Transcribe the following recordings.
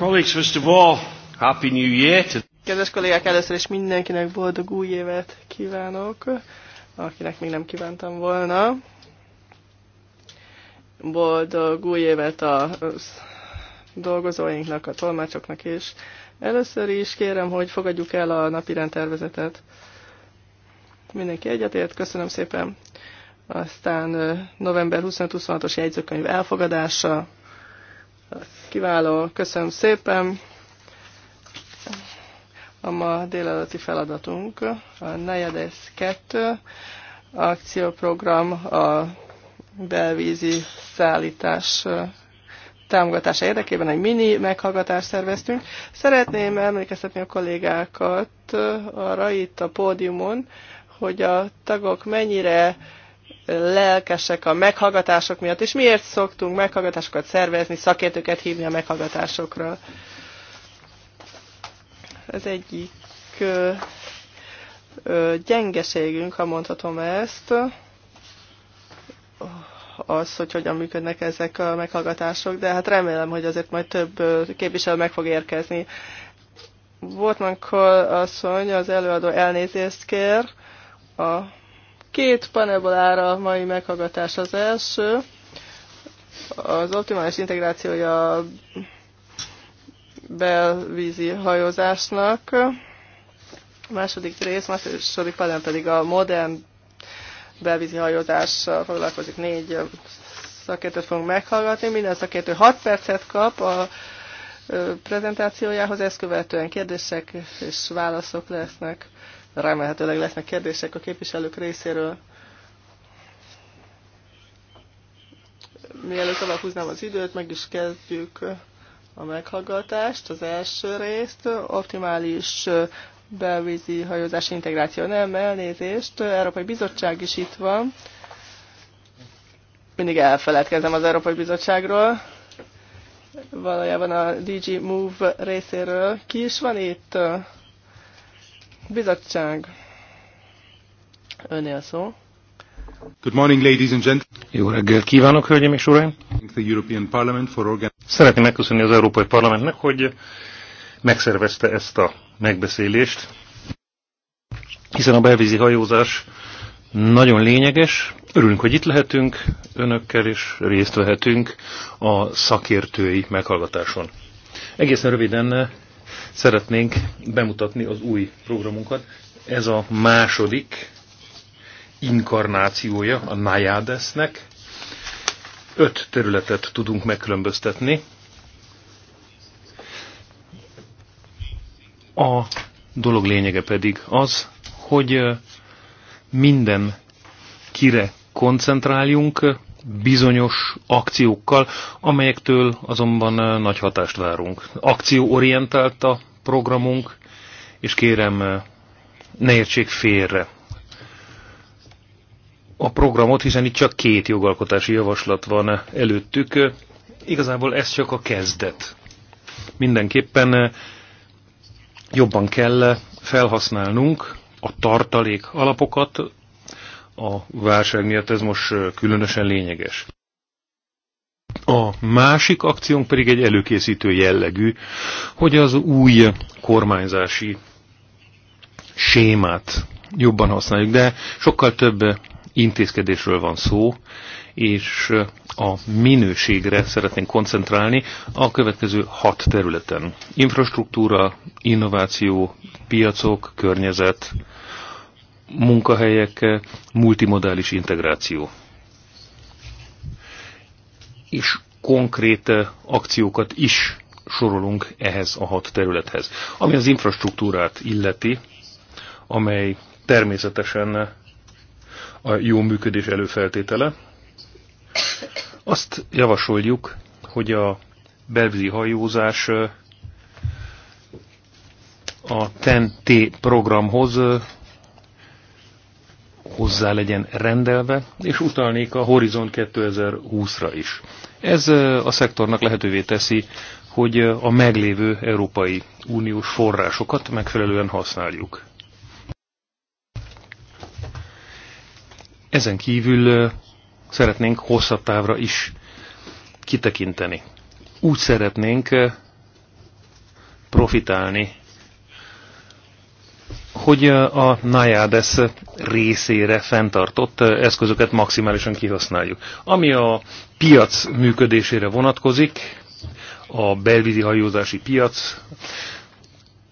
Colleagues, first of all, Happy New Year to... Kedves kollégák, először is mindenkinek boldog új évet kívánok, akinek még nem kívántam volna. Boldog új évet a dolgozóinknak, a tolmácsoknak is. Először is kérem, hogy fogadjuk el a napi rendtervezetet. Mindenki egyetért, köszönöm szépen. Aztán november 25-26-os jegyzőkönyv elfogadása, Kiváló, köszönöm szépen. A ma délelőtti feladatunk a negyedes 2 akcióprogram a belvízi szállítás támogatása érdekében egy mini meghallgatást szerveztünk. Szeretném emlékeztetni a kollégákat arra itt a pódiumon, hogy a tagok mennyire lelkesek a meghallgatások miatt, és miért szoktunk meghallgatásokat szervezni, szakértőket hívni a meghallgatásokra. Ez egyik ö, ö, gyengeségünk, ha mondhatom ezt, az, hogy hogyan működnek ezek a meghallgatások, de hát remélem, hogy azért majd több képviselő meg fog érkezni. volt Voltman asszony, az előadó elnézést kér a Két panelból áll a mai meghallgatás az első. Az optimális integrációja a belvízi hajózásnak. A második rész, második panel pedig a modern belvízi hajózás, foglalkozik. Négy szakértőt fogunk meghallgatni. Minden szakértő 6 percet kap a prezentációjához, ezt követően kérdések és válaszok lesznek. Remélhetőleg lesznek kérdések a képviselők részéről. Mielőtt húznám az időt, meg is kezdjük a meghallgatást. Az első részt optimális belvízi hajózási integráció. Nem, elnézést. Európai Bizottság is itt van. Mindig elfeledkezem az Európai Bizottságról. Valójában a DG Move részéről. Ki is van itt? Bizottság. Önél szó. Good morning, ladies and gentlemen. Jó reggelt kívánok, hölgyeim és uraim! Szeretném megköszönni az Európai Parlamentnek, hogy megszervezte ezt a megbeszélést, hiszen a belvízi hajózás nagyon lényeges. Örülünk, hogy itt lehetünk önökkel, és részt vehetünk a szakértői meghallgatáson. Egészen röviden Szeretnénk bemutatni az új programunkat. Ez a második inkarnációja a Nayadesnek. Öt területet tudunk megkülönböztetni. A dolog lényege pedig az, hogy minden kire koncentráljunk, bizonyos akciókkal, amelyektől azonban nagy hatást várunk. Akcióorientált a programunk, és kérem, ne értsék félre a programot, hiszen itt csak két jogalkotási javaslat van előttük. Igazából ez csak a kezdet. Mindenképpen jobban kell felhasználnunk a tartalék alapokat a válság miatt ez most különösen lényeges. A másik akciónk pedig egy előkészítő jellegű, hogy az új kormányzási sémát jobban használjuk, de sokkal több intézkedésről van szó, és a minőségre szeretnénk koncentrálni a következő hat területen. Infrastruktúra, innováció, piacok, környezet, munkahelyek, eh, multimodális integráció. És konkrét eh, akciókat is sorolunk ehhez a hat területhez. Ami az infrastruktúrát illeti, amely természetesen eh, a jó működés előfeltétele, azt javasoljuk, hogy a belvízi hajózás a TEN-T programhoz hozzá legyen rendelve, és utalnék a Horizon 2020-ra is. Ez a szektornak lehetővé teszi, hogy a meglévő Európai Uniós forrásokat megfelelően használjuk. Ezen kívül szeretnénk hosszabb távra is kitekinteni. Úgy szeretnénk profitálni hogy a NIADES részére fenntartott eszközöket maximálisan kihasználjuk. Ami a piac működésére vonatkozik, a belvízi hajózási piac,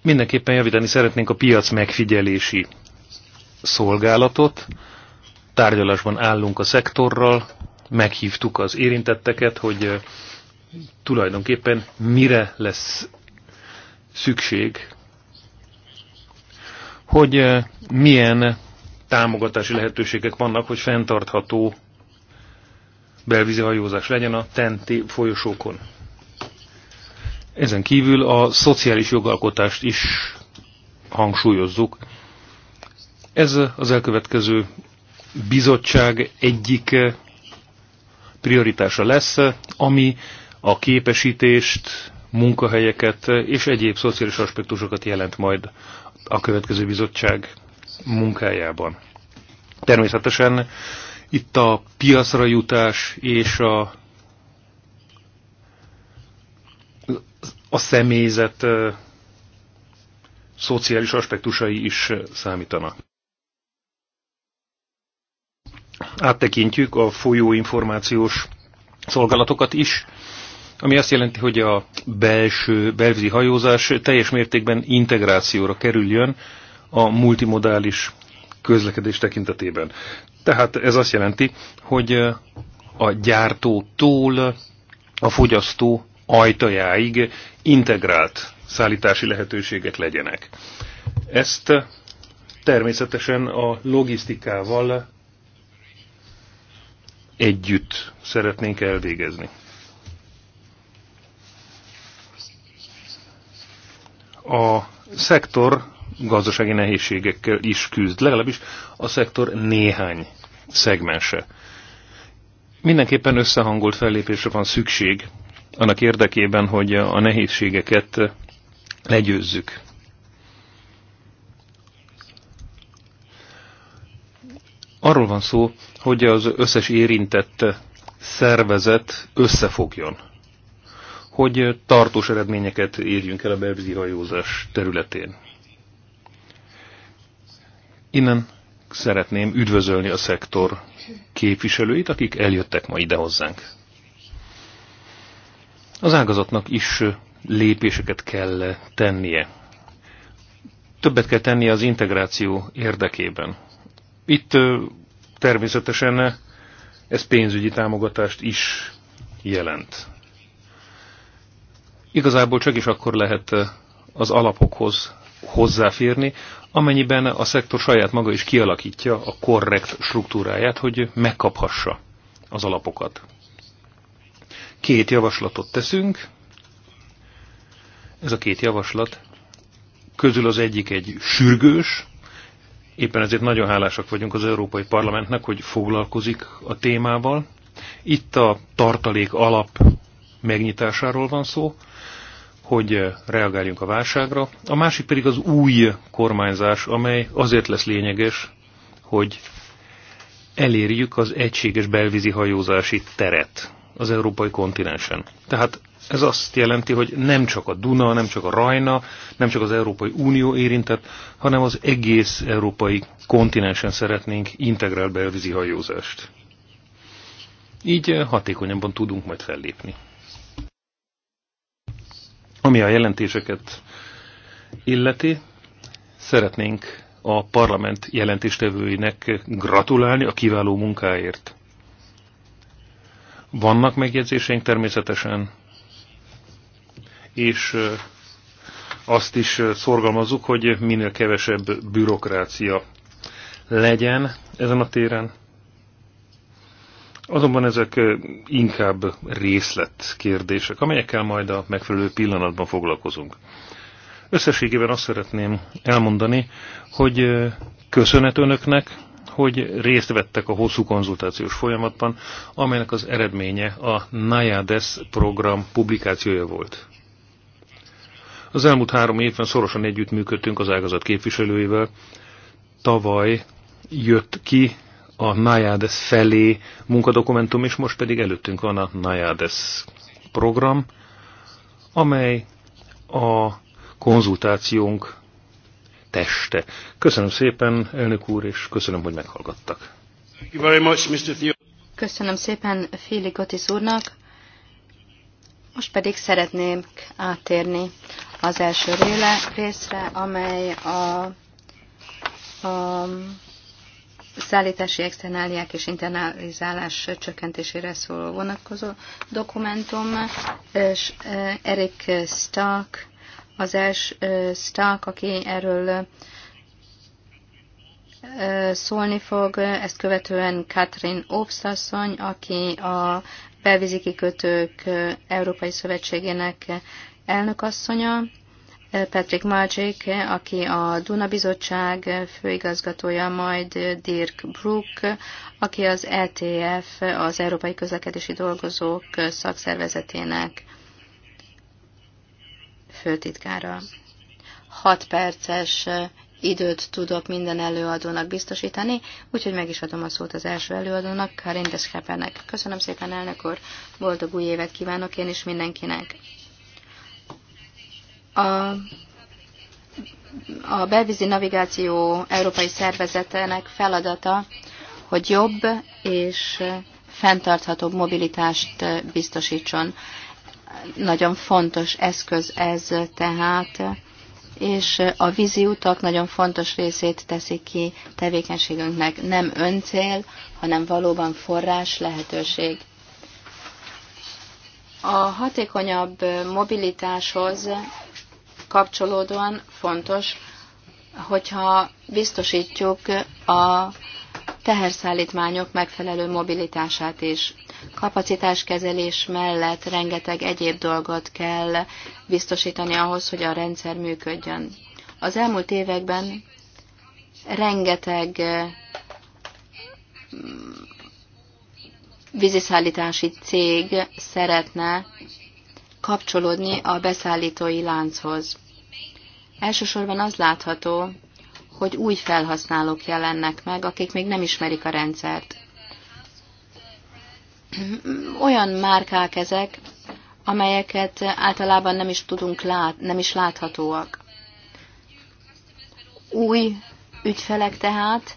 mindenképpen javítani szeretnénk a piac megfigyelési szolgálatot. Tárgyalásban állunk a szektorral, meghívtuk az érintetteket, hogy tulajdonképpen mire lesz szükség hogy milyen támogatási lehetőségek vannak, hogy fenntartható belvízi hajózás legyen a tenti folyosókon. Ezen kívül a szociális jogalkotást is hangsúlyozzuk. Ez az elkövetkező bizottság egyik prioritása lesz, ami a képesítést, munkahelyeket és egyéb szociális aspektusokat jelent majd a következő bizottság munkájában. Természetesen itt a piacra jutás és a, a személyzet szociális aspektusai is számítanak. Áttekintjük a folyó információs szolgálatokat is, ami azt jelenti, hogy a belső, belvízi hajózás teljes mértékben integrációra kerüljön a multimodális közlekedés tekintetében. Tehát ez azt jelenti, hogy eh, a gyártótól a fogyasztó ajtajáig integrált szállítási lehetőségek legyenek. Ezt eh, természetesen a logisztikával együtt szeretnénk elvégezni. a szektor gazdasági nehézségekkel is küzd, legalábbis a szektor néhány szegmense. Mindenképpen összehangolt fellépésre van szükség annak érdekében, hogy a nehézségeket legyőzzük. Arról van szó, hogy az összes érintett szervezet összefogjon hogy tartós eredményeket érjünk el a belvízi hajózás területén. Innen szeretném üdvözölni a szektor képviselőit, akik eljöttek ma ide hozzánk. Az ágazatnak is lépéseket kell tennie. Többet kell tennie az integráció érdekében. Itt természetesen ez pénzügyi támogatást is jelent igazából csak is akkor lehet az alapokhoz hozzáférni, amennyiben a szektor saját maga is kialakítja a korrekt struktúráját, hogy megkaphassa az alapokat. Két javaslatot teszünk. Ez a két javaslat közül az egyik egy sürgős, éppen ezért nagyon hálásak vagyunk az Európai Parlamentnek, hogy foglalkozik a témával. Itt a tartalék alap megnyitásáról van szó, hogy eh, reagáljunk a válságra, a másik pedig az új kormányzás, amely azért lesz lényeges, hogy elérjük az egységes belvízi hajózási teret az európai kontinensen. Tehát ez azt jelenti, hogy nem csak a Duna, nem csak a Rajna, nem csak az Európai Unió érintett, hanem az egész európai kontinensen szeretnénk integrált belvízi hajózást. Így eh, hatékonyabban tudunk majd fellépni. Ami a jelentéseket illeti, szeretnénk a parlament jelentéstevőinek gratulálni a kiváló munkáért. Vannak megjegyzéseink természetesen, és azt is szorgalmazzuk, hogy minél kevesebb bürokrácia legyen ezen a téren. Azonban ezek inkább részlet kérdések, amelyekkel majd a megfelelő pillanatban foglalkozunk. Összességében azt szeretném elmondani, hogy köszönet önöknek, hogy részt vettek a hosszú konzultációs folyamatban, amelynek az eredménye a NAYADES program publikációja volt. Az elmúlt három évben szorosan együttműködtünk az ágazat képviselőivel. Tavaly jött ki a NAJADES felé munkadokumentum, és most pedig előttünk van a NAJADES program, amely a konzultációnk teste. Köszönöm szépen, elnök úr, és köszönöm, hogy meghallgattak. Köszönöm szépen Fili Gotis úrnak. Most pedig szeretném átérni az első réle, részre, amely a, a szállítási externáliák és internalizálás csökkentésére szóló vonatkozó dokumentum, és Eric Stark, az első Stark, aki erről szólni fog, ezt követően Katrin Obszasszony, aki a belvízi kikötők Európai Szövetségének elnökasszonya, Patrick Malcsik, aki a Duna Bizottság főigazgatója, majd Dirk Brook, aki az ETF, az Európai Közlekedési Dolgozók szakszervezetének főtitkára. Hat perces időt tudok minden előadónak biztosítani, úgyhogy meg is adom a szót az első előadónak, Karin Deschepernek. Köszönöm szépen, elnök úr, boldog új évet kívánok én is mindenkinek! A, a belvízi navigáció európai szervezetenek feladata, hogy jobb és fenntarthatóbb mobilitást biztosítson. Nagyon fontos eszköz ez tehát, és a vízi utak nagyon fontos részét teszik ki tevékenységünknek. Nem öncél, hanem valóban forrás lehetőség. A hatékonyabb mobilitáshoz kapcsolódóan fontos, hogyha biztosítjuk a teherszállítmányok megfelelő mobilitását is. Kapacitáskezelés mellett rengeteg egyéb dolgot kell biztosítani ahhoz, hogy a rendszer működjön. Az elmúlt években rengeteg eh, víziszállítási cég szeretne kapcsolódni a beszállítói lánchoz. Elsősorban az látható, hogy új felhasználók jelennek meg, akik még nem ismerik a rendszert. Olyan márkák ezek, amelyeket általában nem is tudunk lát, nem is láthatóak. Új ügyfelek tehát,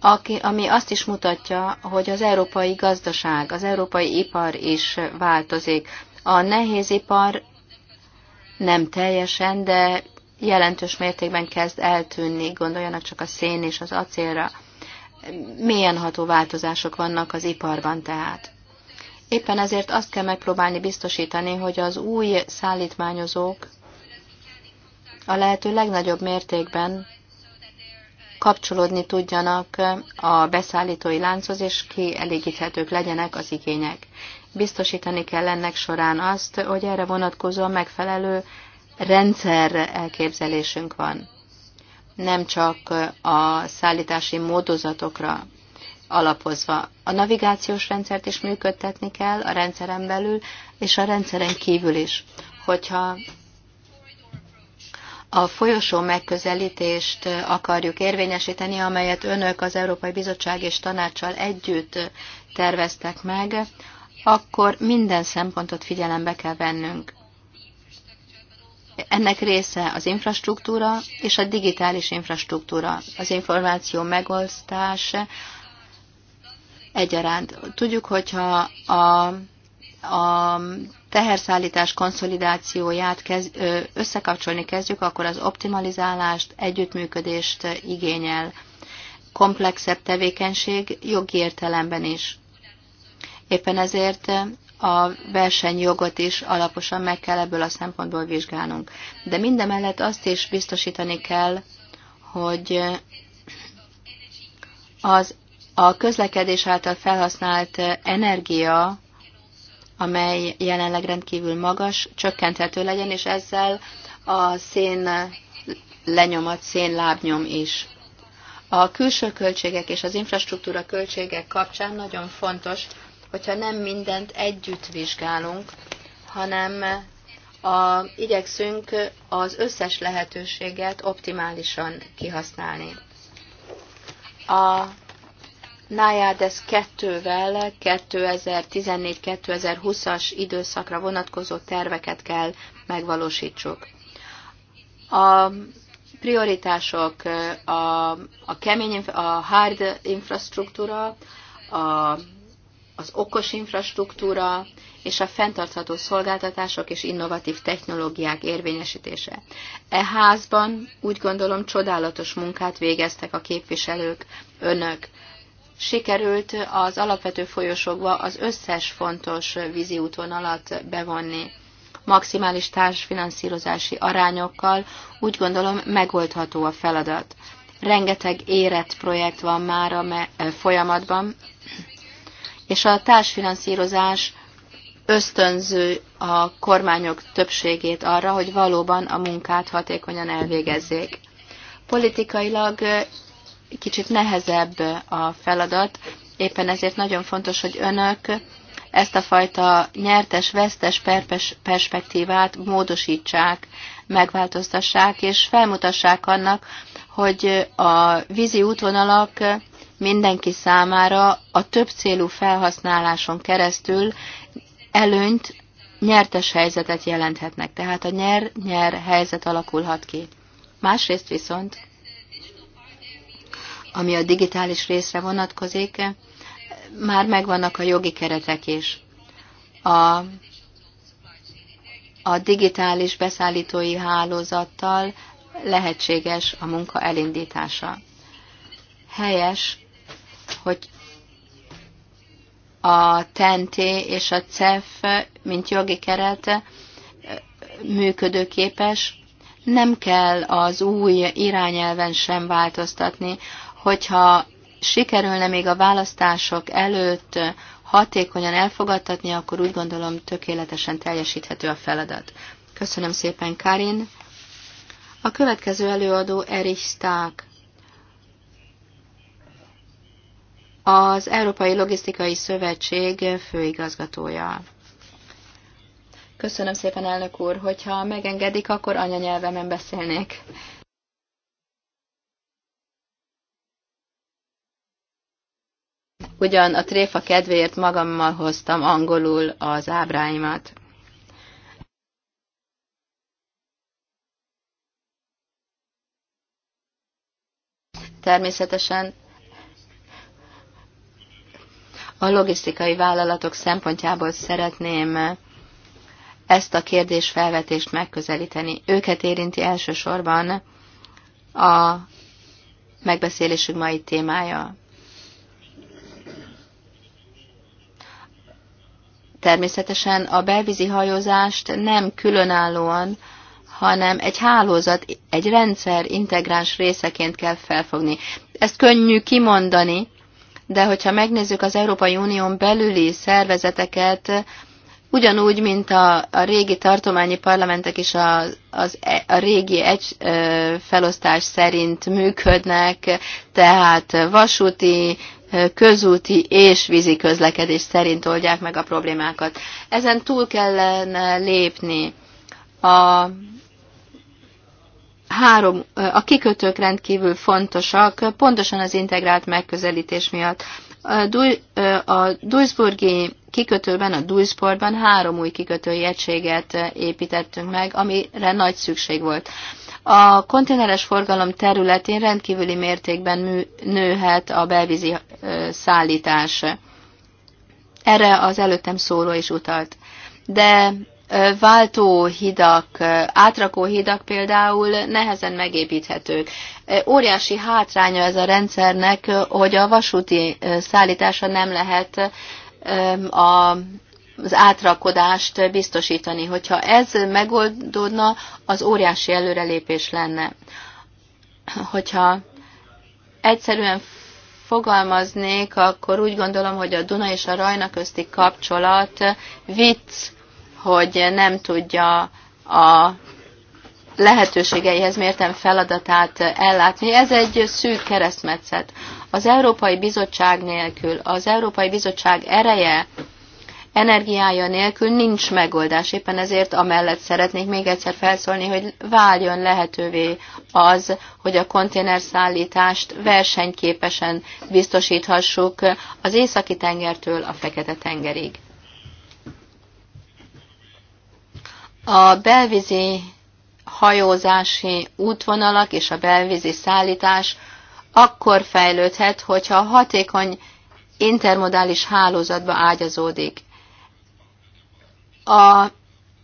aki, ami azt is mutatja, hogy az európai gazdaság, az európai ipar is változik. A nehézipar nem teljesen, de jelentős mértékben kezd eltűnni, gondoljanak csak a szén és az acélra. Milyen ható változások vannak az iparban tehát. Éppen ezért azt kell megpróbálni biztosítani, hogy az új szállítmányozók a lehető legnagyobb mértékben kapcsolódni tudjanak a beszállítói lánchoz, és kielégíthetők legyenek az igények. Biztosítani kell ennek során azt, hogy erre vonatkozóan megfelelő rendszer elképzelésünk van. Nem csak a szállítási módozatokra alapozva. A navigációs rendszert is működtetni kell a rendszeren belül, és a rendszeren kívül is. Hogyha a folyosó megközelítést akarjuk érvényesíteni, amelyet önök az Európai Bizottság és Tanácssal együtt terveztek meg, akkor minden szempontot figyelembe kell vennünk. Ennek része az infrastruktúra és a digitális infrastruktúra, az információ megosztás egyaránt. Tudjuk, hogyha a, a teherszállítás konszolidációját kez, összekapcsolni kezdjük, akkor az optimalizálást, együttműködést igényel. Komplexebb tevékenység jogi értelemben is. Éppen ezért a versenyjogot is alaposan meg kell ebből a szempontból vizsgálnunk. De mindemellett azt is biztosítani kell, hogy az a közlekedés által felhasznált energia amely jelenleg rendkívül magas, csökkenthető legyen, és ezzel a szén lenyomat, szén lábnyom is. A külső költségek és az infrastruktúra költségek kapcsán nagyon fontos, hogyha nem mindent együtt vizsgálunk, hanem a, igyekszünk az összes lehetőséget optimálisan kihasználni. A NIADES 2-vel 2014-2020-as időszakra vonatkozó terveket kell megvalósítsuk. A prioritások a, a kemény, a hard infrastruktúra, a, az okos infrastruktúra és a fenntartható szolgáltatások és innovatív technológiák érvényesítése. E házban úgy gondolom csodálatos munkát végeztek a képviselők, önök sikerült az alapvető folyosókba az összes fontos vízi útvonalat bevonni. Maximális társfinanszírozási arányokkal úgy gondolom megoldható a feladat. Rengeteg érett projekt van már a eh, folyamatban, és a társfinanszírozás ösztönző a kormányok többségét arra, hogy valóban a munkát hatékonyan elvégezzék. Politikailag kicsit nehezebb a feladat, éppen ezért nagyon fontos, hogy önök ezt a fajta nyertes-vesztes perspektívát módosítsák, megváltoztassák, és felmutassák annak, hogy a vízi útvonalak mindenki számára a több célú felhasználáson keresztül előnyt, nyertes helyzetet jelenthetnek. Tehát a nyer-nyer helyzet alakulhat ki. Másrészt viszont ami a digitális részre vonatkozik, már megvannak a jogi keretek is. A, a digitális beszállítói hálózattal lehetséges a munka elindítása. Helyes, hogy a TNT és a CEF, mint jogi keret működőképes, nem kell az új irányelven sem változtatni, hogyha sikerülne még a választások előtt hatékonyan elfogadtatni, akkor úgy gondolom tökéletesen teljesíthető a feladat. Köszönöm szépen, Karin. A következő előadó Erich Stark. az Európai Logisztikai Szövetség főigazgatója. Köszönöm szépen, elnök úr, hogyha megengedik, akkor anyanyelvemen beszélnék. ugyan a tréfa kedvéért magammal hoztam angolul az ábráimat. Természetesen a logisztikai vállalatok szempontjából szeretném ezt a kérdésfelvetést megközelíteni. Őket érinti elsősorban a megbeszélésünk mai témája. Természetesen a belvízi hajózást nem különállóan, hanem egy hálózat, egy rendszer integráns részeként kell felfogni. Ezt könnyű kimondani, de hogyha megnézzük az Európai Unión belüli szervezeteket, ugyanúgy, mint a, a régi tartományi parlamentek is a, az, e, a régi egy felosztás szerint működnek, tehát vasúti, közúti és vízi közlekedés szerint oldják meg a problémákat. Ezen túl kellene lépni a három, a kikötők rendkívül fontosak, pontosan az integrált megközelítés miatt. A Duisburgi kikötőben, a Duisportban három új kikötői egységet építettünk meg, amire nagy szükség volt. A konténeres forgalom területén rendkívüli mértékben nőhet a belvízi szállítás. Erre az előttem szóló is utalt. De váltó hidak, átrakó hidak például nehezen megépíthetők. Óriási hátránya ez a rendszernek, hogy a vasúti szállítása nem lehet a az átrakodást biztosítani. Hogyha ez megoldódna, az óriási előrelépés lenne. Hogyha egyszerűen fogalmaznék, akkor úgy gondolom, hogy a Duna és a Rajna közti kapcsolat vicc, hogy nem tudja a lehetőségeihez mértem feladatát ellátni. Ez egy szűk keresztmetszet. Az Európai Bizottság nélkül, az Európai Bizottság ereje energiája nélkül nincs megoldás. Éppen ezért amellett szeretnék még egyszer felszólni, hogy váljon lehetővé az, hogy a konténerszállítást versenyképesen biztosíthassuk az északi tengertől a fekete tengerig. A belvízi hajózási útvonalak és a belvízi szállítás akkor fejlődhet, hogyha hatékony intermodális hálózatba ágyazódik a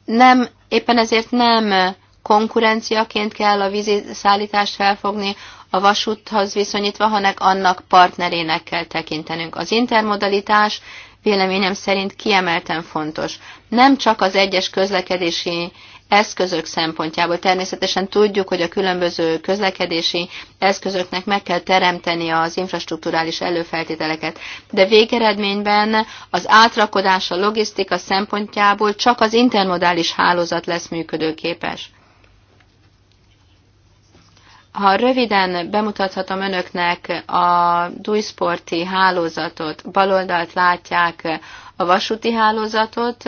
nem, éppen ezért nem konkurenciaként kell a vízi szállítást felfogni a vasúthoz viszonyítva, hanem annak partnerének kell tekintenünk. Az intermodalitás véleményem szerint kiemelten fontos. Nem csak az egyes közlekedési eszközök szempontjából. Természetesen tudjuk, hogy a különböző közlekedési eszközöknek meg kell teremteni az infrastruktúrális előfeltételeket, de végeredményben az átrakodás a logisztika szempontjából csak az intermodális hálózat lesz működőképes. Ha röviden bemutathatom önöknek a dújsporti hálózatot, baloldalt látják a vasúti hálózatot,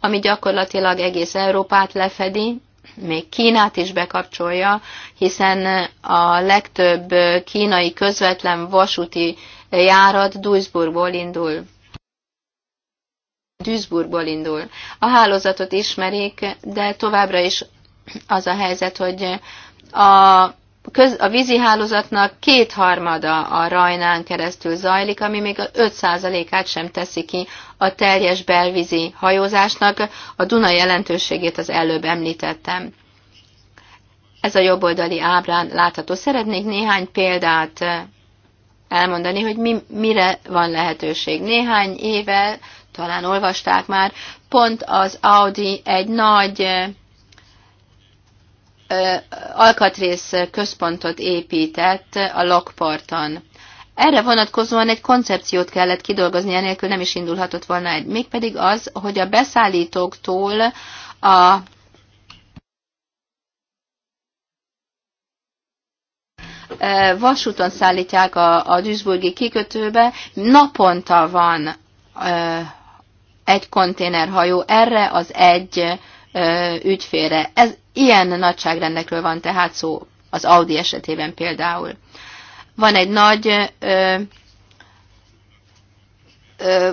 ami gyakorlatilag egész Európát lefedi, még Kínát is bekapcsolja, hiszen a legtöbb kínai közvetlen vasúti járat Duisburgból indul. Duisburgból indul. A hálózatot ismerik, de továbbra is az a helyzet, hogy a a vízi hálózatnak kétharmada a rajnán keresztül zajlik, ami még a 5%-át sem teszi ki a teljes belvízi hajózásnak. A Duna jelentőségét az előbb említettem. Ez a jobboldali ábrán látható. Szeretnék néhány példát eh, elmondani, hogy mi, mire van lehetőség. Néhány éve, talán olvasták már, pont az Audi egy nagy eh, alkatrész központot épített a lakparton. Erre vonatkozóan egy koncepciót kellett kidolgozni, enélkül nem is indulhatott volna egy. Mégpedig az, hogy a beszállítóktól a vasúton szállítják a, a Duisburgi kikötőbe, naponta van egy konténerhajó erre az egy ügyfére. Ez, Ilyen nagyságrendekről van tehát szó az Audi esetében például. Van egy nagy ö, ö,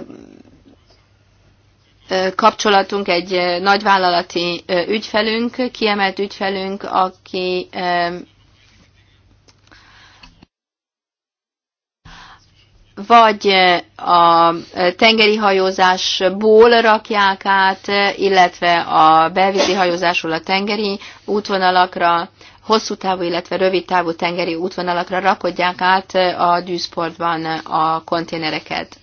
kapcsolatunk, egy nagyvállalati ügyfelünk, kiemelt ügyfelünk, aki vagy eh, a eh, tengeri hajózásból rakják át, illetve a belvízi hajózásról a tengeri útvonalakra, hosszú távú, illetve rövid távú tengeri útvonalakra rakodják át eh, a dűzportban a konténereket.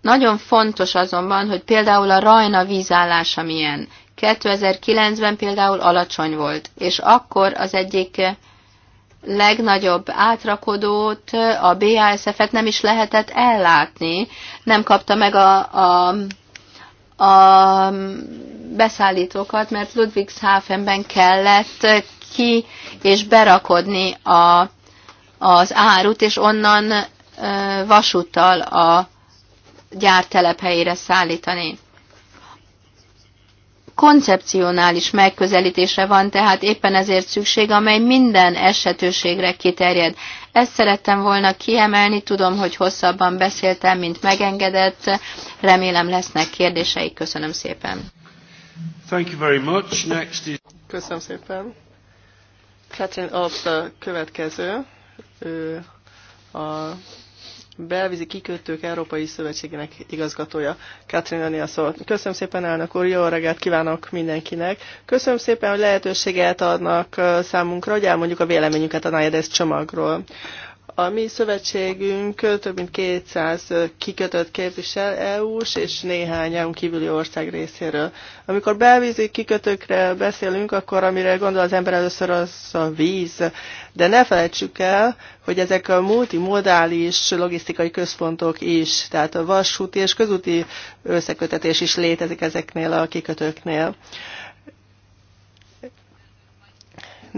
Nagyon fontos azonban, hogy például a rajna vízállása milyen. 2009-ben például alacsony volt, és akkor az egyik legnagyobb átrakodót, a BASF-et nem is lehetett ellátni, nem kapta meg a, a, a beszállítókat, mert Ludwigshafenben kellett ki és berakodni a, az árut, és onnan vasúttal a gyár szállítani koncepcionális megközelítésre van tehát éppen ezért szükség, amely minden esetőségre kiterjed. Ezt szerettem volna kiemelni, tudom, hogy hosszabban beszéltem, mint megengedett. Remélem lesznek kérdéseik. Köszönöm szépen. Thank you very much. Next is... Köszönöm szépen. Catherine Ops a következő. Ő a belvízi kikötők Európai Szövetségének igazgatója, Katrin Ania szólt. Köszönöm szépen, elnök úr, jó reggelt kívánok mindenkinek. Köszönöm szépen, hogy lehetőséget adnak számunkra, hogy elmondjuk a véleményünket a NAEDES csomagról. A mi szövetségünk több mint 200 kikötött képvisel EU-s és néhány EU kívüli ország részéről. Amikor belvízi kikötőkre beszélünk, akkor amire gondol az ember először az a víz. De ne felejtsük el, hogy ezek a multimodális logisztikai központok is, tehát a vasúti és közúti összekötetés is létezik ezeknél a kikötőknél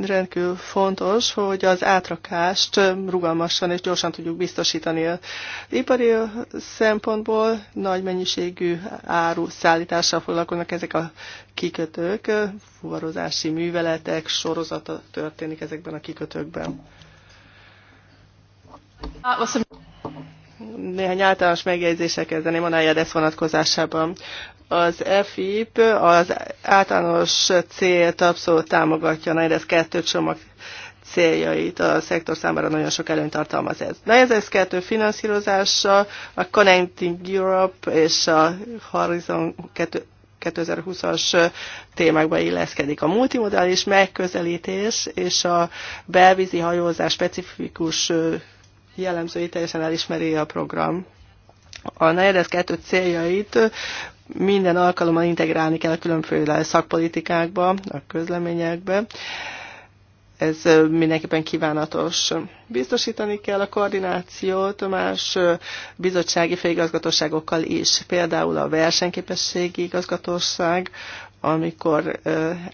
rendkívül fontos, hogy az átrakást rugalmasan és gyorsan tudjuk biztosítani. ipari szempontból nagy mennyiségű áru szállítással foglalkoznak ezek a kikötők, fuvarozási műveletek sorozata történik ezekben a kikötőkben. Néhány általános megjegyzések kezdeném a NIADES vonatkozásában. Az EFIP az általános célt abszolút támogatja, a ez kettő csomag céljait a szektor számára nagyon sok előnyt tartalmaz ez. Na ez, ez kettő finanszírozása, a Connecting Europe és a Horizon 2020-as témákba illeszkedik. A multimodális megközelítés és a belvízi hajózás specifikus jellemzői teljesen elismeri a program. A NERES 2 céljait minden alkalommal integrálni kell a különféle szakpolitikákba, a közleményekbe. Ez mindenképpen kívánatos. Biztosítani kell a koordinációt más bizottsági főigazgatóságokkal is, például a versenyképességi igazgatóság, amikor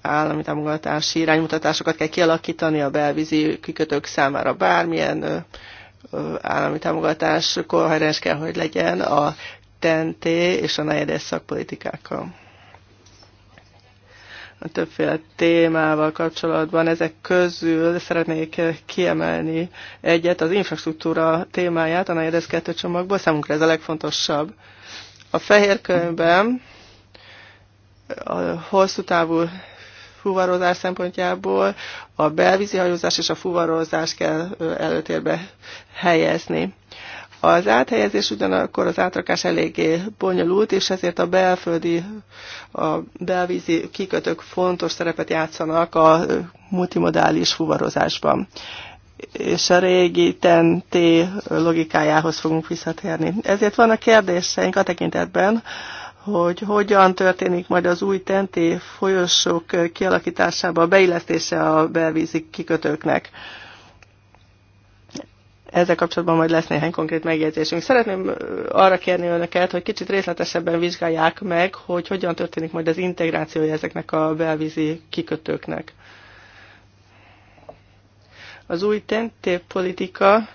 állami támogatási iránymutatásokat kell kialakítani a belvízi kikötők számára bármilyen állami támogatás koherens kell, hogy legyen a TNT és a negyedes szakpolitikákkal. A többféle témával kapcsolatban ezek közül szeretnék kiemelni egyet, az infrastruktúra témáját a negyedes kettő csomagból, számunkra ez a legfontosabb. A fehér könyvben a hosszú távú fuvarozás szempontjából a belvízi hajózás és a fuvarozás kell előtérbe helyezni. Az áthelyezés ugyanakkor az átrakás eléggé bonyolult, és ezért a belföldi, a belvízi kikötők fontos szerepet játszanak a multimodális fuvarozásban. És a régi TNT logikájához fogunk visszatérni. Ezért vannak kérdéseink a tekintetben, hogy hogyan történik majd az új tenté folyosók kialakításába a beillesztése a belvízi kikötőknek. Ezzel kapcsolatban majd lesz néhány konkrét megjegyzésünk. Szeretném arra kérni önöket, hogy kicsit részletesebben vizsgálják meg, hogy hogyan történik majd az integrációja ezeknek a belvízi kikötőknek. Az új tenté politika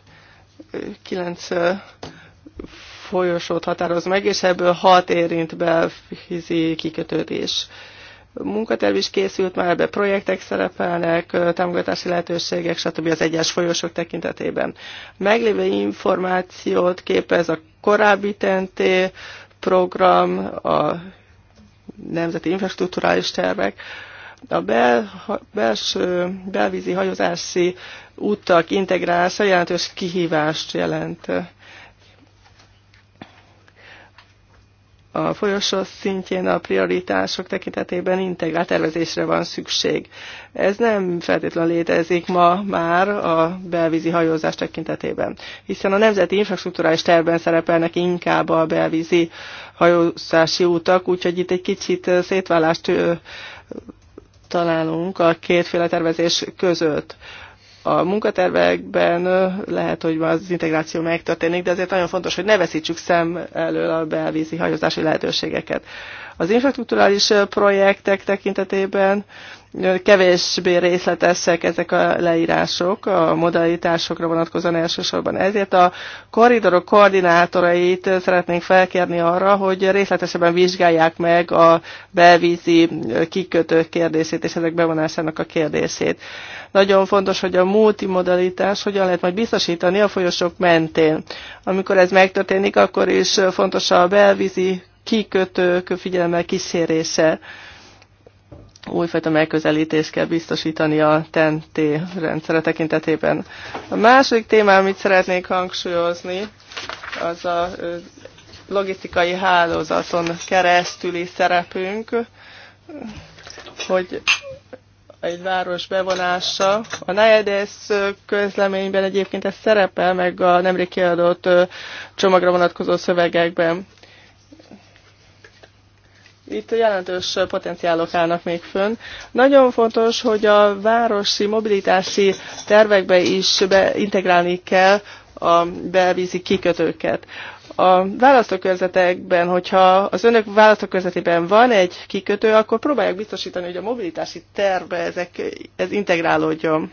9 folyosót határoz meg, és ebből hat érint belfizi kikötőt is. Munkaterv is készült már, ebbe projektek szerepelnek, támogatási lehetőségek, stb. az egyes folyosok tekintetében. Meglévő információt képez a korábbi TNT program, a nemzeti infrastruktúrális tervek, a bel, belső, belvízi hajózási úttak integrálása jelentős kihívást jelent. a folyosó szintjén a prioritások tekintetében integrált tervezésre van szükség. Ez nem feltétlenül létezik ma már a belvízi hajózás tekintetében, hiszen a nemzeti infrastruktúrális tervben szerepelnek inkább a belvízi hajózási útak, úgyhogy itt egy kicsit szétválást találunk a kétféle tervezés között a munkatervekben lehet, hogy az integráció megtörténik, de azért nagyon fontos, hogy ne veszítsük szem elől a belvízi hajózási lehetőségeket. Az infrastruktúrális projektek tekintetében kevésbé részletesek ezek a leírások, a modalitásokra vonatkozóan elsősorban. Ezért a korridorok koordinátorait szeretnénk felkérni arra, hogy részletesebben vizsgálják meg a belvízi kikötők kérdését és ezek bevonásának a kérdését. Nagyon fontos, hogy a multimodalitás hogyan lehet majd biztosítani a folyosók mentén. Amikor ez megtörténik, akkor is fontos a belvízi kikötők figyelemmel kísérése újfajta megközelítést kell biztosítani a TNT rendszere tekintetében. A második téma, amit szeretnék hangsúlyozni, az a logisztikai hálózaton keresztüli szerepünk, hogy egy város bevonása. A NAEDES közleményben egyébként ez szerepel, meg a nemrég kiadott csomagra vonatkozó szövegekben itt jelentős potenciálok állnak még fönn. Nagyon fontos, hogy a városi mobilitási tervekbe is integrálni kell a belvízi kikötőket. A választókörzetekben, hogyha az önök választókörzetében van egy kikötő, akkor próbálják biztosítani, hogy a mobilitási tervbe ezek, ez integrálódjon.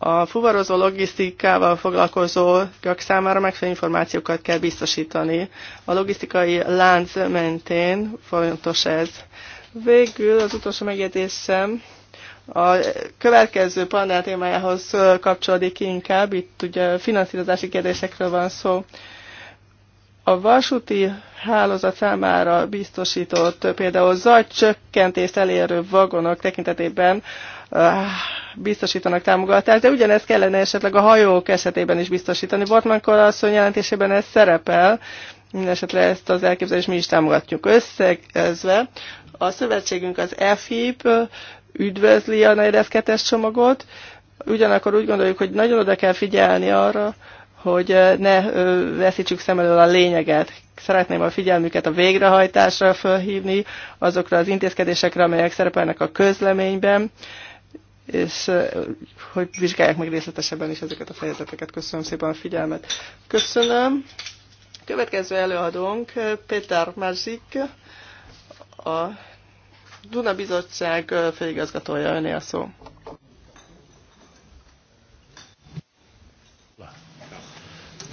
a fuvarozó logisztikával gök számára megfelelő információkat kell biztosítani. A logisztikai lánc mentén fontos ez. Végül az utolsó megjegyzésem a következő panel témájához kapcsolódik inkább, itt ugye finanszírozási kérdésekről van szó. A vasúti hálózat számára biztosított például zajcsökkentést elérő vagonok tekintetében Ah, biztosítanak támogatást, de ugyanezt kellene esetleg a hajók esetében is biztosítani. Bortman asszony jelentésében ez szerepel, mindesetre ezt az elképzelést mi is támogatjuk összegezve. A szövetségünk az EFIP üdvözli a negyedeszkettes csomagot, ugyanakkor úgy gondoljuk, hogy nagyon oda kell figyelni arra, hogy ne veszítsük szem elől a lényeget. Szeretném a figyelmüket a végrehajtásra felhívni azokra az intézkedésekre, amelyek szerepelnek a közleményben, és hogy vizsgálják meg részletesebben is ezeket a fejezeteket. Köszönöm szépen a figyelmet. Köszönöm. Következő előadónk Péter Mazsik, a Duna Bizottság főigazgatója. Öné a szó.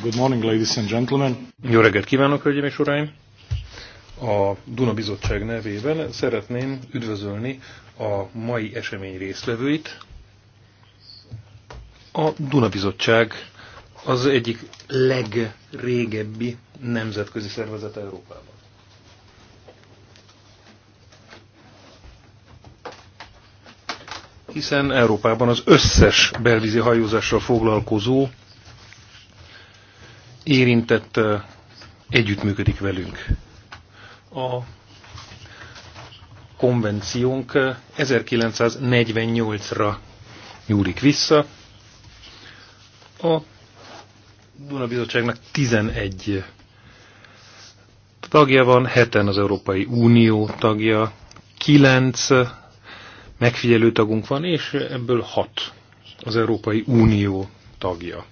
Good morning, ladies and gentlemen. Jó reggelt kívánok, hölgyeim és uraim! A Duna Bizottság nevében szeretném üdvözölni a mai esemény részlevőit. A Duna Bizottság az egyik legrégebbi nemzetközi szervezet Európában. Hiszen Európában az összes belvízi hajózással foglalkozó érintett eh, együttműködik velünk. A konvenciónk 1948-ra eh, nyúlik vissza. A Duna Bizottságnak 11 tagja van, heten az Európai Unió tagja, 9 megfigyelő tagunk van, és ebből 6 az Európai Unió tagja.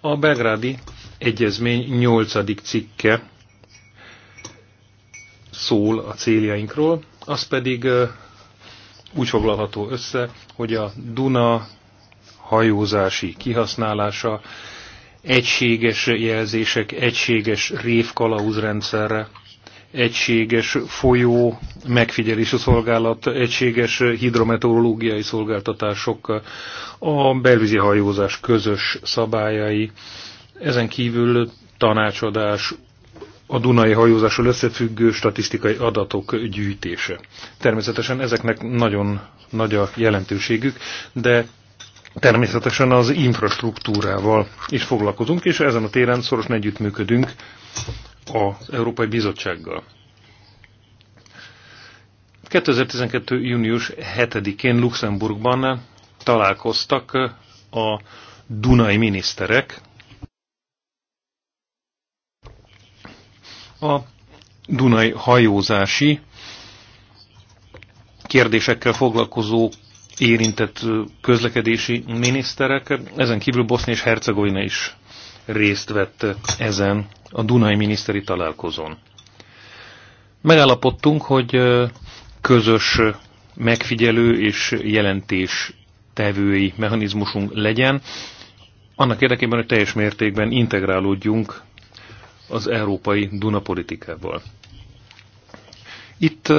A belgrádi egyezmény 8. cikke szól a céljainkról, az pedig úgy foglalható össze, hogy a Duna hajózási kihasználása egységes jelzések, egységes révkalauzrendszerre, egységes folyó megfigyelési szolgálat, egységes hidrometeorológiai szolgáltatások, a belvízi hajózás közös szabályai, ezen kívül tanácsadás, a Dunai hajózásról összefüggő statisztikai adatok gyűjtése. Természetesen ezeknek nagyon nagy a jelentőségük, de természetesen az infrastruktúrával is foglalkozunk, és ezen a téren szorosan együttműködünk az Európai Bizottsággal. 2012. június 7-én Luxemburgban találkoztak a Dunai miniszterek, a Dunai hajózási kérdésekkel foglalkozó érintett közlekedési miniszterek, ezen kívül Bosznia és Hercegovina is részt vett ezen a Dunai miniszteri találkozón. Megállapodtunk, hogy közös megfigyelő és jelentés tevői mechanizmusunk legyen, annak érdekében, hogy teljes mértékben integrálódjunk az európai Dunapolitikával. Itt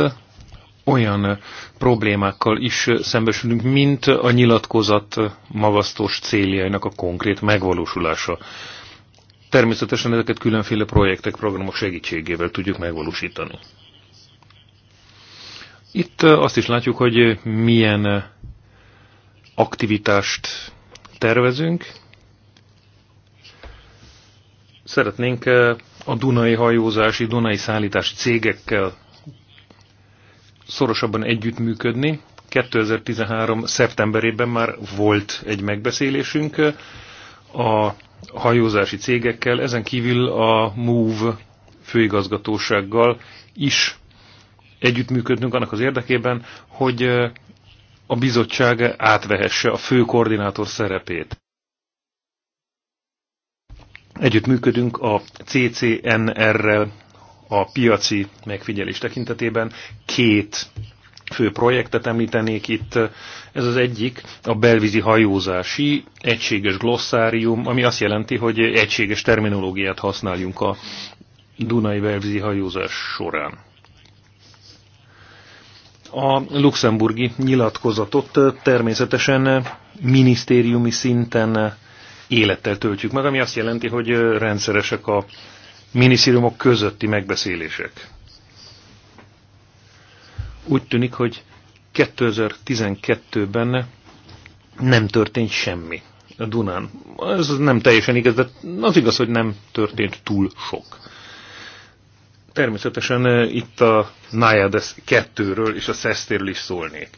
olyan problémákkal is szembesülünk, mint a nyilatkozat magasztos céljainak a konkrét megvalósulása. Természetesen ezeket különféle projektek, programok segítségével tudjuk megvalósítani. Itt azt is látjuk, hogy milyen aktivitást tervezünk, szeretnénk eh, a Dunai hajózási, Dunai szállítási cégekkel szorosabban együttműködni. 2013. szeptemberében már volt egy megbeszélésünk eh, a hajózási cégekkel, ezen kívül a MOVE főigazgatósággal is együttműködnünk annak az érdekében, hogy eh, a bizottság átvehesse a fő koordinátor szerepét. Együttműködünk a CCNR-rel a piaci megfigyelés tekintetében. Két fő projektet említenék itt. Ez az egyik a belvízi hajózási egységes glossárium, ami azt jelenti, hogy egységes terminológiát használjunk a Dunai belvízi hajózás során. A luxemburgi nyilatkozatot természetesen minisztériumi szinten élettel töltjük meg, ami azt jelenti, hogy rendszeresek a minisztériumok közötti megbeszélések. Úgy tűnik, hogy 2012-ben nem történt semmi a Dunán. Ez nem teljesen igaz, de az igaz, hogy nem történt túl sok. Természetesen itt a Nájades 2-ről és a Szesztéről is szólnék.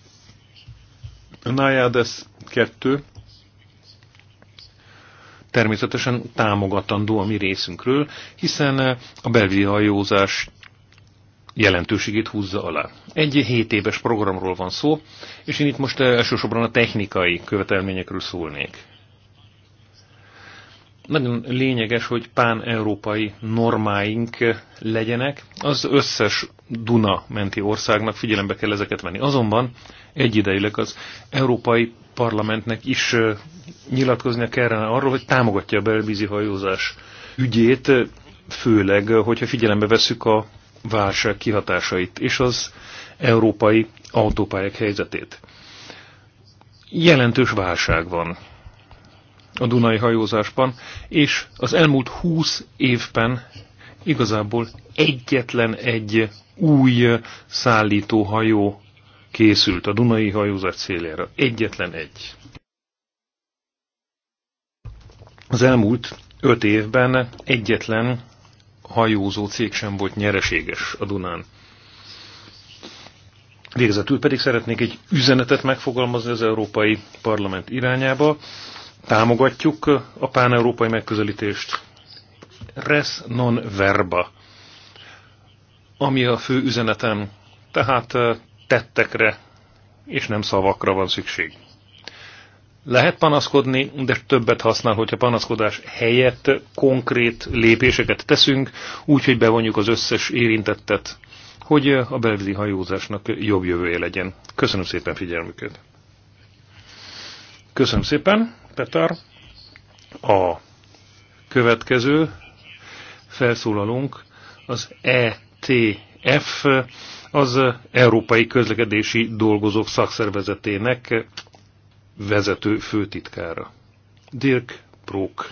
A Nájades 2 természetesen támogatandó a mi részünkről, hiszen a belvihajózás jelentőségét húzza alá. Egy 7 éves programról van szó, és én itt most eh, elsősorban a technikai követelményekről szólnék. Nagyon lényeges, hogy pán-európai normáink legyenek. Az összes Duna menti országnak figyelembe kell ezeket venni. Azonban egyidejűleg az európai parlamentnek is nyilatkoznia kellene arról, hogy támogatja a belvízi hajózás ügyét, főleg, hogyha figyelembe veszük a válság kihatásait és az európai autópályák helyzetét. Jelentős válság van a Dunai hajózásban, és az elmúlt 20 évben igazából egyetlen egy új szállítóhajó készült a Dunai hajózat céljára. Egyetlen egy. Az elmúlt öt évben egyetlen hajózó cég sem volt nyereséges a Dunán. Végezetül pedig szeretnék egy üzenetet megfogalmazni az Európai Parlament irányába. Támogatjuk a európai megközelítést. Res non verba. Ami a fő üzenetem. Tehát eh, tettekre és nem szavakra van szükség. Lehet panaszkodni, de többet használ, hogyha panaszkodás helyett konkrét lépéseket teszünk, úgy, hogy bevonjuk az összes érintettet, hogy a belvízi hajózásnak jobb jövője legyen. Köszönöm szépen figyelmüket! Köszönöm szépen, Petar! A következő felszólalunk az ET F az Európai Közlekedési Dolgozók Szakszervezetének vezető főtitkára. Dirk Prók.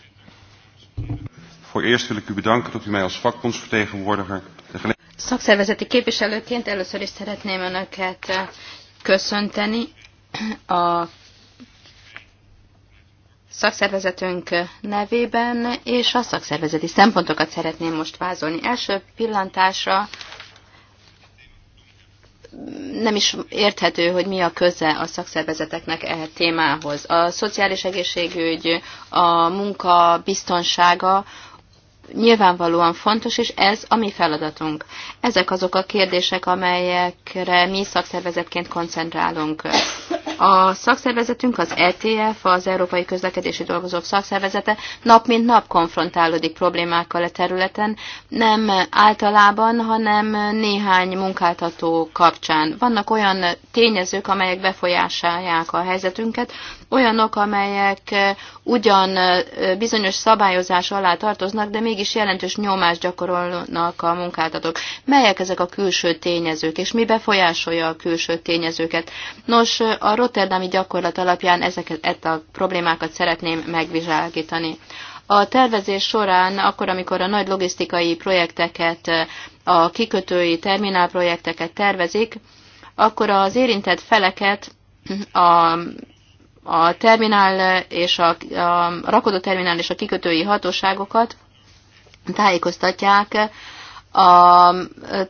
Szakszervezeti képviselőként először is szeretném Önöket eh, köszönteni a szakszervezetünk nevében, és a szakszervezeti szempontokat szeretném most vázolni. Első pillantásra nem is érthető, hogy mi a köze a szakszervezeteknek e témához. A szociális egészségügy, a munka biztonsága nyilvánvalóan fontos, és ez a mi feladatunk. Ezek azok a kérdések, amelyekre mi szakszervezetként koncentrálunk. A szakszervezetünk, az ETF, az Európai Közlekedési Dolgozók Szakszervezete nap mint nap konfrontálódik problémákkal a e területen, nem általában, hanem néhány munkáltató kapcsán. Vannak olyan tényezők, amelyek befolyásolják a helyzetünket, olyanok, amelyek ugyan bizonyos szabályozás alá tartoznak, de mégis jelentős nyomást gyakorolnak a munkáltatók. Melyek ezek a külső tényezők, és mi befolyásolja a külső tényezőket? Nos, a rotterdami gyakorlat alapján ezeket a problémákat szeretném megvizsgálni. A tervezés során, akkor, amikor a nagy logisztikai projekteket, a kikötői terminálprojekteket tervezik, akkor az érintett feleket a a terminál és a, a rakodó terminál és a kikötői hatóságokat tájékoztatják a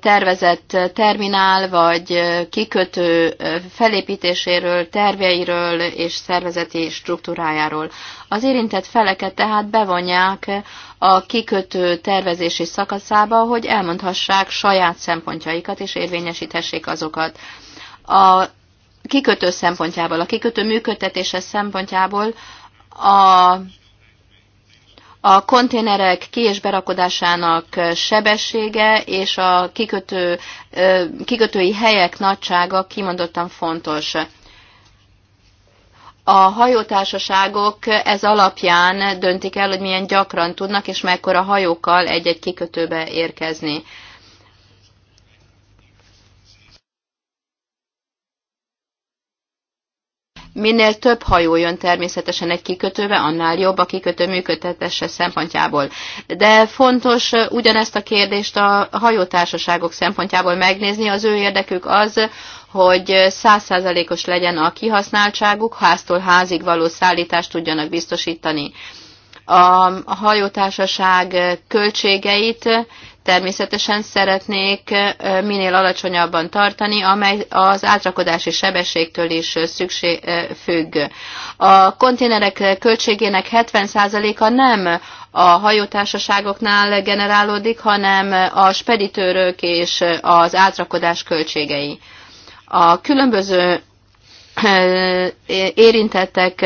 tervezett terminál vagy kikötő felépítéséről, terveiről és szervezeti struktúrájáról. Az érintett feleket tehát bevonják a kikötő tervezési szakaszába, hogy elmondhassák saját szempontjaikat és érvényesíthessék azokat. A kikötő szempontjából, a kikötő működtetése szempontjából a, a konténerek ki- és berakodásának sebessége és a kikötő, kikötői helyek nagysága kimondottan fontos. A hajótársaságok ez alapján döntik el, hogy milyen gyakran tudnak és mekkora hajókkal egy-egy kikötőbe érkezni. Minél több hajó jön természetesen egy kikötőbe, annál jobb a kikötő működtetése szempontjából. De fontos ugyanezt a kérdést a hajótársaságok szempontjából megnézni. Az ő érdekük az, hogy százszázalékos legyen a kihasználtságuk, háztól házig való szállítást tudjanak biztosítani. A hajótársaság költségeit természetesen szeretnék minél alacsonyabban tartani, amely az átrakodási sebességtől is szükség, függ. A konténerek költségének 70%-a nem a hajótársaságoknál generálódik, hanem a speditőrök és az átrakodás költségei. A különböző érintettek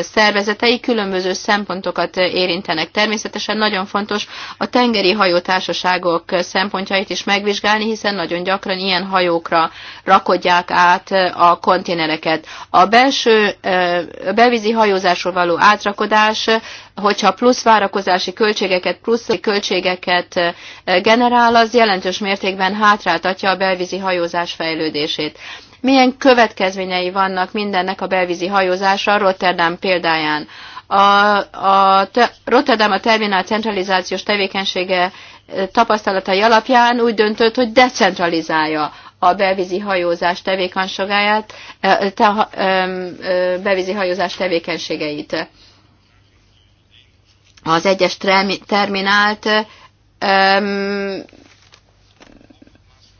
szervezetei különböző szempontokat érintenek. Természetesen nagyon fontos a tengeri hajótársaságok szempontjait is megvizsgálni, hiszen nagyon gyakran ilyen hajókra rakodják át a konténereket. A belső bevízi hajózásról való átrakodás, hogyha plusz várakozási költségeket, plusz költségeket generál, az jelentős mértékben hátráltatja a belvízi hajózás fejlődését milyen következményei vannak mindennek a belvízi hajózásra Rotterdam példáján. A, a Rotterdam a terminál centralizációs tevékenysége eh, tapasztalatai alapján úgy döntött, hogy decentralizálja a belvízi hajózás tevékenységeit, eh, te, eh, belvízi hajózás tevékenységeit. Az egyes terminált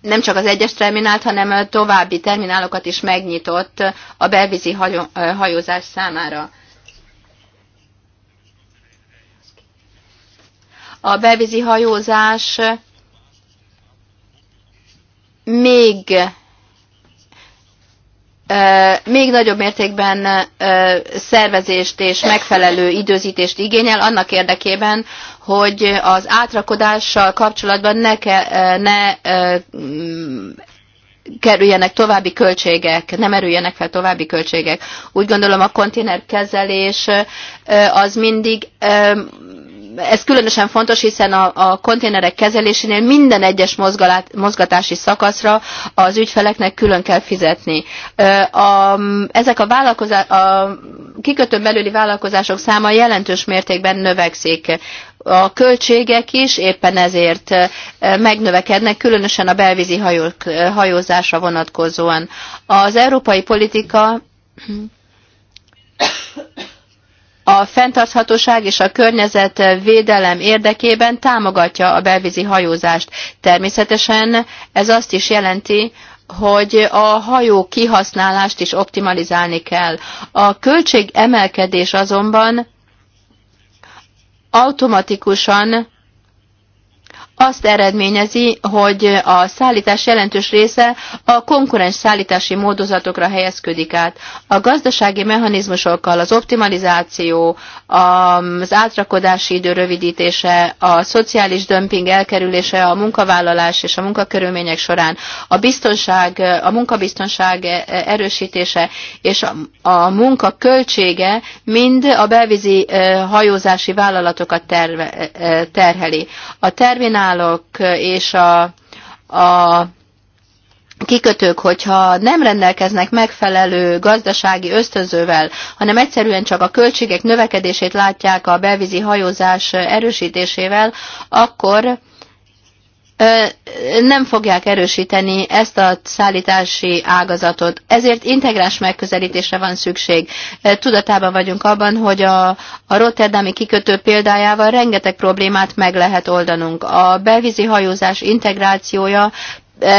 nem csak az egyes terminált, hanem további terminálokat is megnyitott a belvízi hajózás számára. A belvízi hajózás még még nagyobb mértékben szervezést és megfelelő időzítést igényel annak érdekében, hogy az átrakodással kapcsolatban ne, ke, e, ne e, kerüljenek további költségek, nem erüljenek fel további költségek. Úgy gondolom a konténerkezelés e, az mindig ez különösen fontos, hiszen a, a konténerek kezelésénél minden egyes mozgatási szakaszra az ügyfeleknek külön kell fizetni. A, ezek a, a kikötőn belüli vállalkozások száma jelentős mértékben növekszik a költségek is éppen ezért megnövekednek, különösen a belvízi hajózásra vonatkozóan. Az európai politika a fenntarthatóság és a környezetvédelem érdekében támogatja a belvízi hajózást. Természetesen ez azt is jelenti, hogy a hajó kihasználást is optimalizálni kell. A költség emelkedés azonban automatikusan azt eredményezi, hogy a szállítás jelentős része a konkurens szállítási módozatokra helyezkedik át. A gazdasági mechanizmusokkal az optimalizáció, az átrakodási idő rövidítése, a szociális dömping elkerülése a munkavállalás és a munkakörülmények során, a biztonság, a munkabiztonság erősítése és a, a munka költsége mind a belvízi eh, hajózási vállalatokat terve, eh, terheli. A terminál kanálok és a, a kikötők, hogyha nem rendelkeznek megfelelő gazdasági ösztönzővel, hanem egyszerűen csak a költségek növekedését látják a belvízi hajózás erősítésével, akkor nem fogják erősíteni ezt a szállítási ágazatot. Ezért integrás megközelítésre van szükség. Tudatában vagyunk abban, hogy a, a Rotterdami kikötő példájával rengeteg problémát meg lehet oldanunk. A belvízi hajózás integrációja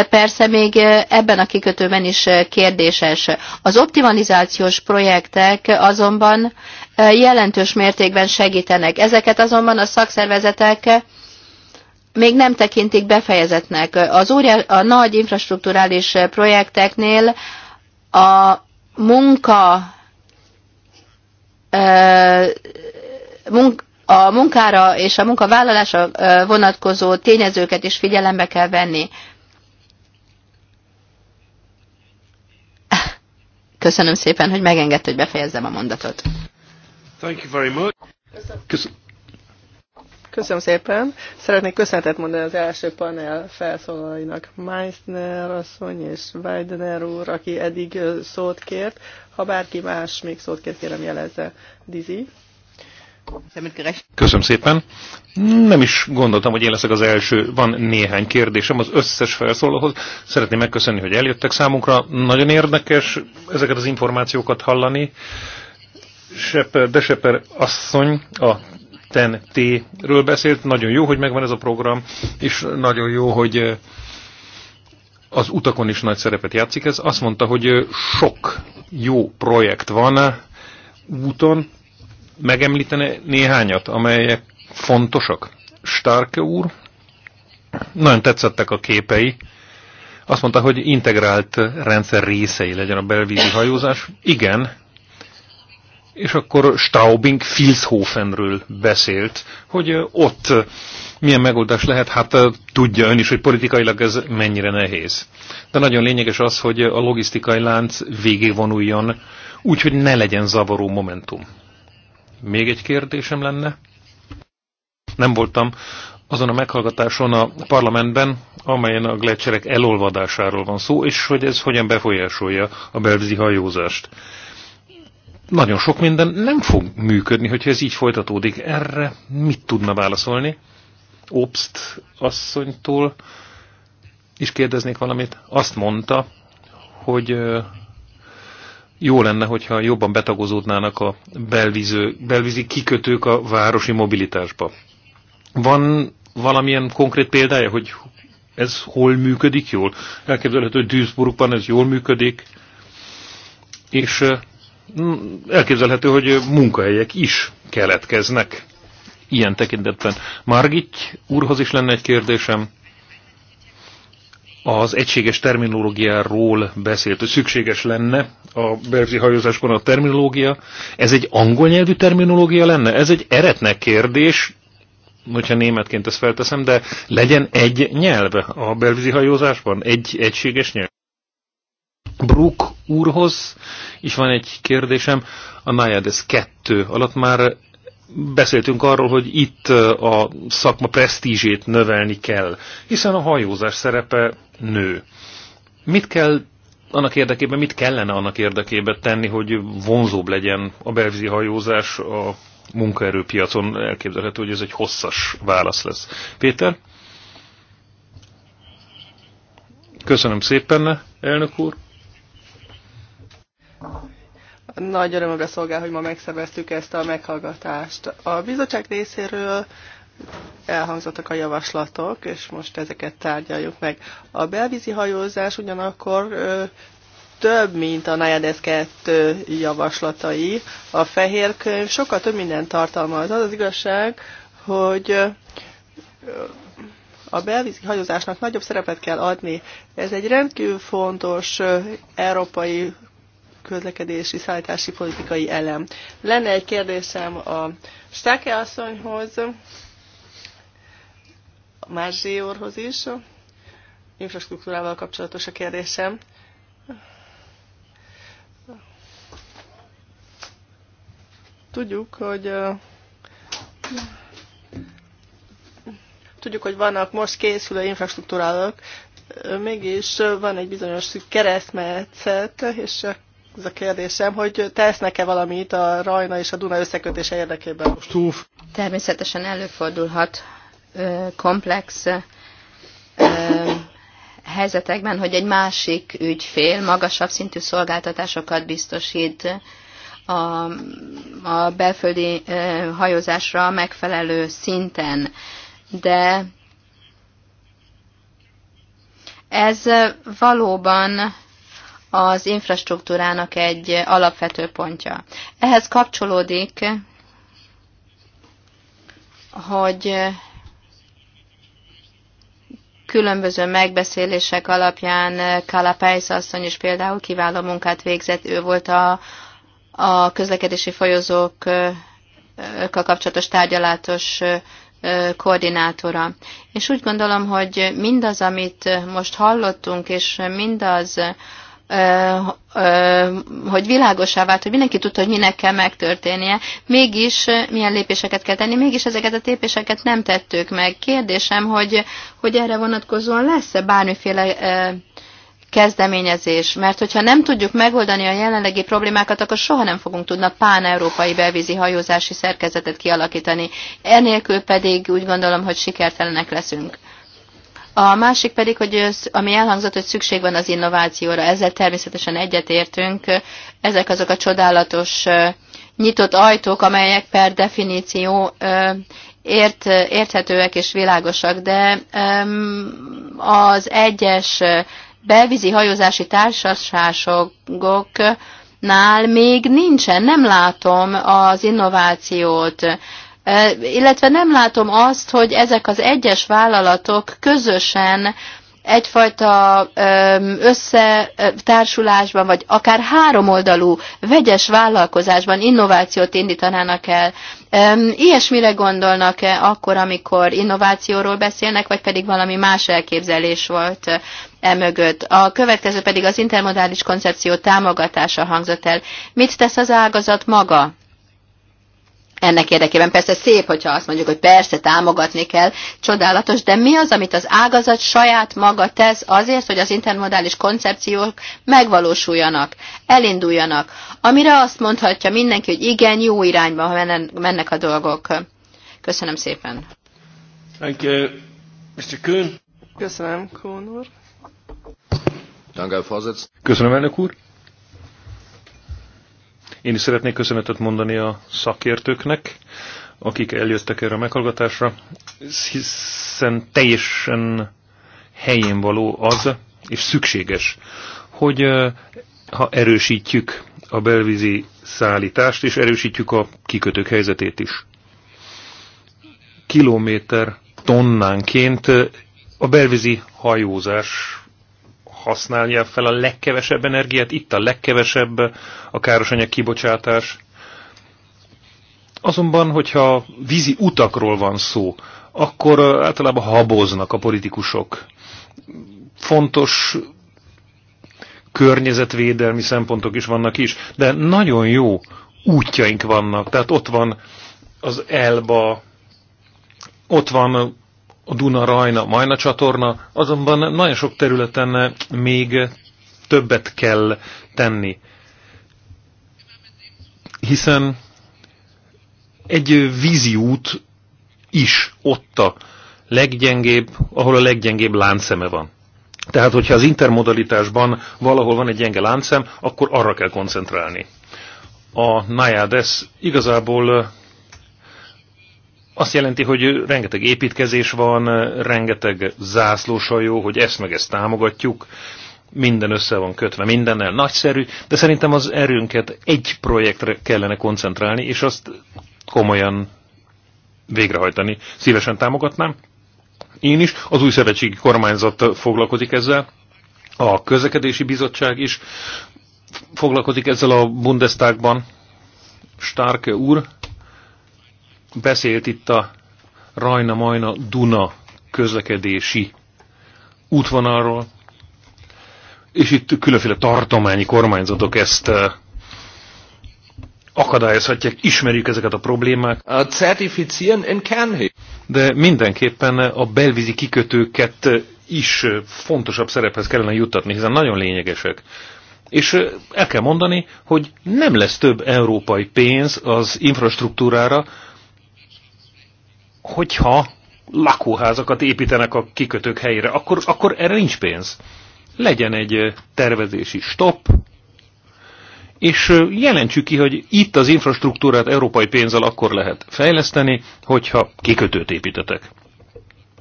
persze még ebben a kikötőben is kérdéses. Az optimalizációs projektek azonban jelentős mértékben segítenek. Ezeket azonban a szakszervezetek még nem tekintik befejezetnek. Az úr, a nagy infrastruktúrális projekteknél a munka, a munkára és a munkavállalásra vonatkozó tényezőket is figyelembe kell venni. Köszönöm szépen, hogy megengedte, hogy befejezzem a mondatot. Thank you very much. Köszönöm. Köszönöm szépen. Szeretnék köszönetet mondani az első panel felszólalainak. Meissner asszony és Weidener úr, aki eddig szót kért. Ha bárki más még szót kért, kérem jelezze. Dizi. Köszönöm szépen. Nem is gondoltam, hogy én leszek az első. Van néhány kérdésem az összes felszólalóhoz. Szeretném megköszönni, hogy eljöttek számunkra. Nagyon érdekes ezeket az információkat hallani. Seper, de Seper asszony a TEN-T-ről beszélt, nagyon jó, hogy megvan ez a program, és nagyon jó, hogy az utakon is nagy szerepet játszik ez. Azt mondta, hogy sok jó projekt van úton. Megemlítene néhányat, amelyek fontosak? Starke úr, nagyon tetszettek a képei. Azt mondta, hogy integrált rendszer részei legyen a belvízi hajózás. Igen, és akkor Staubing Filzhofenről beszélt, hogy ott milyen megoldás lehet, hát tudja ön is, hogy politikailag ez mennyire nehéz. De nagyon lényeges az, hogy a logisztikai lánc végigvonuljon, úgy, hogy ne legyen zavaró momentum. Még egy kérdésem lenne. Nem voltam azon a meghallgatáson a parlamentben, amelyen a gletszerek elolvadásáról van szó, és hogy ez hogyan befolyásolja a belvizi hajózást nagyon sok minden nem fog működni, hogyha ez így folytatódik. Erre mit tudna válaszolni? Obst asszonytól is kérdeznék valamit. Azt mondta, hogy jó lenne, hogyha jobban betagozódnának a belvíző, belvízi kikötők a városi mobilitásba. Van valamilyen konkrét példája, hogy ez hol működik jól? Elképzelhető, hogy Duisburgban ez jól működik, és Mm, elképzelhető, hogy munkahelyek is keletkeznek ilyen tekintetben. Margit úrhoz is lenne egy kérdésem. Az egységes terminológiáról beszélt, hogy szükséges lenne a berzi hajózáskon a terminológia. Ez egy angol nyelvű terminológia lenne? Ez egy eretnek kérdés, hogyha németként ezt felteszem, de legyen egy nyelv a belvízi hajózásban? Egy egységes nyelv? Brook úrhoz is van egy kérdésem. A Naiades 2 alatt már beszéltünk arról, hogy itt a szakma presztízsét növelni kell, hiszen a hajózás szerepe nő. Mit kell annak érdekében, mit kellene annak érdekében tenni, hogy vonzóbb legyen a belvízi hajózás a munkaerőpiacon? Elképzelhető, hogy ez egy hosszas válasz lesz. Péter? Köszönöm szépen, elnök úr. Nagy örömömre szolgál, hogy ma megszerveztük ezt a meghallgatást. A bizottság részéről elhangzottak a javaslatok, és most ezeket tárgyaljuk meg. A belvízi hajózás ugyanakkor ö, több, mint a Nayades 2 javaslatai. A fehér könyv sokkal több mindent tartalmaz. Az az igazság, hogy a belvízi hajózásnak nagyobb szerepet kell adni. Ez egy rendkívül fontos európai közlekedési, szállítási politikai elem. Lenne egy kérdésem a Stáke asszonyhoz, Mázsi úrhoz is, infrastruktúrával kapcsolatos a kérdésem. Tudjuk, hogy tudjuk, hogy vannak most készülő infrastruktúrálok, mégis van egy bizonyos keresztmetszet, és a az a kérdésem, hogy tesznek-e valamit a Rajna és a Duna összekötése érdekében? Stúf. Természetesen előfordulhat ö, komplex ö, helyzetekben, hogy egy másik ügyfél magasabb szintű szolgáltatásokat biztosít a, a belföldi ö, hajózásra megfelelő szinten. De ez valóban az infrastruktúrának egy alapvető pontja. Ehhez kapcsolódik, hogy különböző megbeszélések alapján Kalapájsz asszony is például kiváló munkát végzett. Ő volt a, a közlekedési folyozókkal kapcsolatos tárgyalátos koordinátora. És úgy gondolom, hogy mindaz, amit most hallottunk, és mindaz, hogy világosá vált, hogy mindenki tudta, hogy minek kell megtörténnie, mégis milyen lépéseket kell tenni, mégis ezeket a lépéseket nem tettük meg. Kérdésem, hogy, hogy erre vonatkozóan lesz-e bármiféle kezdeményezés, mert hogyha nem tudjuk megoldani a jelenlegi problémákat, akkor soha nem fogunk tudna pán-európai belvízi hajózási szerkezetet kialakítani. Enélkül pedig úgy gondolom, hogy sikertelenek leszünk. A másik pedig, hogy ami elhangzott, hogy szükség van az innovációra, ezzel természetesen egyetértünk. Ezek azok a csodálatos nyitott ajtók, amelyek per definíció ért, érthetőek és világosak, de az egyes belvízi hajózási társaságoknál még nincsen, nem látom az innovációt illetve nem látom azt, hogy ezek az egyes vállalatok közösen egyfajta összetársulásban, vagy akár háromoldalú vegyes vállalkozásban innovációt indítanának el. Ilyesmire gondolnak-e akkor, amikor innovációról beszélnek, vagy pedig valami más elképzelés volt e mögött? A következő pedig az intermodális koncepció támogatása hangzott el. Mit tesz az ágazat maga? ennek érdekében. Persze szép, hogyha azt mondjuk, hogy persze támogatni kell, csodálatos, de mi az, amit az ágazat saját maga tesz azért, hogy az intermodális koncepciók megvalósuljanak, elinduljanak, amire azt mondhatja mindenki, hogy igen, jó irányba mennek a dolgok. Köszönöm szépen. Thank you. Mr. Kuhn. Köszönöm, Kuhn úr. Köszönöm, elnök úr. Én is szeretnék köszönetet mondani a szakértőknek, akik eljöttek erre a meghallgatásra, hiszen teljesen helyén való az, és szükséges, hogy ha erősítjük a belvízi szállítást, és erősítjük a kikötők helyzetét is. Kilométer tonnánként a belvízi hajózás használja fel a legkevesebb energiát, itt a legkevesebb a károsanyag kibocsátás. Azonban, hogyha vízi utakról van szó, akkor általában haboznak a politikusok. Fontos környezetvédelmi szempontok is vannak is, de nagyon jó útjaink vannak. Tehát ott van az Elba, ott van a Duna-Rajna-Majna csatorna, azonban nagyon sok területen még többet kell tenni. Hiszen egy víziút is ott a leggyengébb, ahol a leggyengébb lánceme van. Tehát, hogyha az intermodalitásban valahol van egy gyenge láncem, akkor arra kell koncentrálni. A NIADES igazából azt jelenti, hogy rengeteg építkezés van, rengeteg zászlósajó, hogy ezt meg ezt támogatjuk, minden össze van kötve, mindennel nagyszerű, de szerintem az erőnket egy projektre kellene koncentrálni, és azt komolyan végrehajtani. Szívesen támogatnám. Én is, az új szövetségi kormányzat foglalkozik ezzel, a közlekedési bizottság is foglalkozik ezzel a Bundestagban, Starke úr, beszélt itt a Rajna-Majna Duna közlekedési útvonalról, és itt különféle tartományi kormányzatok ezt eh, akadályozhatják, ismerjük ezeket a problémák. A certificieren in Kernhé. De mindenképpen a belvízi kikötőket eh, is eh, fontosabb szerephez kellene juttatni, hiszen nagyon lényegesek. És el kell mondani, hogy nem lesz több európai pénz az infrastruktúrára, hogyha lakóházakat építenek a kikötők helyére, akkor, akkor erre nincs pénz. Legyen egy tervezési stop, és jelentsük ki, hogy itt az infrastruktúrát európai pénzzel akkor lehet fejleszteni, hogyha kikötőt építetek.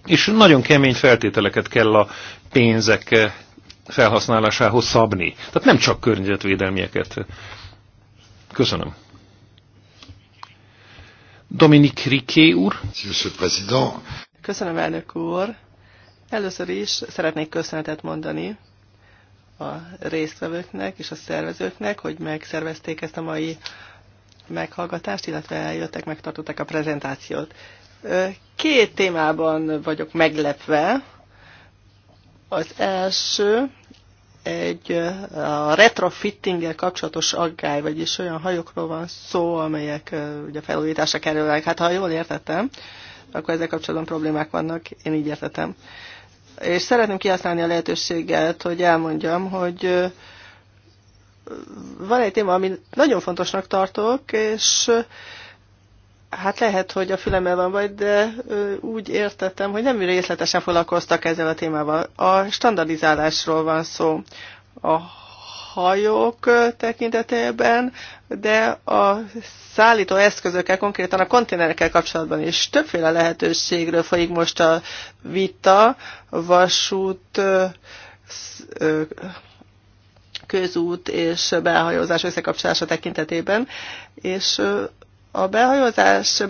És nagyon kemény feltételeket kell a pénzek felhasználásához szabni. Tehát nem csak környezetvédelmieket. Köszönöm. Dominik Riké úr. Köszönöm, elnök úr. Először is szeretnék köszönetet mondani a résztvevőknek és a szervezőknek, hogy megszervezték ezt a mai meghallgatást, illetve eljöttek, megtartották a prezentációt. Két témában vagyok meglepve. Az első egy a retrofittinggel kapcsolatos aggály, vagyis olyan hajókról van szó, amelyek ugye felújításra kerülnek. Hát ha jól értettem, akkor ezzel kapcsolatban problémák vannak, én így értettem. És szeretném kihasználni a lehetőséget, hogy elmondjam, hogy van egy téma, amit nagyon fontosnak tartok, és Hát lehet, hogy a fülemmel van vagy, de úgy értettem, hogy nem részletesen foglalkoztak ezzel a témával. A standardizálásról van szó a hajók tekintetében, de a szállító eszközökkel, konkrétan a konténerekkel kapcsolatban is többféle lehetőségről folyik most a vita, vasút, közút és belhajózás összekapcsolása tekintetében, és a behajózás,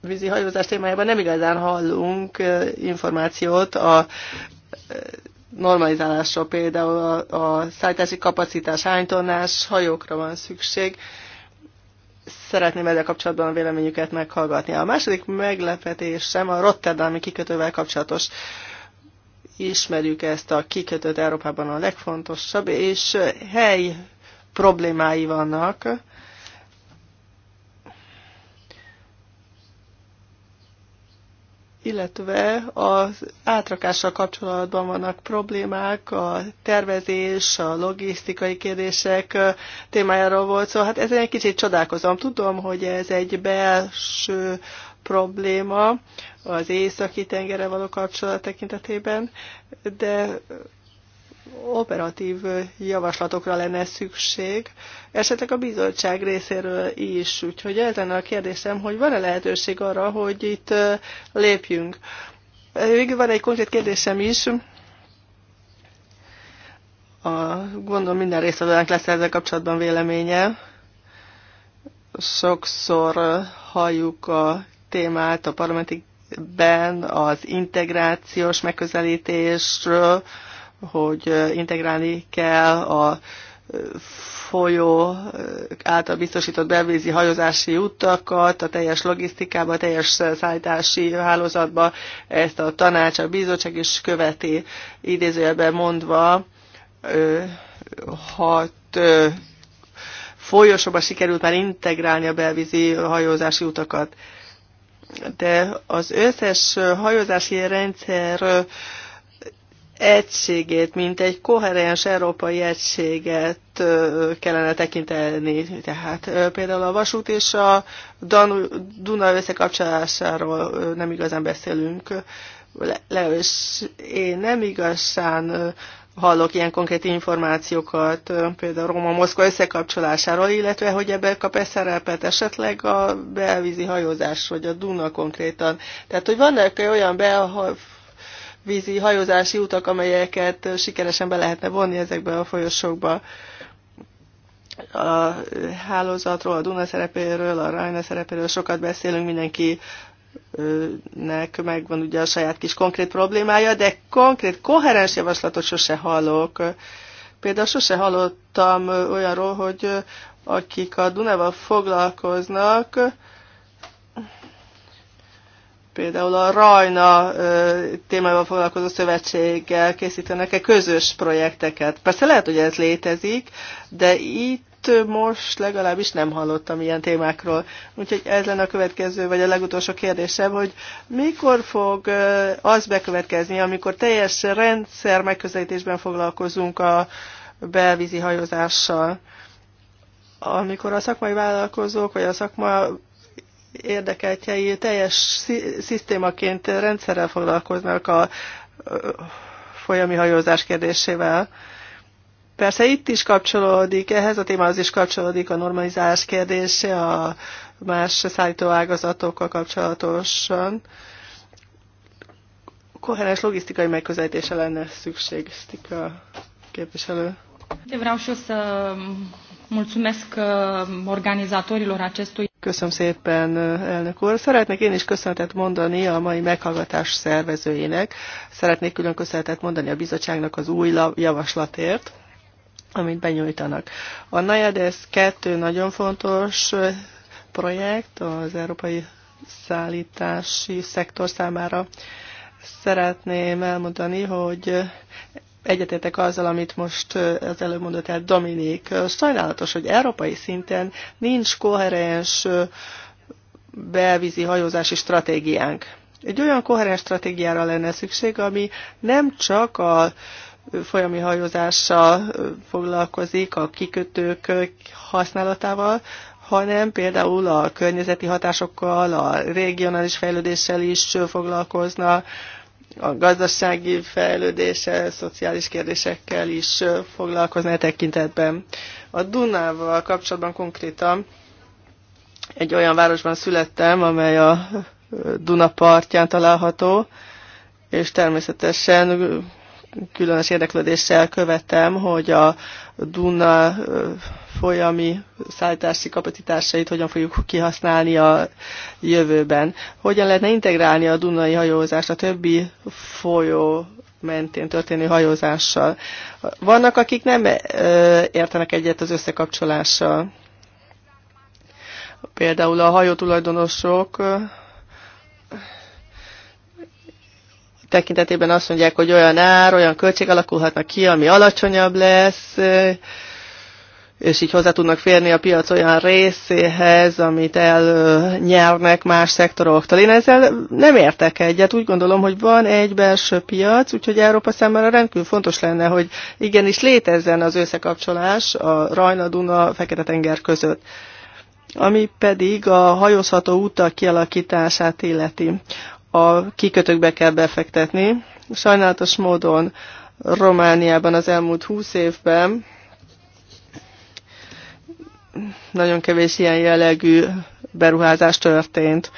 bevízi hajózás témájában nem igazán hallunk információt a normalizálásról, például a, a szállítási kapacitás, hány tonnás hajókra van szükség. Szeretném ezzel kapcsolatban a véleményüket meghallgatni. A második meglepetésem a Rotterdami kikötővel kapcsolatos. Ismerjük ezt a kikötőt Európában a legfontosabb, és hely problémái vannak illetve az átrakással kapcsolatban vannak problémák, a tervezés, a logisztikai kérdések témájáról volt szó. Szóval, hát ezen egy kicsit csodálkozom. Tudom, hogy ez egy belső probléma az északi tengere való kapcsolat tekintetében, de operatív javaslatokra lenne szükség, esetleg a bizottság részéről is. Úgyhogy ez lenne a kérdésem, hogy van-e lehetőség arra, hogy itt lépjünk. Végül van egy konkrét kérdésem is. A, gondolom minden résztvevőnek lesz ezzel kapcsolatban véleménye. Sokszor halljuk a témát a parlamenti ben az integrációs megközelítésről, hogy integrálni kell a folyó által biztosított belvízi hajózási utakat, a teljes logisztikába, a teljes szállítási hálózatba, ezt a tanács, a bizottság is követi, idézőjelben mondva, hat folyosóba sikerült már integrálni a belvízi hajózási utakat. De az összes hajózási rendszer egységét, mint egy koherens európai egységet kellene tekinteni. Tehát például a vasút és a Duna összekapcsolásáról nem igazán beszélünk. Le, és én nem igazán hallok ilyen konkrét információkat, például Róma-Moszkva összekapcsolásáról, illetve hogy ebbe kap-e szerepet esetleg a belvízi hajózás, vagy a Duna konkrétan. Tehát, hogy vannak olyan vízi hajózási utak, amelyeket sikeresen be lehetne vonni ezekbe a folyosókba. A hálózatról, a Duna szerepéről, a Rajna szerepéről sokat beszélünk, mindenki nek megvan ugye a saját kis konkrét problémája, de konkrét, koherens javaslatot sose hallok. Például sose hallottam olyanról, hogy akik a Dunával foglalkoznak, például a Rajna témával foglalkozó szövetséggel készítenek-e közös projekteket. Persze lehet, hogy ez létezik, de itt most legalábbis nem hallottam ilyen témákról. Úgyhogy ez lenne a következő, vagy a legutolsó kérdésem, hogy mikor fog az bekövetkezni, amikor teljes rendszer megközelítésben foglalkozunk a belvízi hajózással, amikor a szakmai vállalkozók, vagy a szakma érdekeltjei teljes szisztémaként rendszerrel foglalkoznak a folyami hajózás kérdésével. Persze itt is kapcsolódik, ehhez a témához is kapcsolódik a normalizálás kérdése, a más szállítóágazatokkal kapcsolatosan. Koherens logisztikai megközelítése lenne szükség, a képviselő. De vreau și eu să mulțumesc uh, organizatorilor acestui Köszönöm szépen, elnök úr. Szeretnék én is köszönetet mondani a mai meghallgatás szervezőjének. Szeretnék külön köszönetet mondani a bizottságnak az új javaslatért, amit benyújtanak. A NAJADES kettő nagyon fontos eh, projekt az európai szállítási szektor számára. Szeretném elmondani, hogy eh, egyetértek azzal, amit most az előbb mondott el Dominik. Sajnálatos, hogy európai szinten nincs koherens belvízi hajózási stratégiánk. Egy olyan koherens stratégiára lenne szükség, ami nem csak a folyami hajózással foglalkozik, a kikötők használatával, hanem például a környezeti hatásokkal, a regionális fejlődéssel is foglalkozna, a gazdasági fejlődéssel, szociális kérdésekkel is foglalkozni a e tekintetben. A Dunával kapcsolatban konkrétan egy olyan városban születtem, amely a Duna partján található, és természetesen különös érdeklődéssel követem, hogy a Duna folyami szállítási kapacitásait hogyan fogjuk kihasználni a jövőben. Hogyan lehetne integrálni a Dunai hajózást a többi folyó mentén történő hajózással. Vannak, akik nem értenek egyet az összekapcsolással. Például a hajótulajdonosok tekintetében azt mondják, hogy olyan ár, olyan költség alakulhatnak ki, ami alacsonyabb lesz, és így hozzá tudnak férni a piac olyan részéhez, amit elnyernek más szektoroktól. Én ezzel nem értek egyet, úgy gondolom, hogy van egy belső piac, úgyhogy Európa számára rendkívül fontos lenne, hogy igenis létezzen az összekapcsolás a Rajna-Duna Fekete-tenger között ami pedig a hajózható utak kialakítását illeti a kikötőkbe kell befektetni. Sajnálatos módon Romániában az elmúlt 20 évben nagyon kevés ilyen jellegű beruházás történt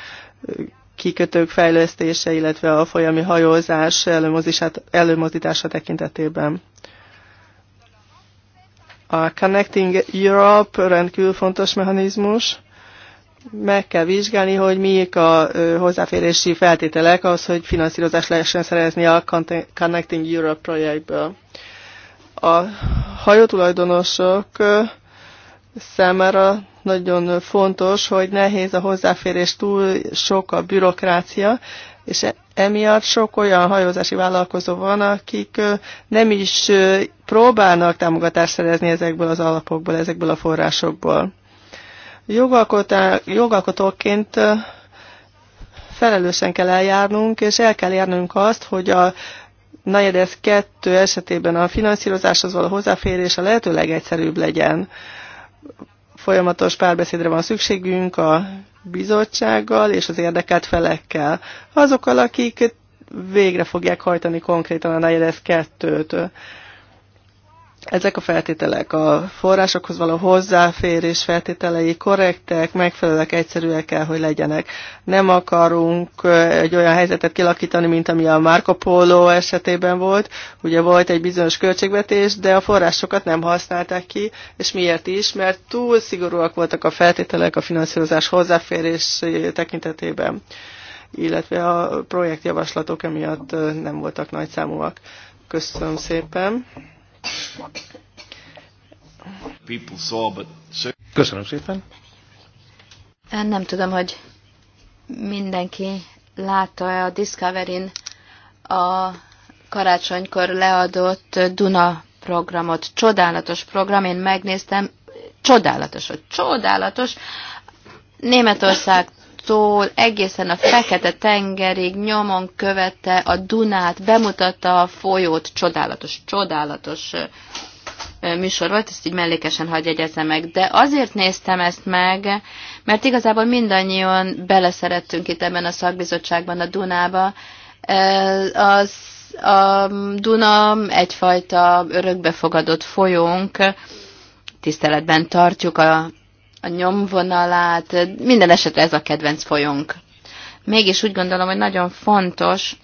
kikötők fejlesztése, illetve a folyami hajózás előmozdítása tekintetében. A Connecting Europe rendkívül fontos mechanizmus, meg kell vizsgálni, hogy miik a hozzáférési feltételek az, hogy finanszírozást lehessen szerezni a Connecting Europe projektből. A hajótulajdonosok számára nagyon fontos, hogy nehéz a hozzáférés, túl sok a bürokrácia, és e- emiatt sok olyan hajózási vállalkozó van, akik nem is próbálnak támogatást szerezni ezekből az alapokból, ezekből a forrásokból jogalkotóként felelősen kell eljárnunk, és el kell érnünk azt, hogy a negyedez kettő esetében a finanszírozáshoz való hozzáférés a lehető legegyszerűbb legyen. Folyamatos párbeszédre van szükségünk a bizottsággal és az érdekelt felekkel. Azokkal, akik végre fogják hajtani konkrétan a negyedez kettőt. Ezek a feltételek a forrásokhoz való hozzáférés feltételei korrektek, megfelelőek, egyszerűek kell, hogy legyenek. Nem akarunk eh, egy olyan helyzetet kilakítani, mint ami a Marco Polo esetében volt. Ugye volt egy bizonyos költségvetés, de a forrásokat nem használták ki, és miért is? Mert túl szigorúak voltak a feltételek a finanszírozás hozzáférés eh, tekintetében, illetve a projektjavaslatok emiatt eh, nem voltak nagyszámúak. Köszönöm szépen! Köszönöm szépen. Nem tudom, hogy mindenki látta-e a Discovery-n a karácsonykor leadott Duna programot. Csodálatos program, én megnéztem, csodálatos, csodálatos. Németország Baltiktól egészen a Fekete tengerig nyomon követte a Dunát, bemutatta a folyót, csodálatos, csodálatos műsor volt, ezt így mellékesen hagy jegyezze meg. De azért néztem ezt meg, mert igazából mindannyian beleszerettünk itt ebben a szakbizottságban a Dunába. Az, a Duna egyfajta örökbefogadott folyónk, tiszteletben tartjuk a a nyomvonalát, minden esetre ez a kedvenc folyónk. Mégis úgy gondolom, hogy nagyon fontos,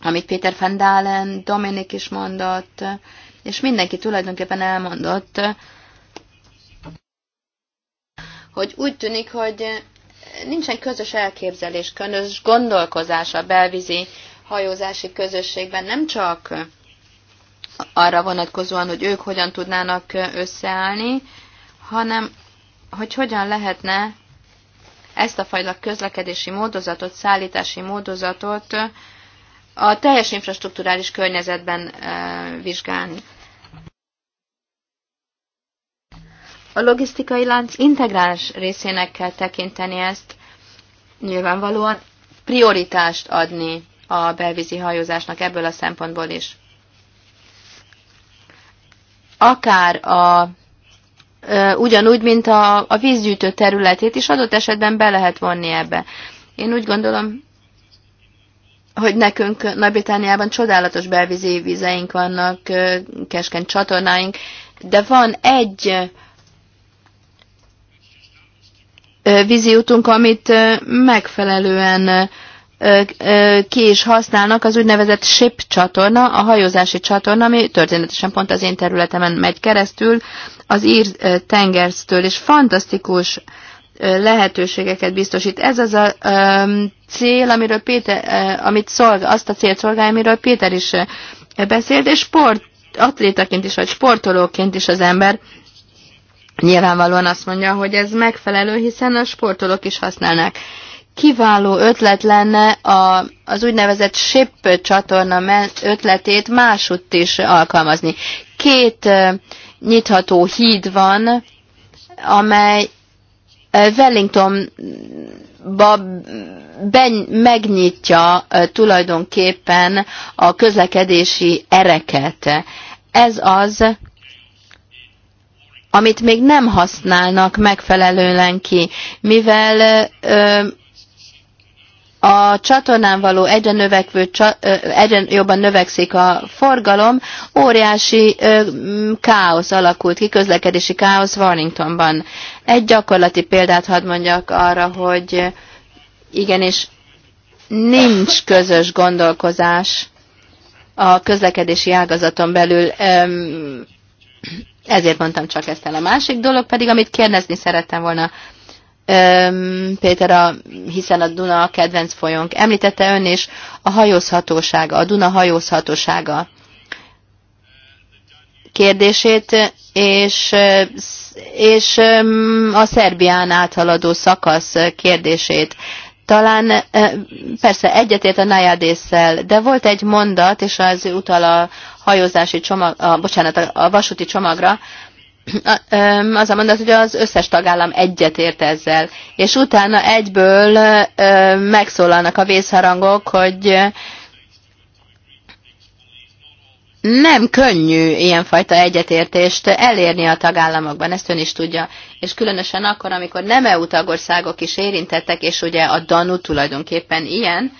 amit Péter van Dalen, Dominik is mondott, és mindenki tulajdonképpen elmondott, hogy úgy tűnik, hogy nincsen közös elképzelés, közös gondolkozás a belvízi hajózási közösségben, nem csak arra vonatkozóan, hogy ők hogyan tudnának összeállni, hanem hogy hogyan lehetne ezt a fajta közlekedési módozatot, szállítási módozatot a teljes infrastruktúrális környezetben vizsgálni. A logisztikai lánc integráns részének kell tekinteni ezt, nyilvánvalóan prioritást adni a belvízi hajózásnak ebből a szempontból is. Akár a ugyanúgy, mint a, a vízgyűjtő területét is adott esetben be lehet vonni ebbe. Én úgy gondolom, hogy nekünk Nagy-Britániában csodálatos belvízi vizeink vannak, keskeny csatornáink, de van egy vízi utunk, amit megfelelően ki is használnak, az úgynevezett SHIP csatorna, a hajózási csatorna, ami történetesen pont az én területemen megy keresztül, az ír tengersztől, és fantasztikus lehetőségeket biztosít. Ez az a um, cél, amiről Péter, uh, amit szolg, azt a cél szolgál, amiről Péter is beszélt, és sport, atlétaként is, vagy sportolóként is az ember nyilvánvalóan azt mondja, hogy ez megfelelő, hiszen a sportolók is használnak. Uh, kiváló ötlet lenne a, az úgynevezett SIP csatorna ötletét másutt is alkalmazni. Két nyitható híd van, amely Wellingtonba ben, megnyitja tulajdonképpen a közlekedési ereket. Ez az, amit még nem használnak megfelelően ki, mivel ö, a csatornán való egyre, növekvő, egyre jobban növekszik a forgalom, óriási káosz alakult ki, közlekedési káosz Warningtonban. Egy gyakorlati példát hadd mondjak arra, hogy igenis nincs közös gondolkozás a közlekedési ágazaton belül. Ezért mondtam csak ezt el. A másik dolog pedig, amit kérdezni szerettem volna Péter, a, hiszen a Duna a kedvenc folyónk. Említette ön is a hajózhatósága, a Duna hajózhatósága kérdését, és, és a Szerbián áthaladó szakasz kérdését. Talán persze egyetért a nájádésszel, de volt egy mondat, és az utal a hajózási csomag, a, bocsánat, a vasúti csomagra, az a mondat, hogy az összes tagállam egyetért ezzel, és utána egyből megszólalnak a vészharangok, hogy nem könnyű ilyenfajta egyetértést elérni a tagállamokban, ezt ön is tudja. És különösen akkor, amikor nem EU tagországok is érintettek, és ugye a Danu tulajdonképpen ilyen,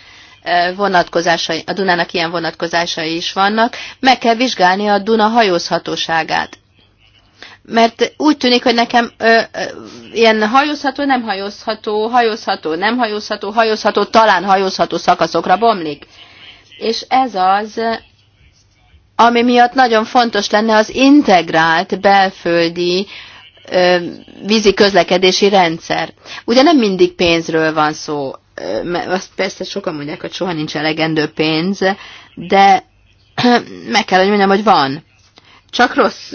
vonatkozásai, a Dunának ilyen vonatkozásai is vannak, meg kell vizsgálni a Duna hajózhatóságát mert úgy tűnik, hogy nekem ö, ö, ilyen hajózható, nem hajózható, hajózható, nem hajózható, hajózható, talán hajózható szakaszokra bomlik. És ez az, ami miatt nagyon fontos lenne az integrált belföldi ö, vízi közlekedési rendszer. Ugye nem mindig pénzről van szó, mert azt persze sokan mondják, hogy soha nincs elegendő pénz, de meg kell, hogy mondjam, hogy van. Csak rossz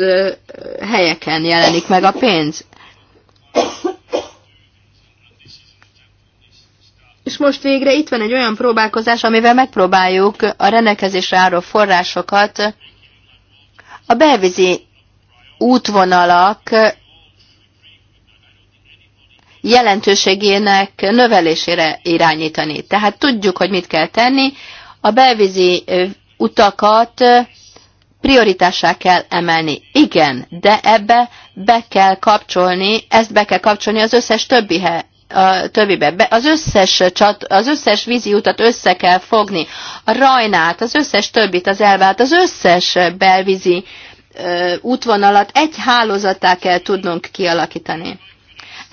helyeken jelenik meg a pénz. És most végre itt van egy olyan próbálkozás, amivel megpróbáljuk a rendelkezésre álló forrásokat a belvizi útvonalak jelentőségének növelésére irányítani. Tehát tudjuk, hogy mit kell tenni. A belvizi utakat prioritássá kell emelni. Igen, de ebbe be kell kapcsolni, ezt be kell kapcsolni az összes többihez, a többibe. Az összes, csat, az összes víziutat össze kell fogni, a rajnát, az összes többit, az elvált, az összes belvízi ö, útvonalat egy hálózattá kell tudnunk kialakítani.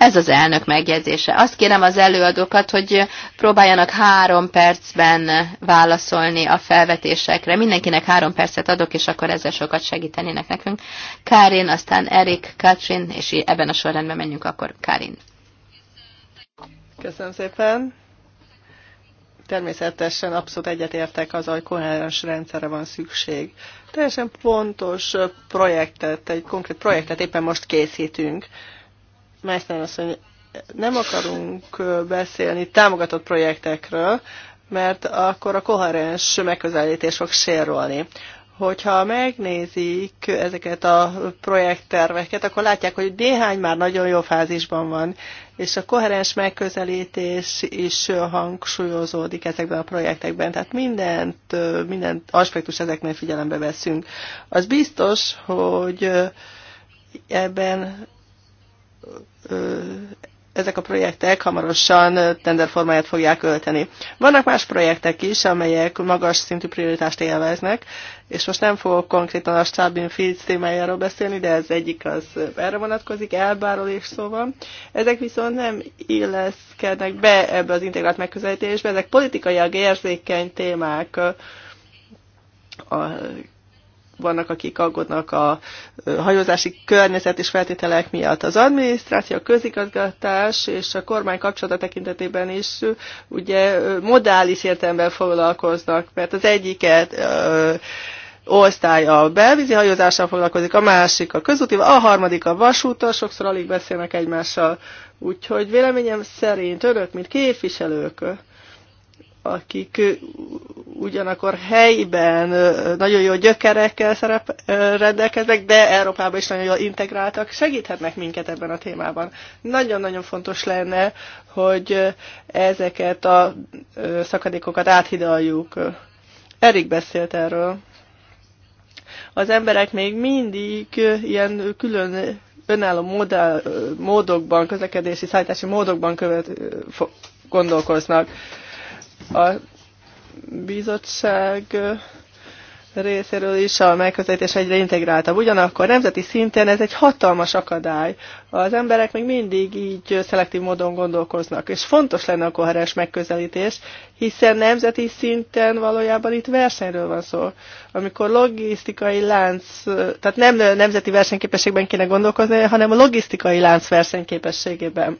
Ez az elnök megjegyzése. Azt kérem az előadókat, hogy próbáljanak három percben válaszolni a felvetésekre. Mindenkinek három percet adok, és akkor ezzel sokat segítenének nekünk. Kárin, aztán Erik, Katrin, és ebben a sorrendben menjünk akkor. Kárin. Köszönöm szépen. Természetesen abszolút egyetértek az, hogy koherens rendszerre van szükség. Teljesen pontos projektet, egy konkrét projektet éppen most készítünk Meissner azt mondja, nem akarunk beszélni támogatott projektekről, mert akkor a koherens megközelítés fog sérülni. Hogyha megnézik ezeket a projektterveket, akkor látják, hogy néhány már nagyon jó fázisban van, és a koherens megközelítés is hangsúlyozódik ezekben a projektekben. Tehát mindent, minden aspektus ezeknél figyelembe veszünk. Az biztos, hogy ebben ezek a projektek hamarosan tenderformáját fogják ölteni. Vannak más projektek is, amelyek magas szintű prioritást élveznek, és most nem fogok konkrétan a Stabin Fields témájáról beszélni, de ez egyik az erre vonatkozik, elbáról is szó van. Ezek viszont nem illeszkednek be ebbe az integrált megközelítésbe, ezek politikaiak érzékeny témák, a vannak, akik aggódnak a hajózási környezet és feltételek miatt. Az adminisztráció, a közigazgatás és a kormány kapcsolata tekintetében is ugye modális értelemben foglalkoznak, mert az egyiket osztály a belvízi hajózással foglalkozik, a másik a közúti, a harmadik a vasúttal, sokszor alig beszélnek egymással. Úgyhogy véleményem szerint önök, mint képviselők, akik ugyanakkor helyben nagyon jó gyökerekkel szerep, rendelkeznek, de Európában is nagyon jól integráltak, segíthetnek minket ebben a témában. Nagyon-nagyon fontos lenne, hogy ezeket a szakadékokat áthidaljuk. Erik beszélt erről. Az emberek még mindig ilyen külön önálló modell, módokban, közlekedési, szállítási módokban követ, gondolkoznak a bizottság részéről is a megközelítés egyre integráltabb. Ugyanakkor nemzeti szinten ez egy hatalmas akadály. Az emberek még mindig így szelektív módon gondolkoznak, és fontos lenne a koherens megközelítés, hiszen nemzeti szinten valójában itt versenyről van szó. Amikor logisztikai lánc, tehát nem nemzeti versenyképességben kéne gondolkozni, hanem a logisztikai lánc versenyképességében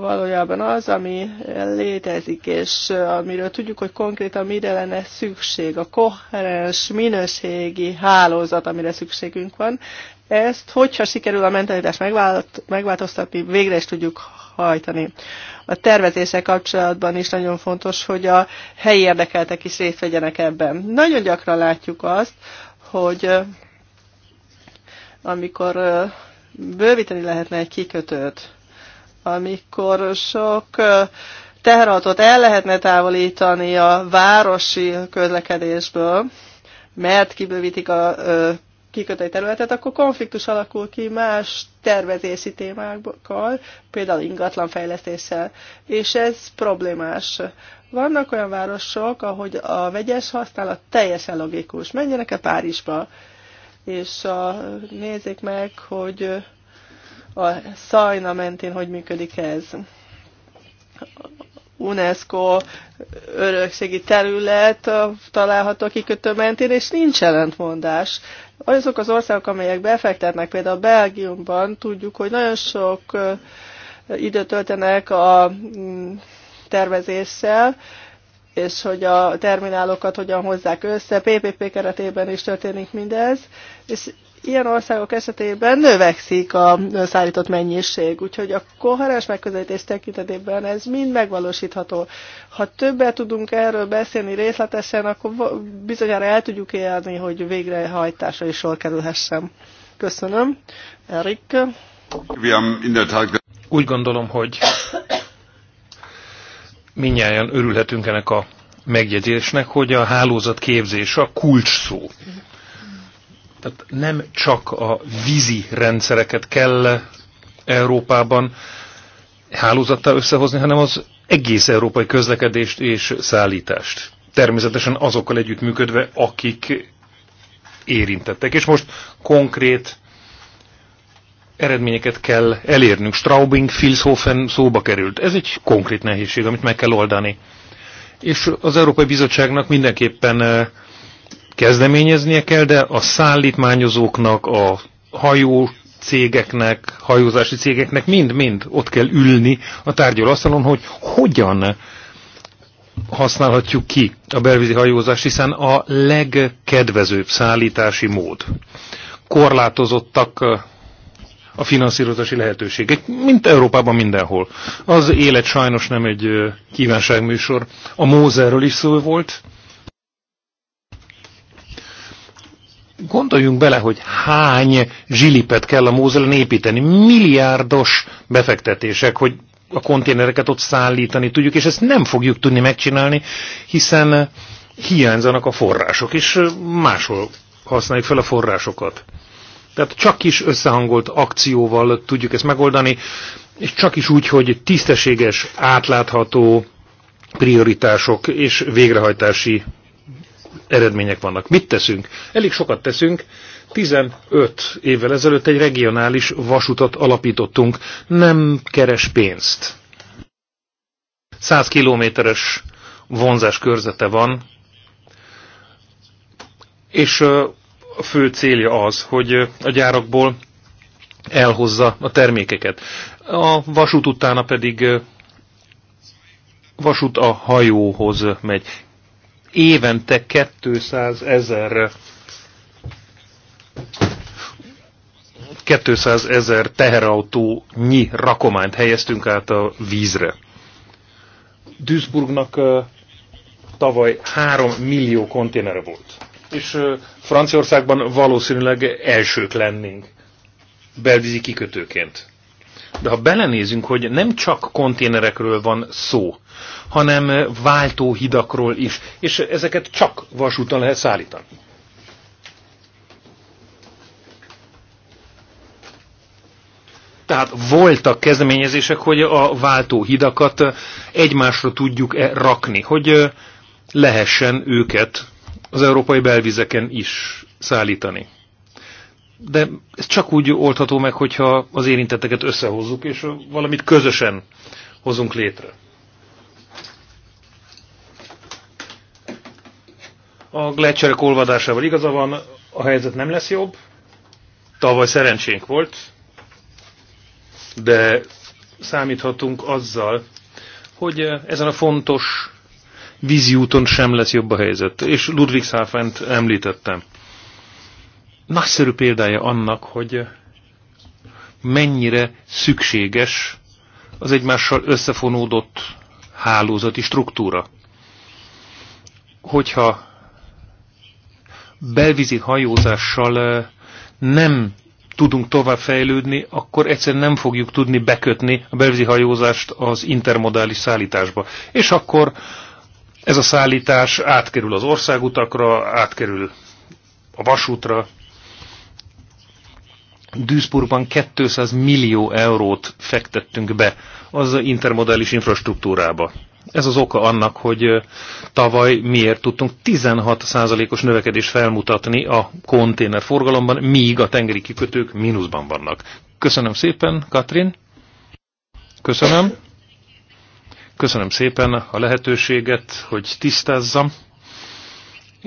valójában az, ami létezik, és eh, amiről tudjuk, hogy konkrétan mire lenne szükség, a koherens minőségi hálózat, amire szükségünk van, ezt, hogyha sikerül a mentalitást megváltoztatni, végre is tudjuk hajtani. A tervezéssel kapcsolatban is nagyon fontos, hogy a helyi érdekeltek is részt vegyenek ebben. Nagyon gyakran látjuk azt, hogy eh, amikor eh, bővíteni lehetne egy kikötőt, amikor sok teherautót el lehetne távolítani a városi közlekedésből, mert kibővítik a kikötői területet, akkor konfliktus alakul ki más tervezési témákkal, például ingatlanfejlesztéssel, és ez problémás. Vannak olyan városok, ahogy a vegyes használat teljesen logikus. Menjenek-e Párizsba? És a, nézzék meg, hogy a szajna mentén hogy működik ez. UNESCO örökségi terület található a kikötő mentén, és nincs ellentmondás. Azok az országok, amelyek befektetnek, például Belgiumban tudjuk, hogy nagyon sok időt töltenek a mm, tervezéssel, és hogy a terminálokat hogyan hozzák össze, PPP keretében is történik mindez, és ilyen országok esetében növekszik a szállított mennyiség, úgyhogy a koherens megközelítés tekintetében ez mind megvalósítható. Ha többet tudunk erről beszélni részletesen, akkor bizonyára el tudjuk élni, hogy végrehajtásra is sor kerülhessen. Köszönöm. Erik. Úgy gondolom, hogy minnyáján örülhetünk ennek a megjegyzésnek, hogy a hálózat képzés a kulcs szó tehát nem csak a vízi rendszereket kell Európában hálózattal összehozni, hanem az egész európai közlekedést és szállítást. Természetesen azokkal együttműködve, akik érintettek. És most konkrét eredményeket kell elérnünk. Straubing, Filshofen szóba került. Ez egy konkrét nehézség, amit meg kell oldani. És az Európai Bizottságnak mindenképpen eh, kezdeményeznie kell, de a szállítmányozóknak, a hajó cégeknek, hajózási cégeknek mind-mind ott kell ülni a tárgyalasztalon, hogy hogyan használhatjuk ki a belvízi hajózást, hiszen a legkedvezőbb szállítási mód. Korlátozottak a finanszírozási lehetőségek, mint Európában mindenhol. Az élet sajnos nem egy kívánságműsor. A Mózerről is szó volt, Gondoljunk bele, hogy hány zsilipet kell a Mózelen építeni, milliárdos befektetések, hogy a konténereket ott szállítani tudjuk, és ezt nem fogjuk tudni megcsinálni, hiszen hiányzanak a források, és máshol használjuk fel a forrásokat. Tehát csak is összehangolt akcióval tudjuk ezt megoldani, és csak is úgy, hogy tisztességes, átlátható prioritások és végrehajtási eredmények vannak. Mit teszünk? Elég sokat teszünk. 15 évvel ezelőtt egy regionális vasutat alapítottunk. Nem keres pénzt. 100 kilométeres vonzás körzete van, és a fő célja az, hogy a gyárakból elhozza a termékeket. A vasút utána pedig vasút a hajóhoz megy évente 200 ezer 200 ezer teherautónyi rakományt helyeztünk át a vízre. Duisburgnak tavaly 3 millió konténer volt. És Franciaországban valószínűleg elsők lennénk belvízi kikötőként. De ha belenézünk, hogy nem csak konténerekről van szó, hanem eh, váltóhidakról is, és ezeket csak vasúton lehet szállítani. Tehát voltak kezdeményezések, hogy a váltóhidakat eh, egymásra tudjuk-e rakni, hogy eh, lehessen őket az európai belvizeken is szállítani. De ez csak úgy oldható meg, hogyha az érintetteket összehozzuk, és valamit közösen hozunk létre. a gletszerek olvadásával igaza van, a helyzet nem lesz jobb. Tavaly szerencsénk volt, de számíthatunk azzal, hogy ezen a fontos víziúton sem lesz jobb a helyzet. És Ludwig Száfent említettem. Nagyszerű példája annak, hogy mennyire szükséges az egymással összefonódott hálózati struktúra. Hogyha belvízi hajózással nem tudunk továbbfejlődni, akkor egyszerűen nem fogjuk tudni bekötni a belvízi hajózást az intermodális szállításba. És akkor ez a szállítás átkerül az országutakra, átkerül a vasútra. Duisburgban 200 millió eurót fektettünk be az intermodális infrastruktúrába. Ez az oka annak, hogy tavaly miért tudtunk 16%-os növekedést felmutatni a konténerforgalomban, míg a tengeri kikötők mínuszban vannak. Köszönöm szépen, Katrin. Köszönöm. Köszönöm szépen a lehetőséget, hogy tisztázzam,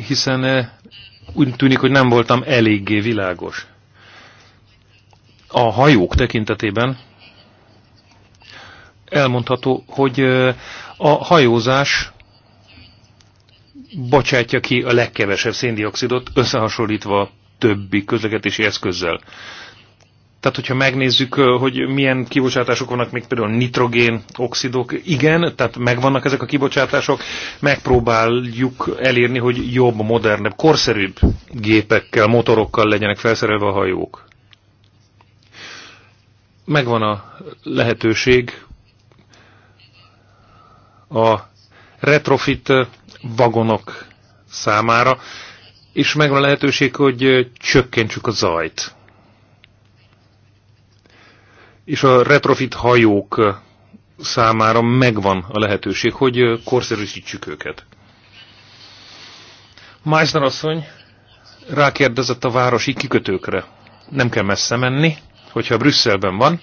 hiszen úgy tűnik, hogy nem voltam eléggé világos. A hajók tekintetében elmondható, hogy a hajózás bocsátja ki a legkevesebb széndiokszidot összehasonlítva többi közlekedési eszközzel. Tehát, hogyha megnézzük, hogy milyen kibocsátások vannak, még például nitrogén, oxidok, igen, tehát megvannak ezek a kibocsátások, megpróbáljuk elérni, hogy jobb, modernebb, korszerűbb gépekkel, motorokkal legyenek felszerelve a hajók. Megvan a lehetőség, a retrofit vagonok számára, és megvan a lehetőség, hogy csökkentsük a zajt. És a retrofit hajók számára megvan a lehetőség, hogy korszerűsítsük őket. Meissner asszony rákérdezett a városi kikötőkre. Nem kell messze menni, hogyha Brüsszelben van,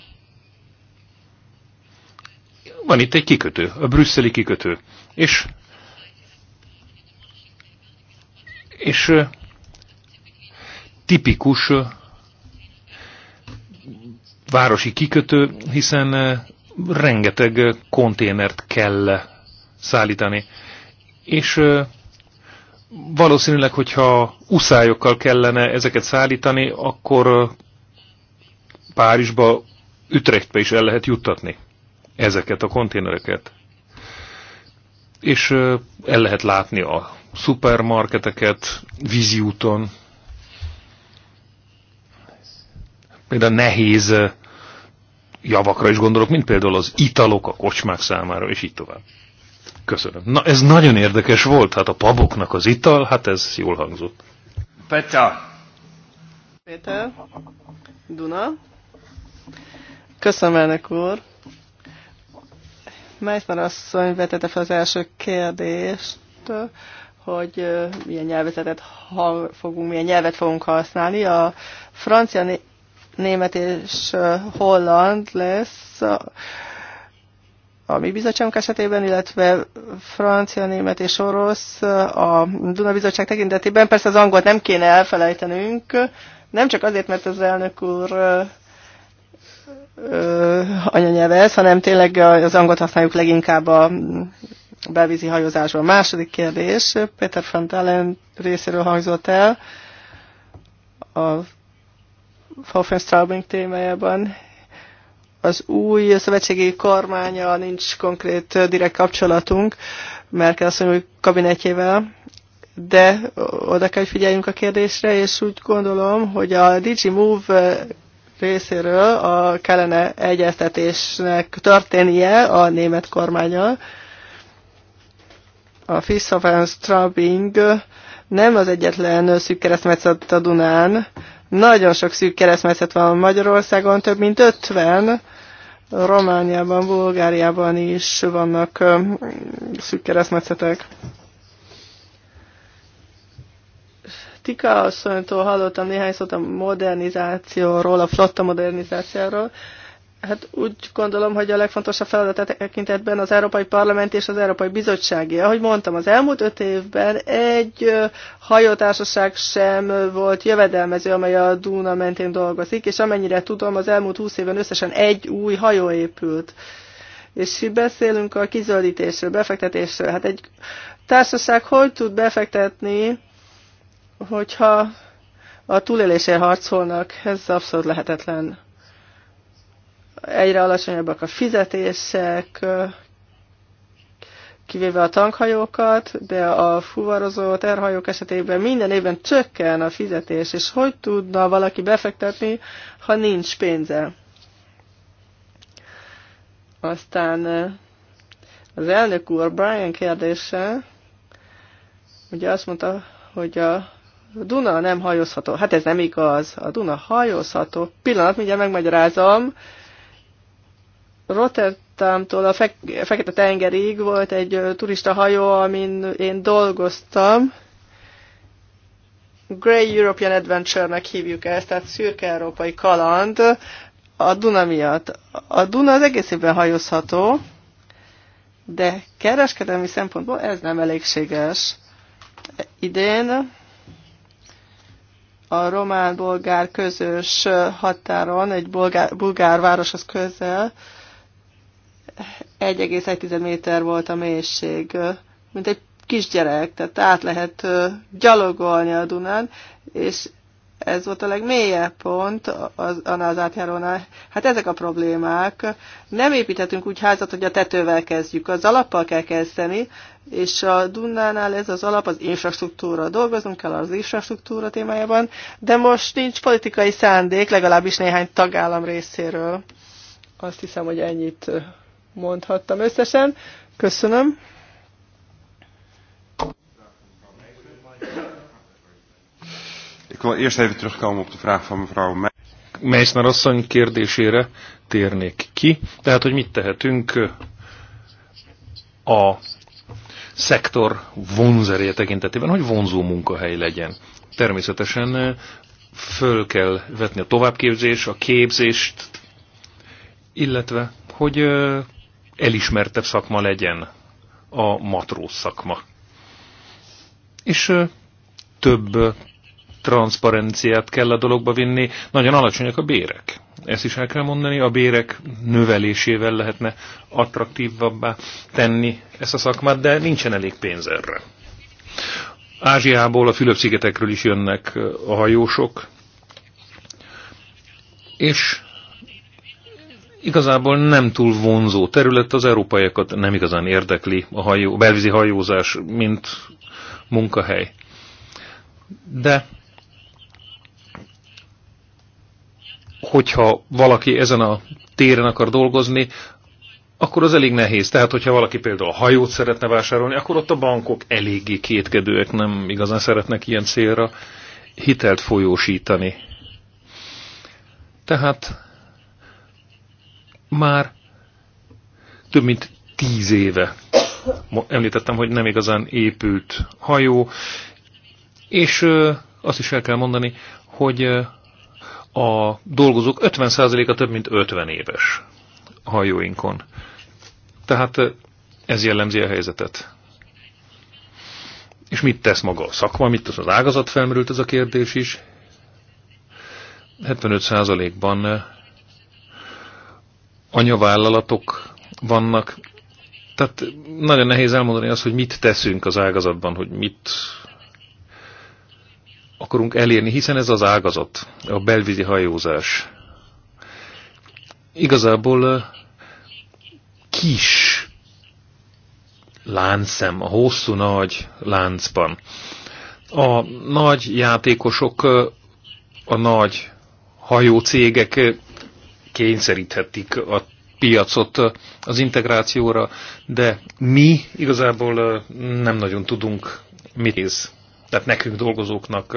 van itt egy kikötő, a brüsszeli kikötő. És, és tipikus városi kikötő, hiszen rengeteg konténert kell szállítani. És valószínűleg, hogyha uszályokkal kellene ezeket szállítani, akkor Párizsba, Ütrechtbe is el lehet juttatni ezeket a konténereket. És el lehet látni a szupermarketeket vízi úton. Például nehéz javakra is gondolok, mint például az italok a kocsmák számára, és így tovább. Köszönöm. Na, ez nagyon érdekes volt, hát a paboknak az ital, hát ez jól hangzott. Petra. Péter. Duna. Köszönöm, elnök úr. Meissner asszony vetette fel az első kérdést, hogy milyen nyelvezetet fogunk, milyen nyelvet fogunk használni. A francia, német és holland lesz a mi bizottságunk esetében, illetve francia, német és orosz a Duna bizottság tekintetében. Persze az angolt nem kéne elfelejtenünk, nem csak azért, mert az elnök úr anyanyelve ez, hanem tényleg az angolt használjuk leginkább a belvízi hajózásban. Második kérdés, Peter van Dalen részéről hangzott el a Hoffenstraubing témájában. Az új szövetségi kormánya nincs konkrét direkt kapcsolatunk Merkel asszony hogy kabinetjével, de oda kell, hogy figyeljünk a kérdésre, és úgy gondolom, hogy a DigiMove részéről a kellene egyeztetésnek történnie a német kormányal. A Fish Strabing nem az egyetlen szűk keresztmetszet a Dunán. Nagyon sok szűk keresztmetszet van Magyarországon, több mint 50. Romániában, Bulgáriában is vannak szűk keresztmetszetek. Tika asszonytól hallottam néhány szót a modernizációról, a flotta modernizációról. Hát úgy gondolom, hogy a legfontosabb feladat e tekintetben az Európai Parlament és az Európai Bizottságé. Ahogy mondtam, az elmúlt öt évben egy hajótársaság sem volt jövedelmező, amely a Duna mentén dolgozik, és amennyire tudom, az elmúlt húsz évben összesen egy új hajó épült. És beszélünk a kizöldítésről, befektetésről. Hát egy társaság hogy tud befektetni hogyha a túlélésért harcolnak, ez abszolút lehetetlen. Egyre alacsonyabbak a fizetések, kivéve a tankhajókat, de a fuvarozó terhajók esetében minden évben csökken a fizetés, és hogy tudna valaki befektetni, ha nincs pénze? Aztán eh, az elnök úr Brian kérdése, ugye azt mondta, hogy a a Duna nem hajózható. Hát ez nem igaz. A Duna hajózható. Pillanat, mindjárt megmagyarázom. Rotterdamtól a Fek Fekete tengerig volt egy turista hajó, amin én dolgoztam. Grey European Adventure-nek hívjuk ezt, tehát szürke európai kaland a Duna miatt. A Duna az egész évben hajózható, de kereskedelmi szempontból ez nem elégséges. Idén a román-bolgár közös határon, egy bolgár, bulgár városhoz közel, 1,1 méter volt a mélység, mint egy kisgyerek, tehát át lehet gyalogolni a Dunán, és ez volt a legmélyebb pont az, annál az átjárónál. Hát ezek a problémák. Nem építhetünk úgy házat, hogy a tetővel kezdjük. Az alappal kell kezdeni, és a Dunnánál ez az alap, az infrastruktúra. Dolgozunk kell az infrastruktúra témájában, de most nincs politikai szándék, legalábbis néhány tagállam részéről. Azt hiszem, hogy ennyit mondhattam összesen. Köszönöm. Ik wil eerst even terugkomen op de vraag van mevrouw Meisner asszony kérdésére térnék ki. Tehát, hogy mit tehetünk eh, a szektor vonzerje tekintetében, hogy vonzó munkahely legyen. Természetesen eh, föl kell vetni a továbbképzés, a képzést, illetve, hogy eh, elismertebb szakma legyen a matróz szakma. És több transzparenciát kell a dologba vinni, nagyon alacsonyak a bérek. Ezt is el kell mondani, a bérek növelésével lehetne attraktívabbá tenni ezt a szakmát, de nincsen elég pénz erre. Ázsiából, a Fülöp-szigetekről is jönnek eh, a hajósok, és igazából nem túl vonzó terület, az európaiakat nem igazán érdekli a hajó, belvízi hajózás, mint munkahely. De hogyha valaki ezen a téren akar dolgozni, akkor az elég nehéz. Tehát, hogyha valaki például a hajót szeretne vásárolni, akkor ott a bankok eléggé kétkedőek, nem igazán szeretnek ilyen célra hitelt folyósítani. Tehát már több mint tíz éve említettem, hogy nem igazán épült hajó, és azt is el kell mondani, hogy a dolgozók 50%-a több mint 50 éves a hajóinkon. Tehát ez jellemzi a helyzetet. És mit tesz maga a szakma, mit tesz az ágazat, felmerült ez a kérdés is. 75%-ban anyavállalatok vannak, tehát nagyon nehéz elmondani azt, hogy mit teszünk az ágazatban, hogy mit akarunk elérni, hiszen ez az ágazat, a belvízi hajózás. Igazából kis láncszem, a hosszú nagy láncban. A nagy játékosok, a nagy hajócégek kényszeríthetik a piacot az integrációra, de mi igazából nem nagyon tudunk mit néz tehát nekünk dolgozóknak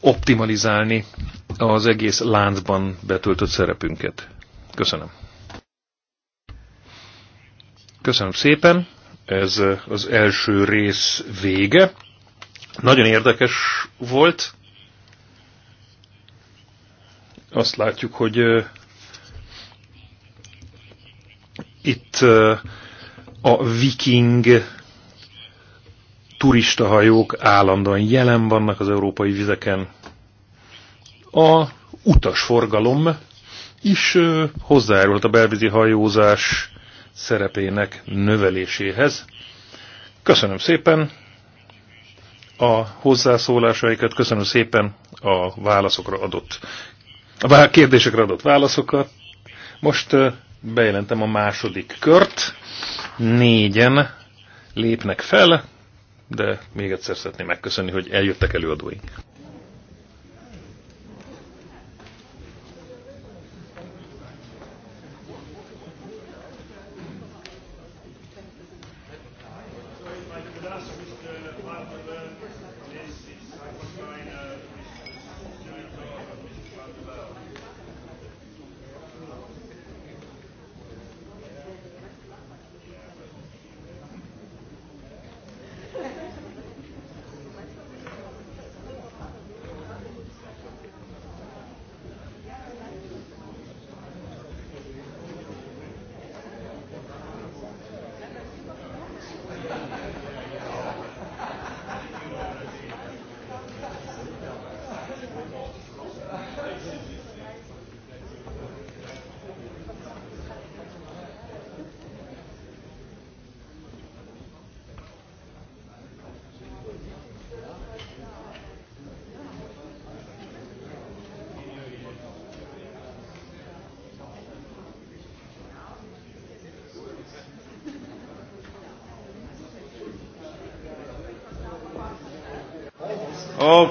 optimalizálni az egész láncban betöltött szerepünket. Köszönöm. Köszönöm szépen. Ez az első rész vége. Nagyon érdekes volt. Azt látjuk, hogy itt a viking turistahajók állandóan jelen vannak az európai vizeken. A utasforgalom is hozzájárult a belvízi hajózás szerepének növeléséhez. Köszönöm szépen a hozzászólásaikat, köszönöm szépen a válaszokra adott, a kérdésekre adott válaszokat. Most bejelentem a második kört. Négyen lépnek fel, de még egyszer szeretném megköszönni, hogy eljöttek előadóink.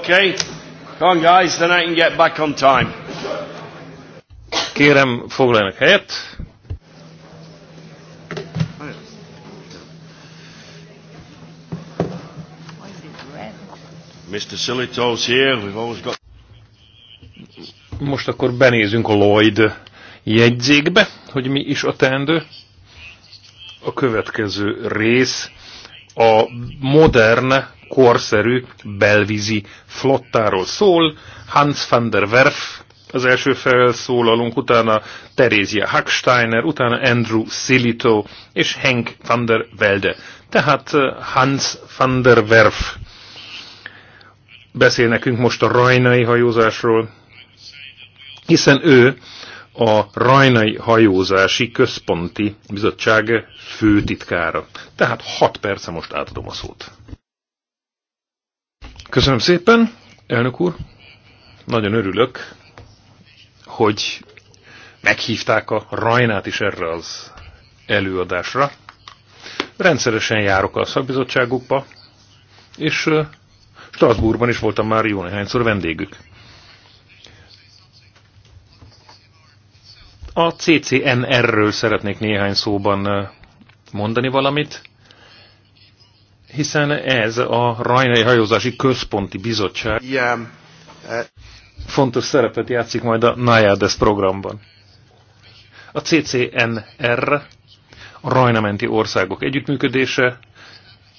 Okay. Come on guys, then I can get back on time. Kérem, foglaljanak helyet. Mr. Silito's here, we've always got... Most akkor benézünk a Lloyd jegyzékbe, hogy mi is a teendő. A következő rész a modern korszerű belvízi flottáról szól. Hans van der Werf az első felszólalunk, utána Terézia Hacksteiner, utána Andrew Silito és Henk van der Welde. Tehát eh, Hans van der Werf beszél nekünk most a rajnai hajózásról, hiszen ő a Rajnai Hajózási Központi Bizottság főtitkára. Tehát 6 perce most átadom a szót. Köszönöm szépen, elnök úr. Nagyon örülök, hogy meghívták a Rajnát is erre az előadásra. Rendszeresen járok a szakbizottságukba, és Strasbourgban is voltam már jó néhányszor vendégük. A CCNR-ről szeretnék néhány szóban mondani valamit hiszen ez a Rajnai Hajózási Központi Bizottság fontos szerepet játszik majd a NIADES programban. A CCNR, a Rajnamenti Országok Együttműködése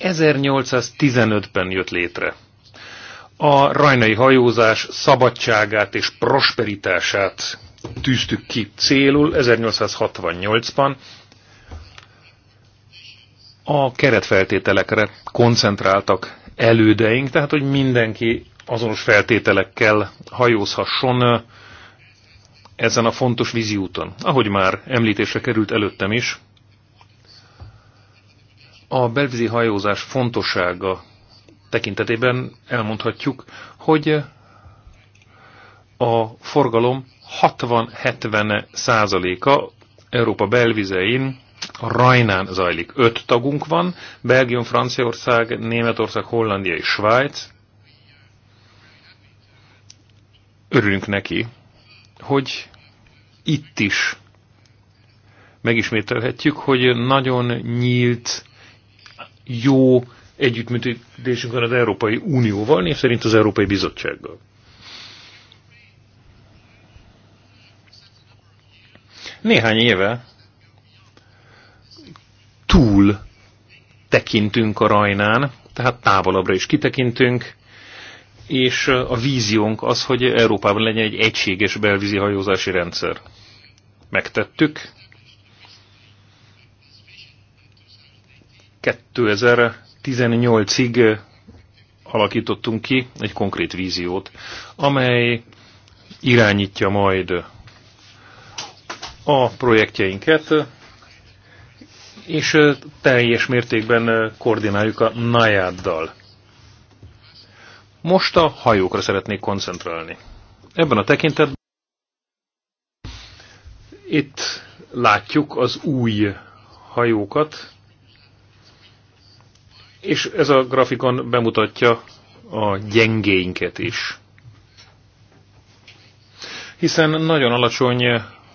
1815-ben jött létre. A rajnai hajózás szabadságát és prosperitását tűztük ki célul 1868-ban, a keretfeltételekre koncentráltak elődeink, tehát hogy mindenki azonos feltételekkel hajózhasson ezen a fontos víziúton. Ahogy már említésre került előttem is, a belvízi hajózás fontossága tekintetében elmondhatjuk, hogy a forgalom 60-70 százaléka Európa belvizein a Rajnán zajlik. Öt tagunk van, Belgium, Franciaország, Németország, Hollandia és Svájc. Örülünk neki, hogy itt is megismételhetjük, hogy nagyon nyílt, jó együttműködésünk van az Európai Unióval, név szerint az Európai Bizottsággal. Néhány éve túl tekintünk a rajnán, tehát távolabbra is kitekintünk, és a víziónk az, hogy Európában legyen egy egységes belvízi hajózási rendszer. Megtettük. 2018-ig alakítottunk ki egy konkrét víziót, amely irányítja majd a projektjeinket, és teljes mértékben koordináljuk a najáddal. Most a hajókra szeretnék koncentrálni. Ebben a tekintetben itt látjuk az új hajókat, és ez a grafikon bemutatja a gyengéinket is. Hiszen nagyon alacsony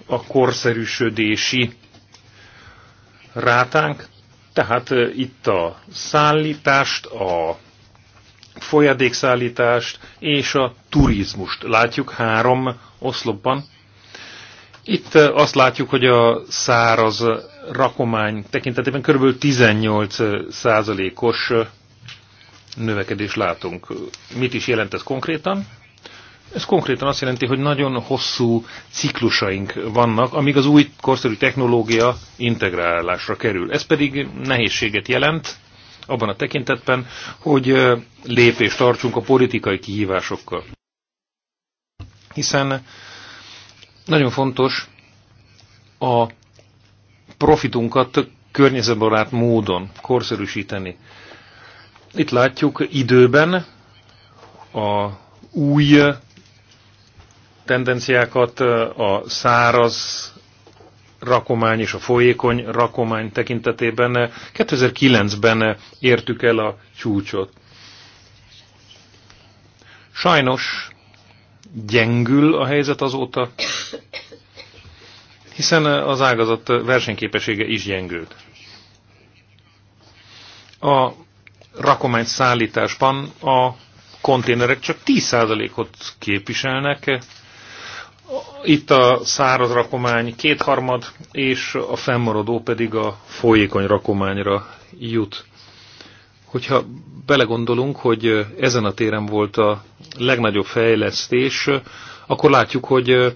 a korszerűsödési rátánk, tehát itt a szállítást, a folyadékszállítást és a turizmust látjuk három oszlopban. Itt azt látjuk, hogy a száraz rakomány tekintetében kb. 18%-os növekedést látunk. Mit is jelent ez konkrétan? Ez konkrétan azt jelenti, hogy nagyon hosszú ciklusaink vannak, amíg az új korszerű technológia integrálásra kerül. Ez pedig nehézséget jelent abban a tekintetben, hogy lépést tartsunk a politikai kihívásokkal. Hiszen nagyon fontos a profitunkat környezetbarát módon korszerűsíteni. Itt látjuk időben a új tendenciákat a száraz rakomány és a folyékony rakomány tekintetében 2009-ben értük el a csúcsot. Sajnos gyengül a helyzet azóta, hiszen az ágazat versenyképessége is gyengült. A rakomány szállításban a konténerek csak 10%-ot képviselnek, itt a száraz rakomány kétharmad, és a fennmaradó pedig a folyékony rakományra jut. Hogyha belegondolunk, hogy ezen a téren volt a legnagyobb fejlesztés, akkor látjuk, hogy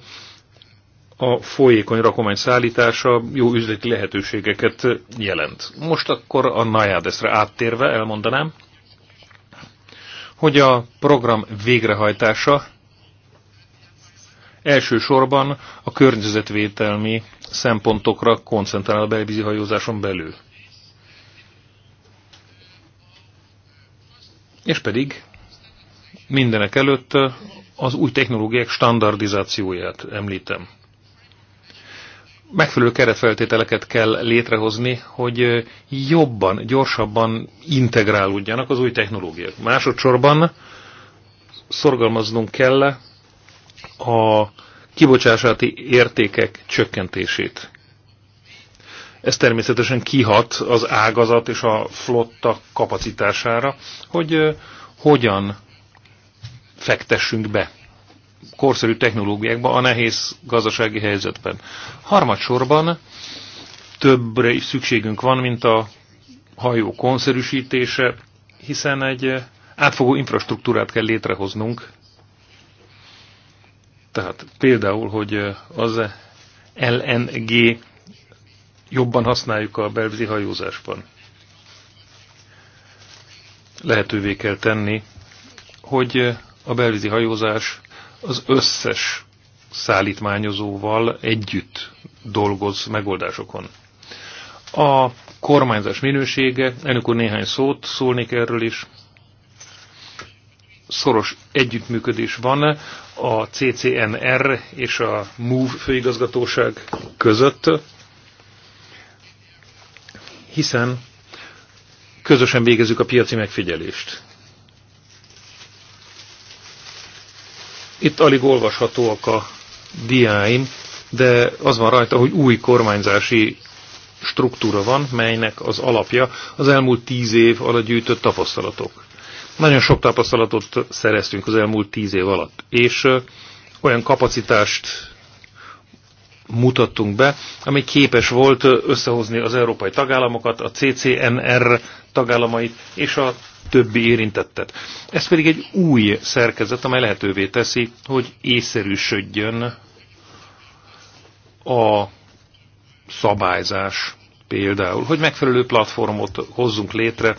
a folyékony rakomány szállítása jó üzleti lehetőségeket jelent. Most akkor a Najádeszre áttérve elmondanám, hogy a program végrehajtása Elsősorban a környezetvételmi szempontokra koncentrál a belvízi hajózáson belül. És pedig mindenek előtt az új technológiák standardizációját említem. Megfelelő keretfeltételeket kell létrehozni, hogy jobban, gyorsabban integrálódjanak az új technológiák. Másodszorban szorgalmaznunk kell a kibocsásáti értékek csökkentését. Ez természetesen kihat az ágazat és a flotta kapacitására, hogy hogyan fektessünk be korszerű technológiákba a nehéz gazdasági helyzetben. Harmadsorban többre is szükségünk van, mint a hajó konszerűsítése, hiszen egy átfogó infrastruktúrát kell létrehoznunk tehát például, hogy az LNG jobban használjuk a belvizi hajózásban. Lehetővé kell tenni, hogy a belvizi hajózás az összes szállítmányozóval együtt dolgoz megoldásokon. A kormányzás minősége, ennek úr néhány szót szólnék erről is szoros együttműködés van a CCNR és a MOVE főigazgatóság között, hiszen közösen végezzük a piaci megfigyelést. Itt alig olvashatóak a diáim, de az van rajta, hogy új kormányzási struktúra van, melynek az alapja az elmúlt tíz év alatt gyűjtött tapasztalatok. Nagyon sok tapasztalatot szereztünk az elmúlt tíz év alatt, és olyan kapacitást mutattunk be, ami képes volt összehozni az európai tagállamokat, a CCNR tagállamait és a többi érintettet. Ez pedig egy új szerkezet, amely lehetővé teszi, hogy észszerűsödjön a szabályzás például, hogy megfelelő platformot hozzunk létre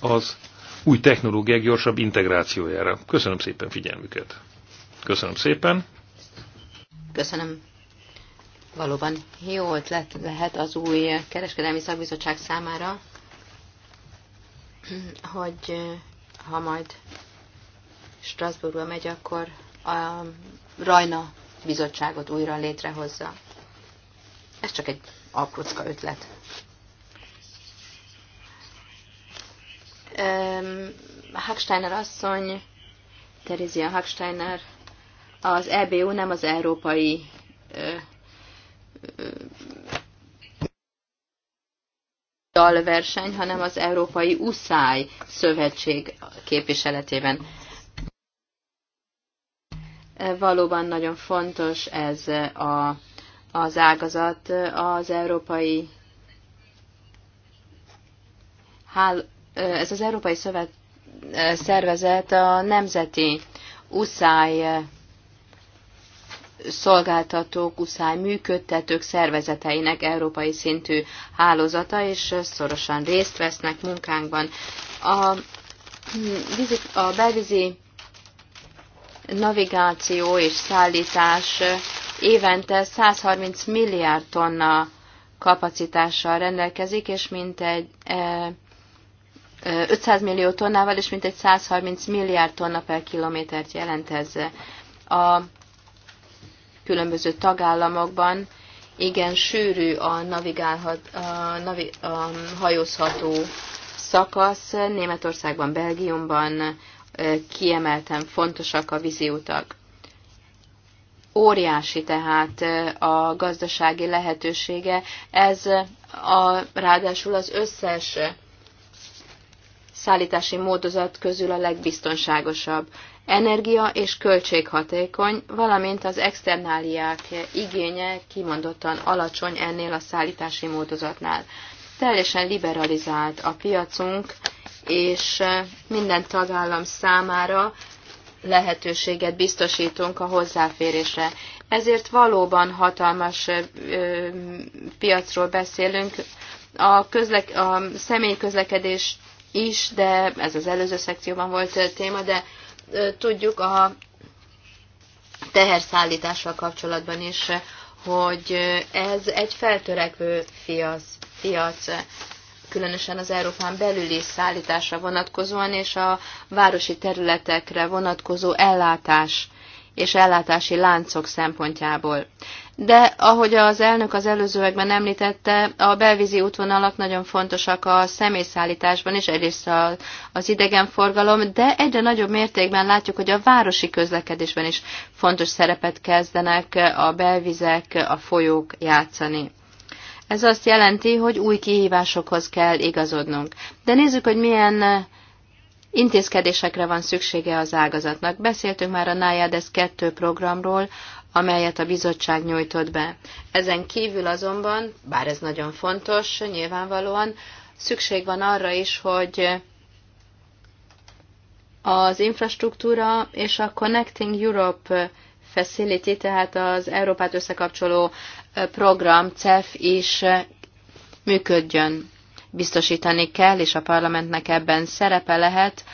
az új technológiák gyorsabb integrációjára. Köszönöm szépen figyelmüket. Köszönöm szépen. Köszönöm. Valóban jó ötlet lehet az új kereskedelmi szakbizottság számára, hogy eh, ha majd Strasbourgba megy, akkor a Rajna bizottságot újra létrehozza. Ez csak egy aprócka ötlet. Hagsteiner asszony, Terézia Hagsteiner, az EBU nem az európai dalverseny, hanem az Európai Uszály Szövetség képviseletében. Valóban nagyon fontos ez a, az ágazat az európai hál, ez az Európai Szövet eh, szervezet a nemzeti uszály eh, szolgáltatók, uszály működtetők szervezeteinek európai szintű hálózata, és szorosan részt vesznek munkánkban. A, hm, a belvízi navigáció és szállítás eh, évente 130 milliárd tonna kapacitással rendelkezik, és mintegy 500 millió tonnával és mintegy 130 milliárd tonna per kilométert jelent ez. A különböző tagállamokban igen sűrű a, navigálhat, a, navi, a hajózható szakasz. Németországban, Belgiumban kiemelten fontosak a víziutak. Óriási tehát a gazdasági lehetősége. Ez a, ráadásul az összes szállítási módozat közül a legbiztonságosabb, energia és költséghatékony, valamint az externáliák igénye kimondottan alacsony ennél a szállítási módozatnál. Teljesen liberalizált a piacunk, és minden tagállam számára lehetőséget biztosítunk a hozzáférésre. Ezért valóban hatalmas piacról beszélünk. A, közlek, a személyközlekedés is, de ez az előző szekcióban volt téma, de tudjuk a teherszállítással kapcsolatban is, hogy ez egy feltörekvő piac, fiac különösen az Európán belüli szállításra vonatkozóan, és a városi területekre vonatkozó ellátás és ellátási láncok szempontjából de ahogy az elnök az előzőekben említette, a belvízi útvonalak nagyon fontosak a személyszállításban és egyrészt az idegenforgalom, de egyre nagyobb mértékben látjuk, hogy a városi közlekedésben is fontos szerepet kezdenek a belvizek, a folyók játszani. Ez azt jelenti, hogy új kihívásokhoz kell igazodnunk. De nézzük, hogy milyen intézkedésekre van szüksége az ágazatnak. Beszéltünk már a NIADES 2 programról, amelyet a bizottság nyújtott be. Ezen kívül azonban, bár ez nagyon fontos, nyilvánvalóan szükség van arra is, hogy az infrastruktúra és a Connecting Europe Facility, tehát az Európát összekapcsoló program CEF is működjön. Biztosítani kell, és a parlamentnek ebben szerepe lehet,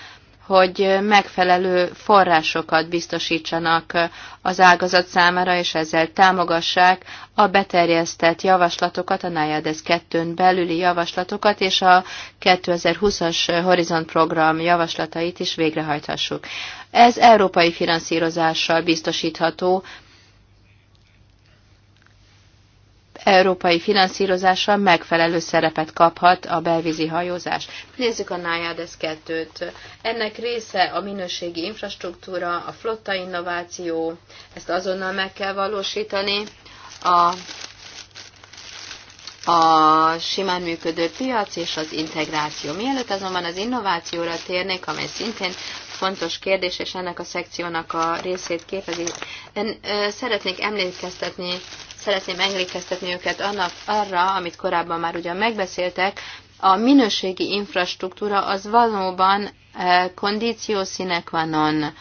hogy megfelelő forrásokat biztosítsanak az ágazat számára, és ezzel támogassák a beterjesztett javaslatokat, a NIADES 2 belüli javaslatokat, és a 2020-as Horizont program javaslatait is végrehajthassuk. Ez európai finanszírozással biztosítható, európai finanszírozással megfelelő szerepet kaphat a belvízi hajózás. Nézzük a NIADES 2-t. Ennek része a minőségi infrastruktúra, a flotta innováció, ezt azonnal meg kell valósítani, a a simán működő piac és az integráció. Mielőtt azonban az innovációra térnék, amely szintén fontos kérdés, és ennek a szekciónak a részét képezi. Én szeretnék emlékeztetni, szeretném emlékeztetni őket annak, arra, amit korábban már ugyan megbeszéltek, a minőségi infrastruktúra az valóban kondíció sine qua non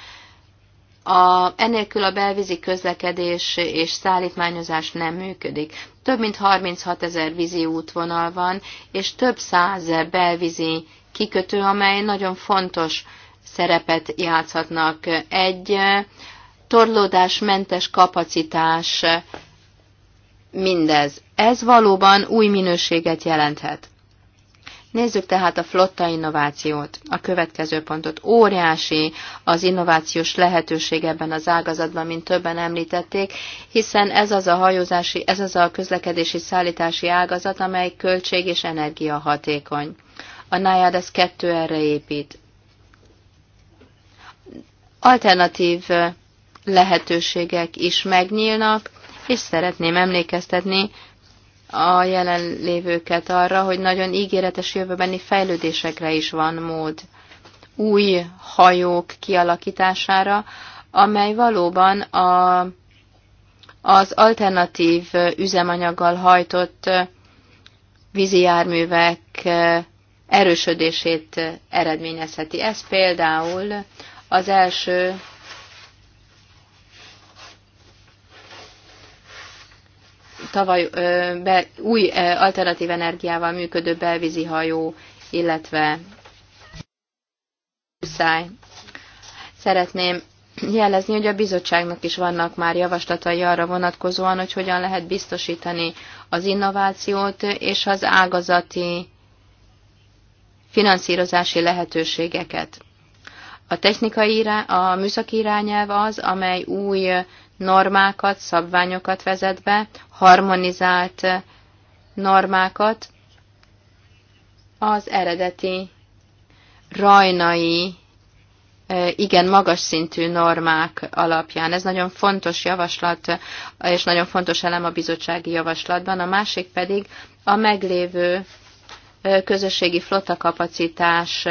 a, enélkül a belvízi közlekedés és szállítmányozás nem működik. Több mint 36 ezer vízi útvonal van, és több százezer belvízi kikötő, amely nagyon fontos szerepet játszhatnak. Egy eh, torlódásmentes kapacitás eh, mindez. Ez valóban új minőséget jelenthet. Nézzük tehát a flotta innovációt, a következő pontot. Óriási az innovációs lehetőség ebben az ágazatban, mint többen említették, hiszen ez az a hajózási, ez az a közlekedési szállítási ágazat, amely költség és energia hatékony. A NIAD ez kettő erre épít. Alternatív lehetőségek is megnyílnak, és szeretném emlékeztetni, a jelenlévőket arra, hogy nagyon ígéretes jövőbeni fejlődésekre is van mód új hajók kialakítására, amely valóban a, az alternatív üzemanyaggal hajtott vízi járművek erősödését eredményezheti. Ez például az első tavaly be, új alternatív energiával működő belvízi hajó, illetve száj. Szeretném jelezni, hogy a bizottságnak is vannak már javaslatai arra vonatkozóan, hogy hogyan lehet biztosítani az innovációt és az ágazati finanszírozási lehetőségeket. A technikai irány, a műszaki irányelv az, amely új normákat, szabványokat vezet be, harmonizált normákat az eredeti rajnai igen magas szintű normák alapján. Ez nagyon fontos javaslat, és nagyon fontos elem a bizottsági javaslatban. A másik pedig a meglévő közösségi flottakapacitás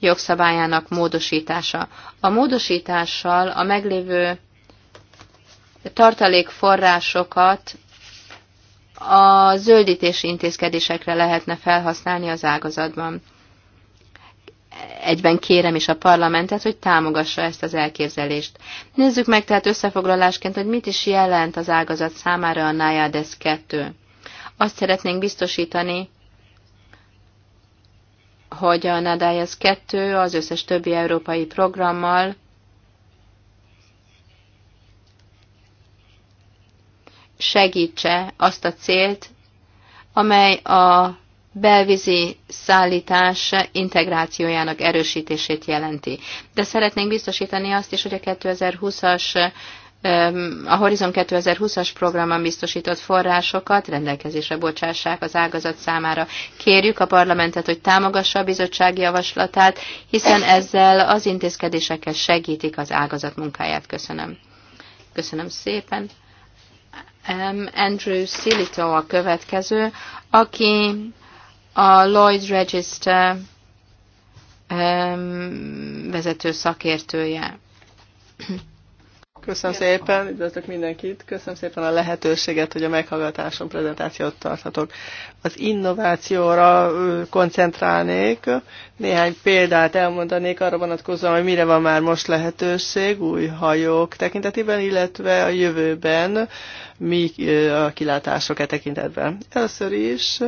jogszabályának módosítása. A módosítással a meglévő tartalékforrásokat a zöldítési intézkedésekre lehetne felhasználni az ágazatban. Egyben kérem is a parlamentet, hogy támogassa ezt az elképzelést. Nézzük meg tehát összefoglalásként, hogy mit is jelent az ágazat számára a NIADES 2. Azt szeretnénk biztosítani, hogy a NADIAS 2 az összes többi európai programmal segítse azt a célt, amely a belvízi szállítás integrációjának erősítését jelenti. De szeretnénk biztosítani azt is, hogy a 2020-as a Horizon 2020-as programban biztosított forrásokat rendelkezésre bocsássák az ágazat számára. Kérjük a parlamentet, hogy támogassa a bizottsági javaslatát, hiszen ezzel az intézkedésekkel segítik az ágazat munkáját. Köszönöm. Köszönöm szépen. Andrew Silito a következő, aki a Lloyd Register vezető szakértője. Köszönöm szépen, üdvözlök mindenkit, köszönöm szépen a lehetőséget, hogy a meghallgatáson prezentációt tarthatok. Az innovációra koncentrálnék, néhány példát elmondanék arra vonatkozóan, hogy mire van már most lehetőség új hajók tekintetében, illetve a jövőben mi a kilátások e tekintetben. Először is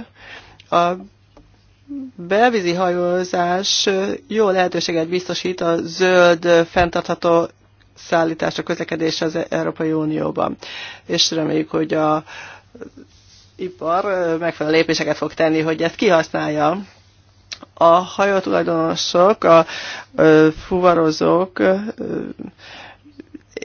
a belvízi hajózás jó lehetőséget biztosít a zöld, fenntartható szállításra, közlekedés az Európai Unióban. És reméljük, hogy a ipar megfelelő lépéseket fog tenni, hogy ezt kihasználja. A hajótulajdonosok, a fuvarozók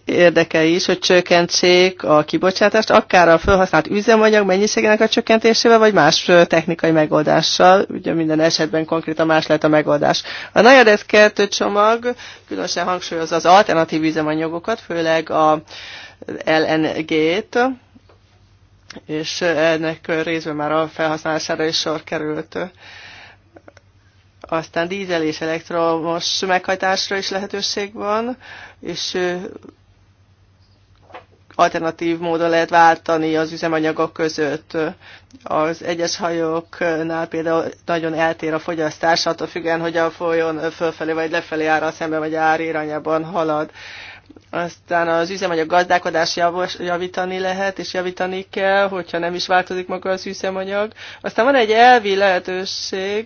érdeke is, hogy csökkentsék a kibocsátást, akár a felhasznált üzemanyag mennyiségének a csökkentésével, vagy más technikai megoldással. Ugye minden esetben konkrétan más lehet a megoldás. A NAJADES 2 csomag különösen hangsúlyozza az alternatív üzemanyagokat, főleg a LNG-t, és ennek részben már a felhasználására is sor került aztán dízel és elektromos meghajtásra is lehetőség van, és alternatív módon lehet váltani az üzemanyagok között. Az egyes hajóknál például nagyon eltér a fogyasztás, attól függően, hogy a folyón fölfelé vagy lefelé ára szembe vagy ár irányában halad. Aztán az üzemanyag gazdálkodás javítani lehet, és javítani kell, hogyha nem is változik maga az üzemanyag. Aztán van egy elvi lehetőség,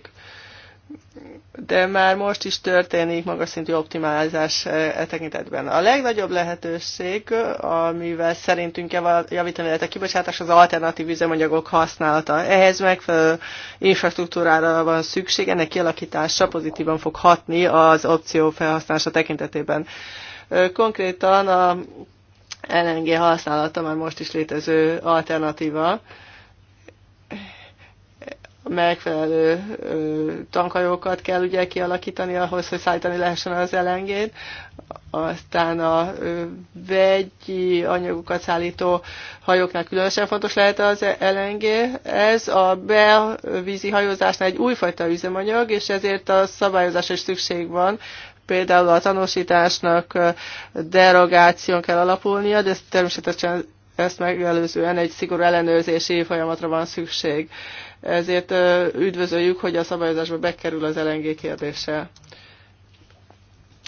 de már most is történik magas szintű optimalizás e, e tekintetben. A legnagyobb lehetőség, amivel szerintünk javítani lehet a kibocsátás, az alternatív üzemanyagok használata. Ehhez megfelelő infrastruktúrára van szükség, ennek kialakítása pozitívan fog hatni az opció felhasználása tekintetében. Konkrétan a LNG használata már most is létező alternatíva, megfelelő tankajókat kell ugye kialakítani ahhoz, hogy szállítani lehessen az elengét. Aztán a vegyi anyagokat szállító hajóknál különösen fontos lehet az LNG. Ez a belvízi hajózásnál egy újfajta üzemanyag, és ezért a szabályozás is szükség van, például a tanúsításnak derogáción kell alapulnia, de természetesen ezt megelőzően egy szigorú ellenőrzési folyamatra van szükség ezért üdvözöljük, hogy a szabályozásba bekerül az LNG kérdése.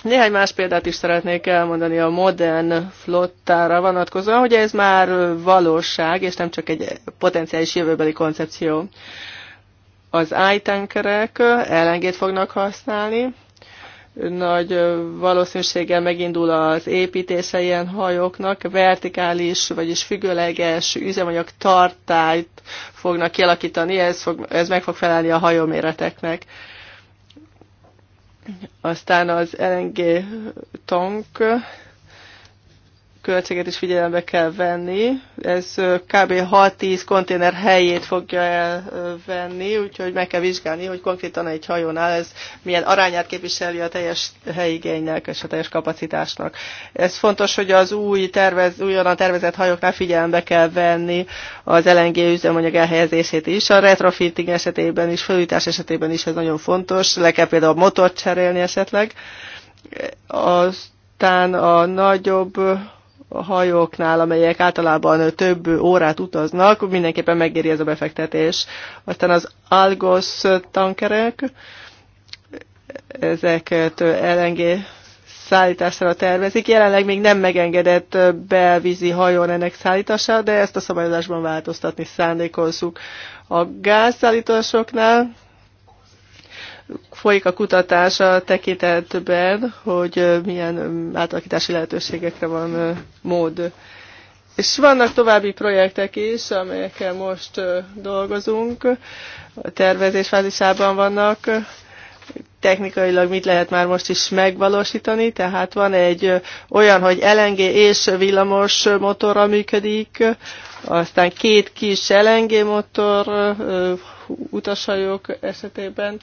Néhány más példát is szeretnék elmondani a modern flottára vonatkozóan, hogy ez már valóság, és nem csak egy potenciális jövőbeli koncepció. Az itankerek LNG-t fognak használni, nagy valószínűséggel megindul az építése ilyen hajóknak, vertikális, vagyis függőleges üzemanyag tartályt fognak kialakítani, ez, fog, ez meg fog felelni a hajóméreteknek. Aztán az LNG tank költséget is figyelembe kell venni. Ez kb. 6-10 konténer helyét fogja elvenni, úgyhogy meg kell vizsgálni, hogy konkrétan egy hajónál ez milyen arányát képviseli a teljes helyigénynek és a teljes kapacitásnak. Ez fontos, hogy az új tervez, újonnan tervezett hajóknál figyelembe kell venni az LNG üzemanyag elhelyezését is. A retrofitting esetében is, felújítás esetében is ez nagyon fontos. Le kell például a motort cserélni esetleg. Aztán a nagyobb hajóknál, amelyek általában több órát utaznak, mindenképpen megéri ez a befektetés. Aztán az Algos tankerek, ezeket LNG szállításra tervezik. Jelenleg még nem megengedett belvízi hajón ennek szállítása, de ezt a szabályozásban változtatni szándékozzuk. A gázszállításoknál folyik a kutatás a tekintetben, hogy milyen átalakítási lehetőségekre van mód. És vannak további projektek is, amelyekkel most dolgozunk, a tervezés fázisában vannak. Technikailag mit lehet már most is megvalósítani, tehát van egy olyan, hogy LNG és villamos motorra működik, aztán két kis LNG motor utasajok esetében,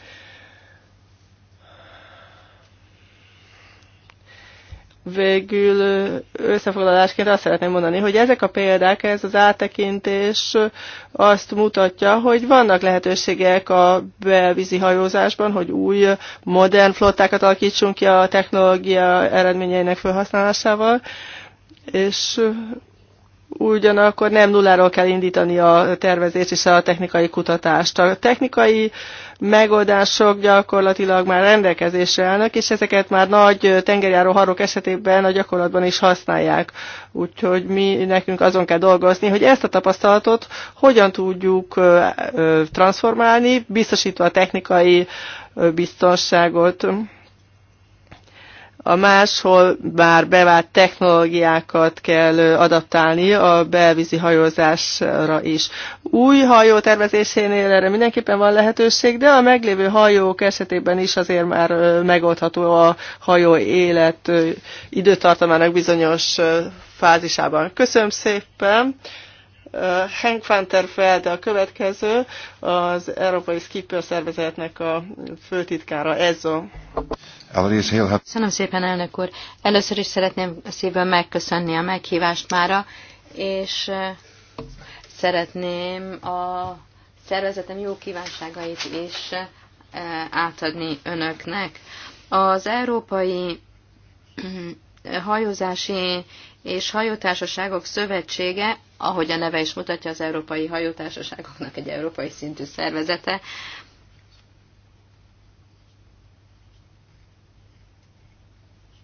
Végül összefoglalásként azt szeretném mondani, hogy ezek a példák, ez az áttekintés azt mutatja, hogy vannak lehetőségek a belvízi hajózásban, hogy új, modern flottákat alakítsunk ki a technológia eredményeinek felhasználásával, és ugyanakkor nem nulláról kell indítani a tervezést és a technikai kutatást. A technikai uh, megoldások gyakorlatilag már rendelkezésre állnak, és ezeket már nagy tengerjáró harok esetében a gyakorlatban is használják. Úgyhogy mi nekünk azon kell dolgozni, hogy ezt a tapasztalatot hogyan tudjuk transformálni, biztosítva a technikai biztonságot a máshol már bevált technológiákat kell adaptálni a belvízi hajózásra is. Új hajó tervezésénél erre mindenképpen van lehetőség, de a meglévő hajók esetében is azért már megoldható a hajó élet időtartamának bizonyos fázisában. Köszönöm szépen! Henk van der Velde a következő, az Európai Skipper Szervezetnek a főtitkára, Ezzo. Hát- Köszönöm szépen, elnök úr. Először is szeretném szívből megköszönni a meghívást mára, és eh, szeretném a szervezetem jó kívánságait is eh, átadni önöknek. Az Európai eh, Hajózási és Hajótársaságok Szövetsége, ahogy a neve is mutatja, az Európai Hajótársaságoknak egy európai szintű szervezete,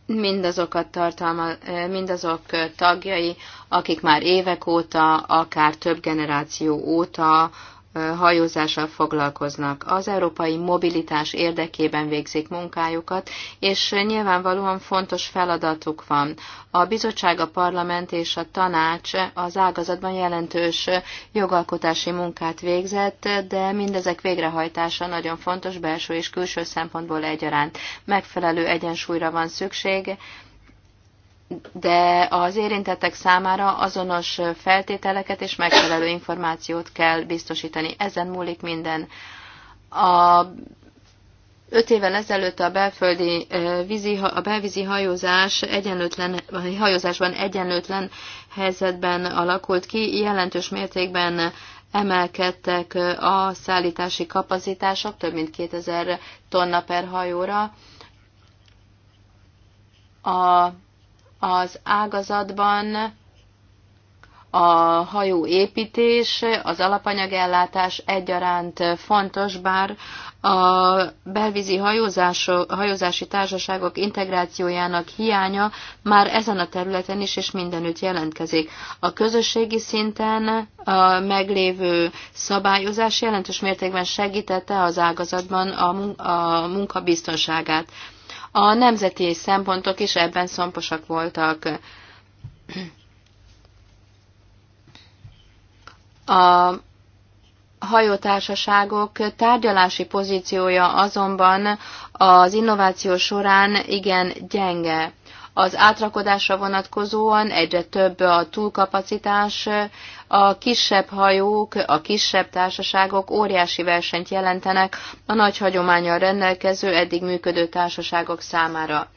mindazokat tartalma, mindazok tagjai, akik már évek óta, akár több generáció óta hajózással foglalkoznak. Az európai mobilitás érdekében végzik munkájukat, és nyilvánvalóan fontos feladatuk van. A bizottság, a parlament és a tanács az ágazatban jelentős jogalkotási munkát végzett, de mindezek végrehajtása nagyon fontos belső és külső szempontból egyaránt. Megfelelő egyensúlyra van szükség, de az érintettek számára azonos feltételeket és megfelelő információt kell biztosítani. Ezen múlik minden. A Öt évvel ezelőtt a belföldi vízi, a belvízi hajózás egyenlőtlen, hajózásban egyenlőtlen helyzetben alakult ki, jelentős mértékben emelkedtek a szállítási kapacitások, több mint 2000 tonna per hajóra. A az ágazatban a hajó építés, az alapanyagellátás egyaránt fontos, bár a belvízi hajózási társaságok integrációjának hiánya már ezen a területen is és mindenütt jelentkezik. A közösségi szinten a meglévő szabályozás jelentős mértékben segítette az ágazatban a munkabiztonságát. A nemzeti szempontok is ebben szomposak voltak. A hajótársaságok tárgyalási pozíciója azonban az innováció során igen gyenge. Az átrakodásra vonatkozóan egyre több a túlkapacitás, a kisebb hajók, a kisebb társaságok óriási versenyt jelentenek a nagy hagyományal rendelkező, eddig működő társaságok számára.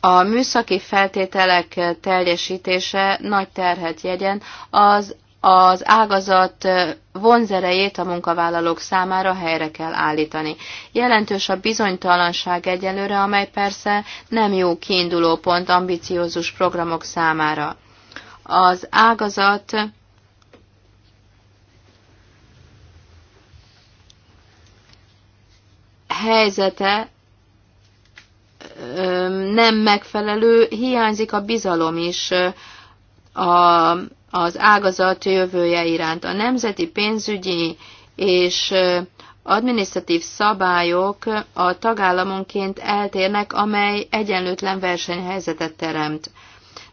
A műszaki feltételek teljesítése nagy terhet jegyen az, az ágazat vonzerejét a munkavállalók számára helyre kell állítani. Jelentős a bizonytalanság egyelőre, amely persze nem jó kiinduló pont ambiciózus programok számára az ágazat helyzete nem megfelelő, hiányzik a bizalom is a, az ágazat jövője iránt. A nemzeti pénzügyi és adminisztratív szabályok a tagállamonként eltérnek, amely egyenlőtlen versenyhelyzetet teremt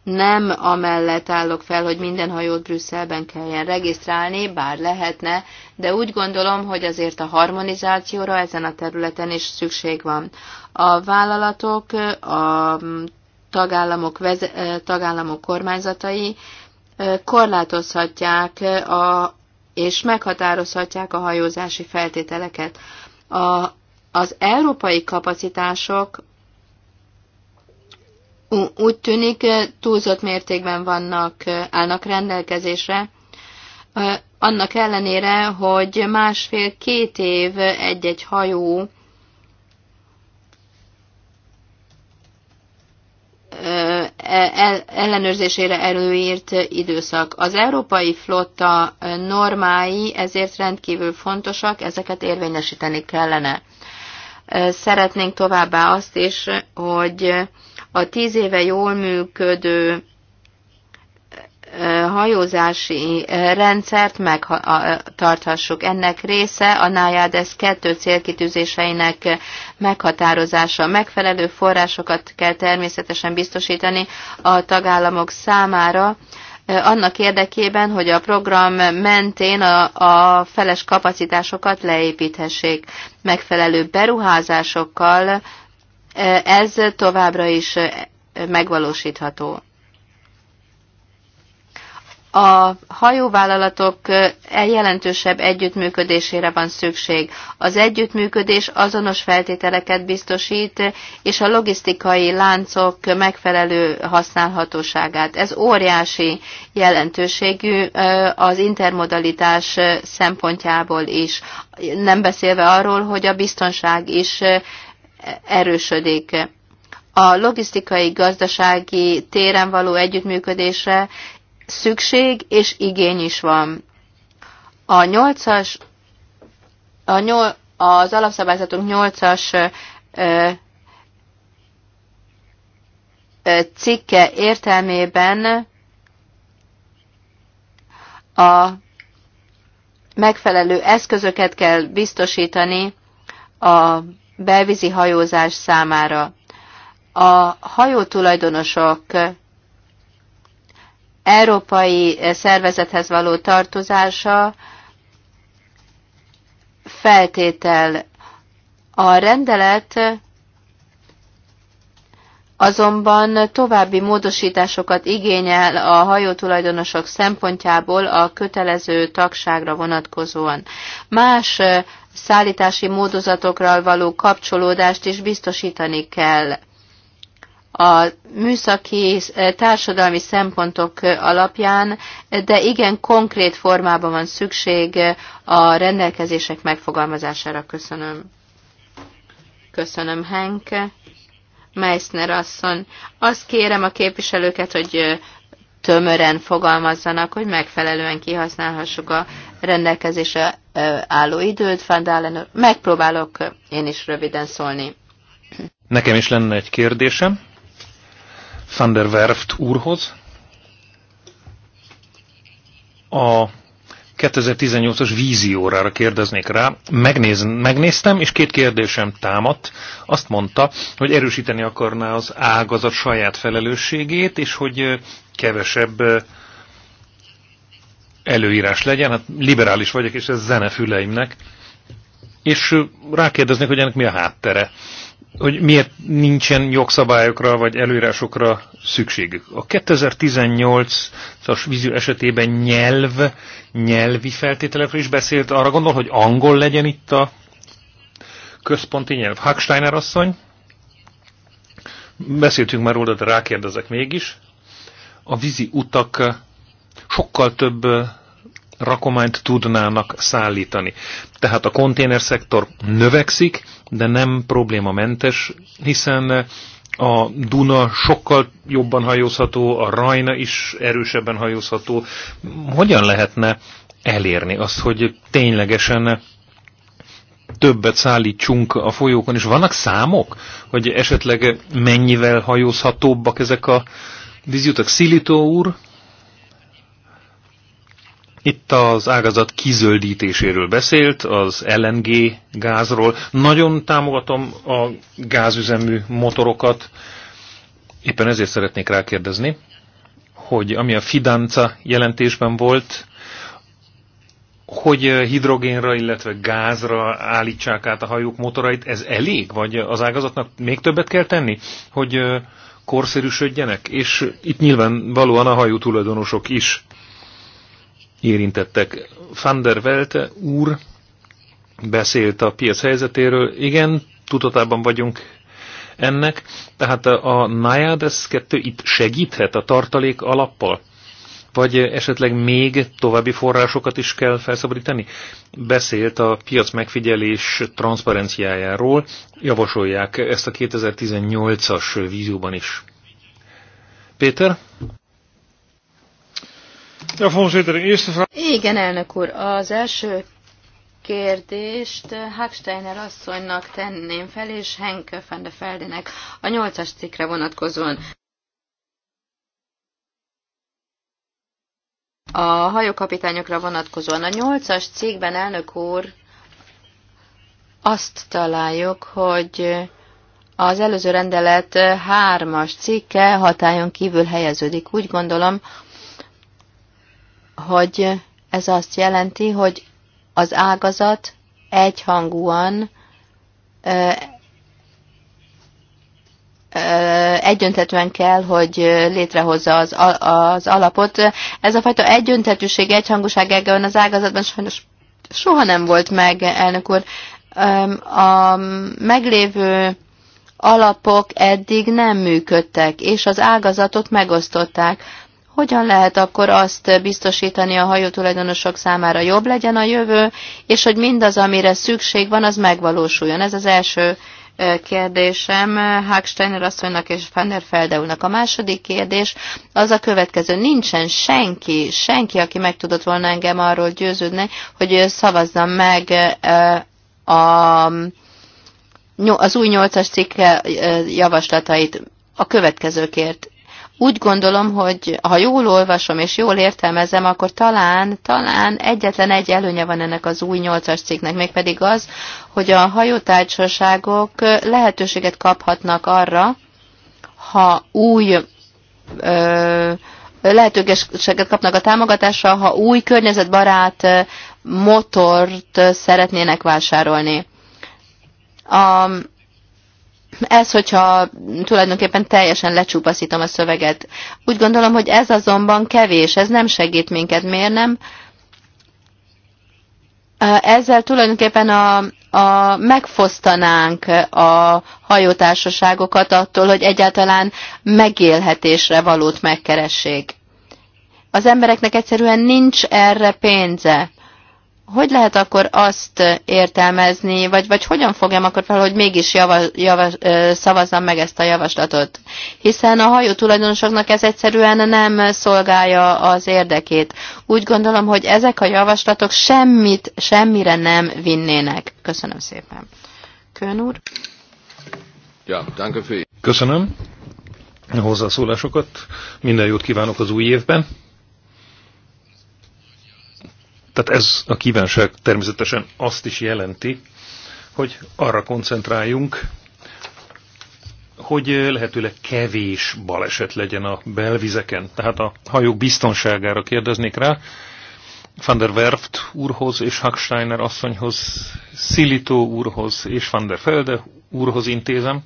nem amellett állok fel, hogy minden hajót Brüsszelben kelljen regisztrálni, bár lehetne, de úgy gondolom, hogy azért a harmonizációra ezen a területen is szükség van. A vállalatok, a tagállamok, tagállamok kormányzatai korlátozhatják a, és meghatározhatják a hajózási feltételeket. A, az európai kapacitások úgy tűnik túlzott mértékben vannak, állnak rendelkezésre, annak ellenére, hogy másfél-két év egy-egy hajó e-, ellenőrzésére előírt időszak. Az európai flotta normái ezért rendkívül fontosak, ezeket érvényesíteni kellene. Szeretnénk továbbá azt is, hogy a tíz éve jól működő hajózási rendszert megtarthassuk. Ennek része a NAJADESZ kettő célkitűzéseinek meghatározása. Megfelelő forrásokat kell természetesen biztosítani a tagállamok számára, annak érdekében, hogy a program mentén a, a feles kapacitásokat leépíthessék. Megfelelő beruházásokkal ez továbbra is megvalósítható. A hajóvállalatok jelentősebb együttműködésére van szükség. Az együttműködés azonos feltételeket biztosít, és a logisztikai láncok megfelelő használhatóságát. Ez óriási jelentőségű az intermodalitás szempontjából is, nem beszélve arról, hogy a biztonság is erősödik. A logisztikai, gazdasági téren való együttműködésre szükség és igény is van. A nyolcas, a nyol, az alapszabályzatunk nyolcas cikke értelmében a megfelelő eszközöket kell biztosítani a belvízi hajózás számára. A hajó tulajdonosok európai szervezethez való tartozása feltétel. A rendelet azonban további módosításokat igényel a hajótulajdonosok szempontjából a kötelező tagságra vonatkozóan. Más szállítási módozatokra való kapcsolódást is biztosítani kell. A műszaki eh, társadalmi szempontok eh, alapján, de igen konkrét formában van szükség eh, a rendelkezések megfogalmazására. Köszönöm. Köszönöm, Henke. Meissner asszony. Azt kérem a képviselőket, hogy tömören fogalmazzanak, hogy megfelelően kihasználhassuk a rendelkezésre álló időt, Fandálen megpróbálok én is röviden szólni. Nekem is lenne egy kérdésem. Van Werft úrhoz. A 2018-as víziórára kérdeznék rá. Megnéz, megnéztem, és két kérdésem támadt. Azt mondta, hogy erősíteni akarná az ágazat saját felelősségét, és hogy kevesebb előírás legyen, hát liberális vagyok, és ez zene füleimnek, és rákérdeznék, hogy ennek mi a háttere, hogy miért nincsen jogszabályokra vagy előírásokra szükségük. A 2018-as vízió esetében nyelv, nyelvi feltételekről is beszélt, arra gondol, hogy angol legyen itt a központi nyelv. Hacksteiner asszony, beszéltünk már róla, de rákérdezek mégis, a vízi utak sokkal több rakományt tudnának szállítani. Tehát a konténerszektor növekszik, de nem problémamentes, hiszen a Duna sokkal jobban hajózható, a Rajna is erősebben hajózható. Hogyan lehetne elérni azt, hogy ténylegesen többet szállítsunk a folyókon, és vannak számok, hogy esetleg mennyivel hajózhatóbbak ezek a vízjutak. Szilító úr itt az ágazat kizöldítéséről beszélt, az LNG gázról. Nagyon támogatom a gázüzemű motorokat. Éppen ezért szeretnék rákérdezni, hogy ami a Fidanca jelentésben volt, hogy hidrogénra, illetve gázra állítsák át a hajók motorait, ez elég? Vagy az ágazatnak még többet kell tenni, hogy korszerűsödjenek? És itt nyilván valóan a hajó tulajdonosok is érintettek. Van der Welte úr beszélt a piac helyzetéről. Igen, tudatában vagyunk ennek, tehát a NIADES 2 itt segíthet a tartalék alappal? Vagy esetleg még további forrásokat is kell felszabadítani? Beszélt a piac megfigyelés transzparenciájáról, javasolják ezt a 2018-as vízióban is. Péter? Ja, voorzitter, de eerste vraag... Igen, elnök úr, az első kérdést Hagsteiner asszonynak tenném fel, és Henke van de Feldenek a nyolcas cikkre vonatkozóan. A hajókapitányokra vonatkozóan a nyolcas cikkben, elnök úr, azt találjuk, hogy az előző rendelet hármas cikke hatályon kívül helyeződik. Úgy gondolom, hogy ez azt jelenti, hogy az ágazat egyhangúan egyöntetően kell, hogy létrehozza az, az alapot. Ez a fajta egyöntetűség, egyhangúság van az ágazatban sajnos soha nem volt meg, elnök úr. A meglévő alapok eddig nem működtek, és az ágazatot megosztották hogyan lehet akkor azt biztosítani a hajótulajdonosok számára jobb legyen a jövő, és hogy mindaz, amire szükség van, az megvalósuljon. Ez az első kérdésem Hagsteiner asszonynak és Van Feldeulnak. A második kérdés az a következő. Nincsen senki, senki, aki meg tudott volna engem arról győződni, hogy szavazzam meg a, az új nyolcas cikk javaslatait. A következőkért úgy gondolom, hogy ha jól olvasom és jól értelmezem, akkor talán, talán egyetlen egy előnye van ennek az új nyolcas cikknek, mégpedig az, hogy a hajótársaságok lehetőséget kaphatnak arra, ha új ö, lehetőséget kapnak a támogatásra, ha új környezetbarát motort szeretnének vásárolni. A, ez, hogyha tulajdonképpen teljesen lecsupaszítom a szöveget. Úgy gondolom, hogy ez azonban kevés, ez nem segít minket, miért nem? Ezzel tulajdonképpen a, a, megfosztanánk a hajótársaságokat attól, hogy egyáltalán megélhetésre valót megkeressék. Az embereknek egyszerűen nincs erre pénze hogy lehet akkor azt értelmezni, vagy, vagy hogyan fogjam akkor fel, hogy mégis javas, javas, szavazzam meg ezt a javaslatot? Hiszen a hajó tulajdonosoknak ez egyszerűen nem szolgálja az érdekét. Úgy gondolom, hogy ezek a javaslatok semmit, semmire nem vinnének. Köszönöm szépen. Kön úr? Ja, danke für... Köszönöm a hozzászólásokat. Minden jót kívánok az új évben. Tehát ez a kívánság természetesen azt is jelenti, hogy arra koncentráljunk, hogy lehetőleg kevés baleset legyen a belvizeken. Tehát a hajók biztonságára kérdeznék rá. Van der Werft úrhoz és Hacksteiner asszonyhoz, Szilító úrhoz és Van der Felde úrhoz intézem.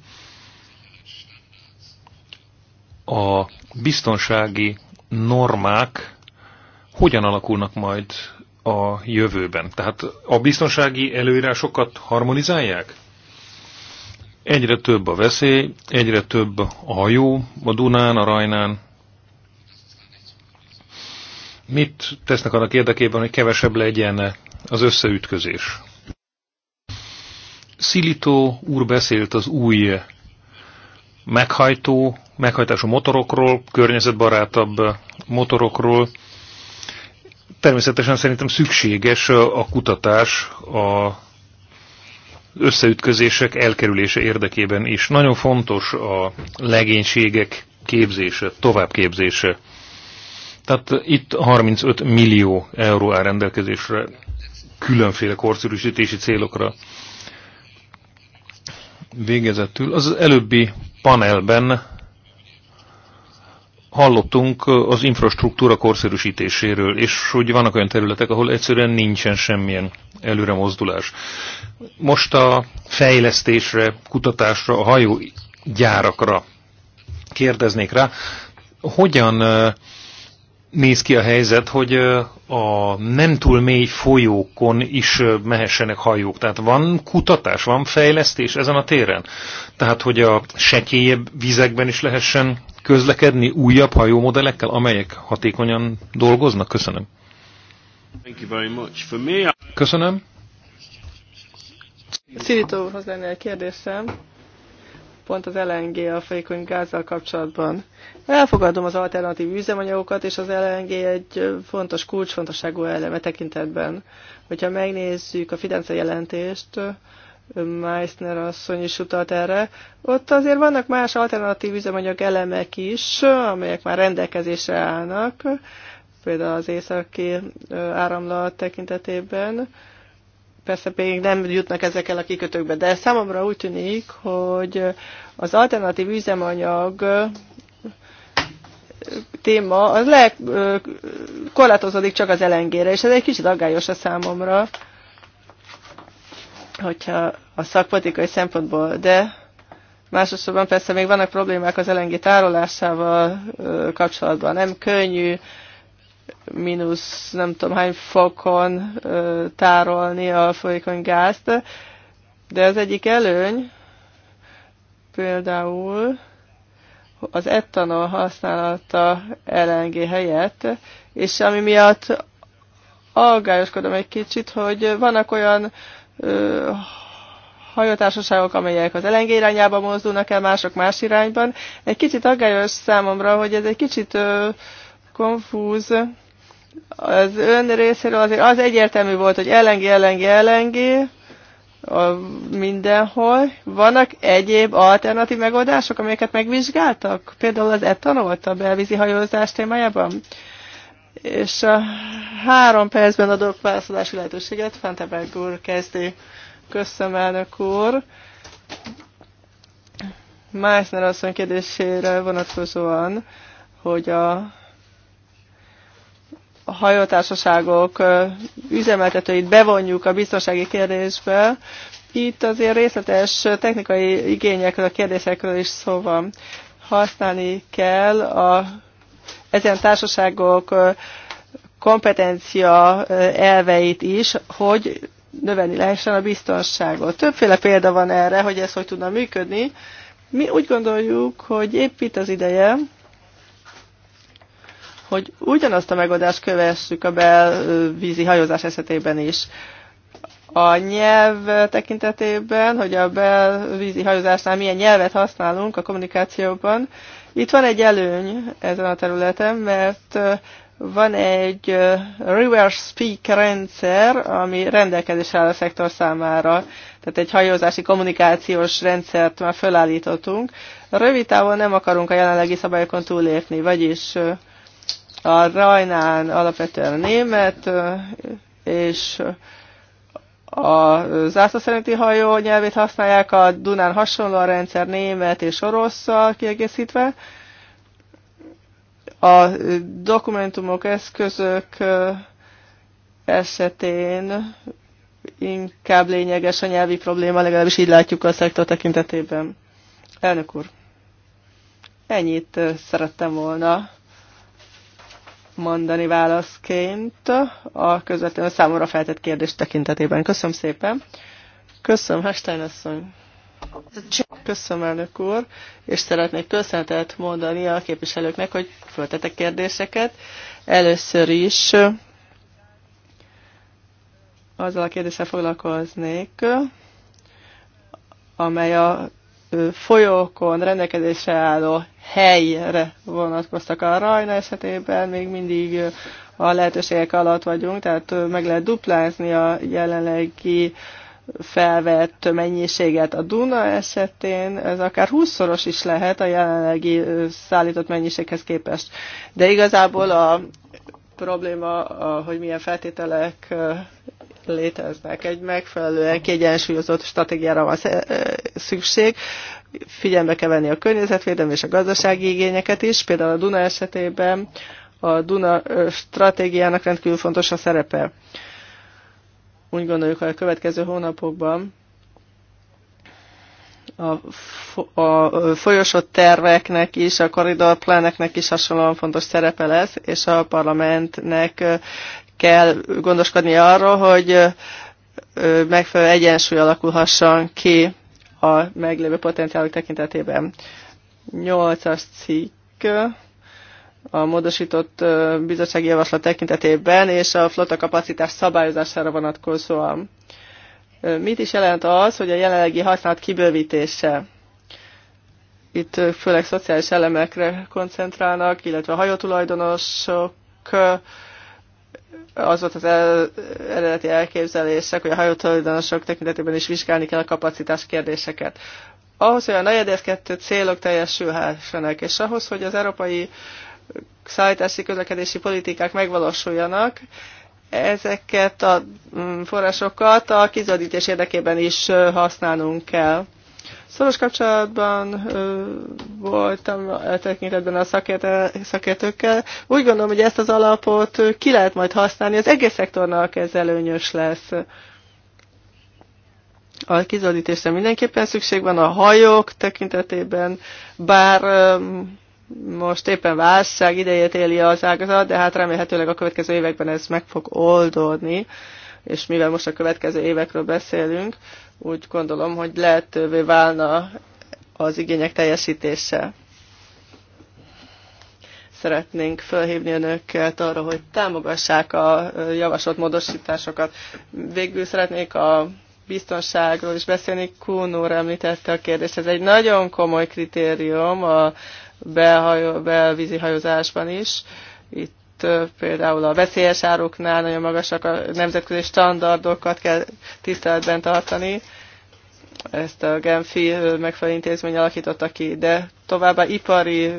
A biztonsági normák hogyan alakulnak majd a jövőben? Tehát a biztonsági előírásokat harmonizálják? Egyre több a veszély, egyre több a hajó a Dunán, a Rajnán. Mit tesznek annak érdekében, hogy kevesebb legyen az összeütközés? Szilító úr beszélt az új meghajtó, meghajtású motorokról, környezetbarátabb motorokról természetesen szerintem szükséges a kutatás a összeütközések elkerülése érdekében is. Nagyon fontos a legénységek képzése, továbbképzése. Tehát itt 35 millió euró áll rendelkezésre különféle korszerűsítési célokra. Végezetül az előbbi panelben hallottunk az infrastruktúra korszerűsítéséről, és hogy vannak olyan területek, ahol egyszerűen nincsen semmilyen előre mozdulás. Most a fejlesztésre, kutatásra, a hajógyárakra kérdeznék rá, hogyan néz ki a helyzet, hogy a nem túl mély folyókon is mehessenek hajók. Tehát van kutatás, van fejlesztés ezen a téren. Tehát, hogy a sekélyebb vizekben is lehessen közlekedni újabb hajómodellekkel, amelyek hatékonyan dolgoznak. Köszönöm. Köszönöm. Szirító úrhoz lenne egy kérdésem, pont az LNG a folyékony gázzal kapcsolatban. Elfogadom az alternatív üzemanyagokat, és az LNG egy fontos, kulcsfontosságú eleme tekintetben. Hogyha megnézzük a Fidence jelentést, Meissner asszony is utalt erre. Ott azért vannak más alternatív üzemanyag elemek is, amelyek már rendelkezésre állnak, például az északi áramlat tekintetében. Persze még nem jutnak ezekkel a kikötőkbe, de számomra úgy tűnik, hogy az alternatív üzemanyag téma, az le korlátozódik csak az elengére, és ez egy kicsit aggályos a számomra, hogyha a szakpolitikai szempontból, de másosorban persze még vannak problémák az elengé tárolásával kapcsolatban. Nem könnyű mínusz nem tudom hány fokon tárolni a folyékony gázt, de az egyik előny például az etanol használata LNG helyett, és ami miatt aggályoskodom egy kicsit, hogy vannak olyan ö, hajótársaságok, amelyek az LNG irányába mozdulnak el, mások más irányban. Egy kicsit aggályos számomra, hogy ez egy kicsit ö, konfúz. Az ön részéről azért az egyértelmű volt, hogy LNG, LNG, LNG, a mindenhol. Vannak egyéb alternatív megoldások, amelyeket megvizsgáltak? Például az etanolt a belvízi hajózás témájában? És a három percben adok válaszolási lehetőséget. Fenteberg úr kezdi. Köszönöm, elnök úr. Meissner asszony kérdésére vonatkozóan, hogy a a hajótársaságok üzemeltetőit bevonjuk a biztonsági kérdésbe, itt azért részletes technikai igényekről, a kérdésekről is szó van. Használni kell a, ezen társaságok kompetencia elveit is, hogy növelni lehessen a biztonságot. Többféle példa van erre, hogy ez hogy tudna működni. Mi úgy gondoljuk, hogy épp itt az ideje, hogy ugyanazt a megoldást kövessük a belvízi hajózás esetében is. A nyelv tekintetében, hogy a belvízi hajózásnál milyen nyelvet használunk a kommunikációban, itt van egy előny ezen a területen, mert van egy reverse speak rendszer, ami rendelkezésre áll a szektor számára. Tehát egy hajózási kommunikációs rendszert már felállítottunk. Rövid távon nem akarunk a jelenlegi szabályokon túlépni, vagyis a Rajnán alapvetően a német, és a zászló szerinti hajó nyelvét használják, a Dunán hasonló a rendszer német és oroszsal kiegészítve. A dokumentumok, eszközök esetén inkább lényeges a nyelvi probléma, legalábbis így látjuk a szektor tekintetében. Elnök úr, ennyit szerettem volna mondani válaszként a közvetlenül számomra feltett kérdés tekintetében. Köszönöm szépen. Köszönöm, Hestein asszony. Köszönöm, elnök úr, és szeretnék köszönetet mondani a képviselőknek, hogy föltetek kérdéseket. Először is azzal a kérdéssel foglalkoznék, amely a folyókon rendelkezésre álló helyre vonatkoztak a rajna esetében, még mindig a lehetőségek alatt vagyunk, tehát meg lehet duplázni a jelenlegi felvett mennyiséget. A Duna esetén ez akár 20-szoros is lehet a jelenlegi szállított mennyiséghez képest. De igazából a probléma, hogy milyen feltételek léteznek. Egy megfelelően kiegyensúlyozott stratégiára van szükség. Figyelme kell venni a környezetvédelmi és a gazdasági igényeket is. Például a Duna esetében a Duna stratégiának rendkívül fontos a szerepe. Úgy gondoljuk, hogy a következő hónapokban a, a folyosó terveknek is, a koridorpláneknek is hasonlóan fontos szerepe lesz, és a parlamentnek kell gondoskodni arról, hogy megfelelő egyensúly alakulhasson ki a meglévő potenciálok tekintetében. Nyolcas cikk a módosított bizottsági javaslat tekintetében, és a flotta kapacitás szabályozására vonatkozóan. Mit is jelent az, hogy a jelenlegi használat kibővítése? Itt főleg szociális elemekre koncentrálnak, illetve a hajótulajdonosok az volt az el, eredeti elképzelések, hogy a hajótulajdonosok tekintetében is vizsgálni kell a kapacitás kérdéseket. Ahhoz, hogy a kettő célok teljesülhessenek, és ahhoz, hogy az európai szállítási közlekedési politikák megvalósuljanak, ezeket a mm, forrásokat a kizöldítés érdekében is használnunk kell. Szoros kapcsolatban ö, voltam a e tekintetben a szakértő, szakértőkkel. Úgy gondolom, hogy ezt az alapot ki lehet majd használni, az egész szektornak ez előnyös lesz. A kizöldítésre mindenképpen szükség van a hajók tekintetében, bár ö, most éppen válság idejét éli az ágazat, de hát remélhetőleg a következő években ez meg fog oldódni. Ö, és mivel most a következő évekről beszélünk, úgy gondolom, hogy lehetővé válna az igények teljesítése. Szeretnénk felhívni önöket arra, hogy támogassák a javasolt módosításokat. Végül szeretnék a biztonságról is beszélni. Kuhn úr említette a kérdést. Ez egy nagyon komoly kritérium a belhajó, belvízi hajózásban is. Itt például a veszélyes áruknál nagyon magasak a nemzetközi standardokat kell tiszteletben tartani. Ezt a Genfi megfelelő intézmény alakította ki, de továbbá ipari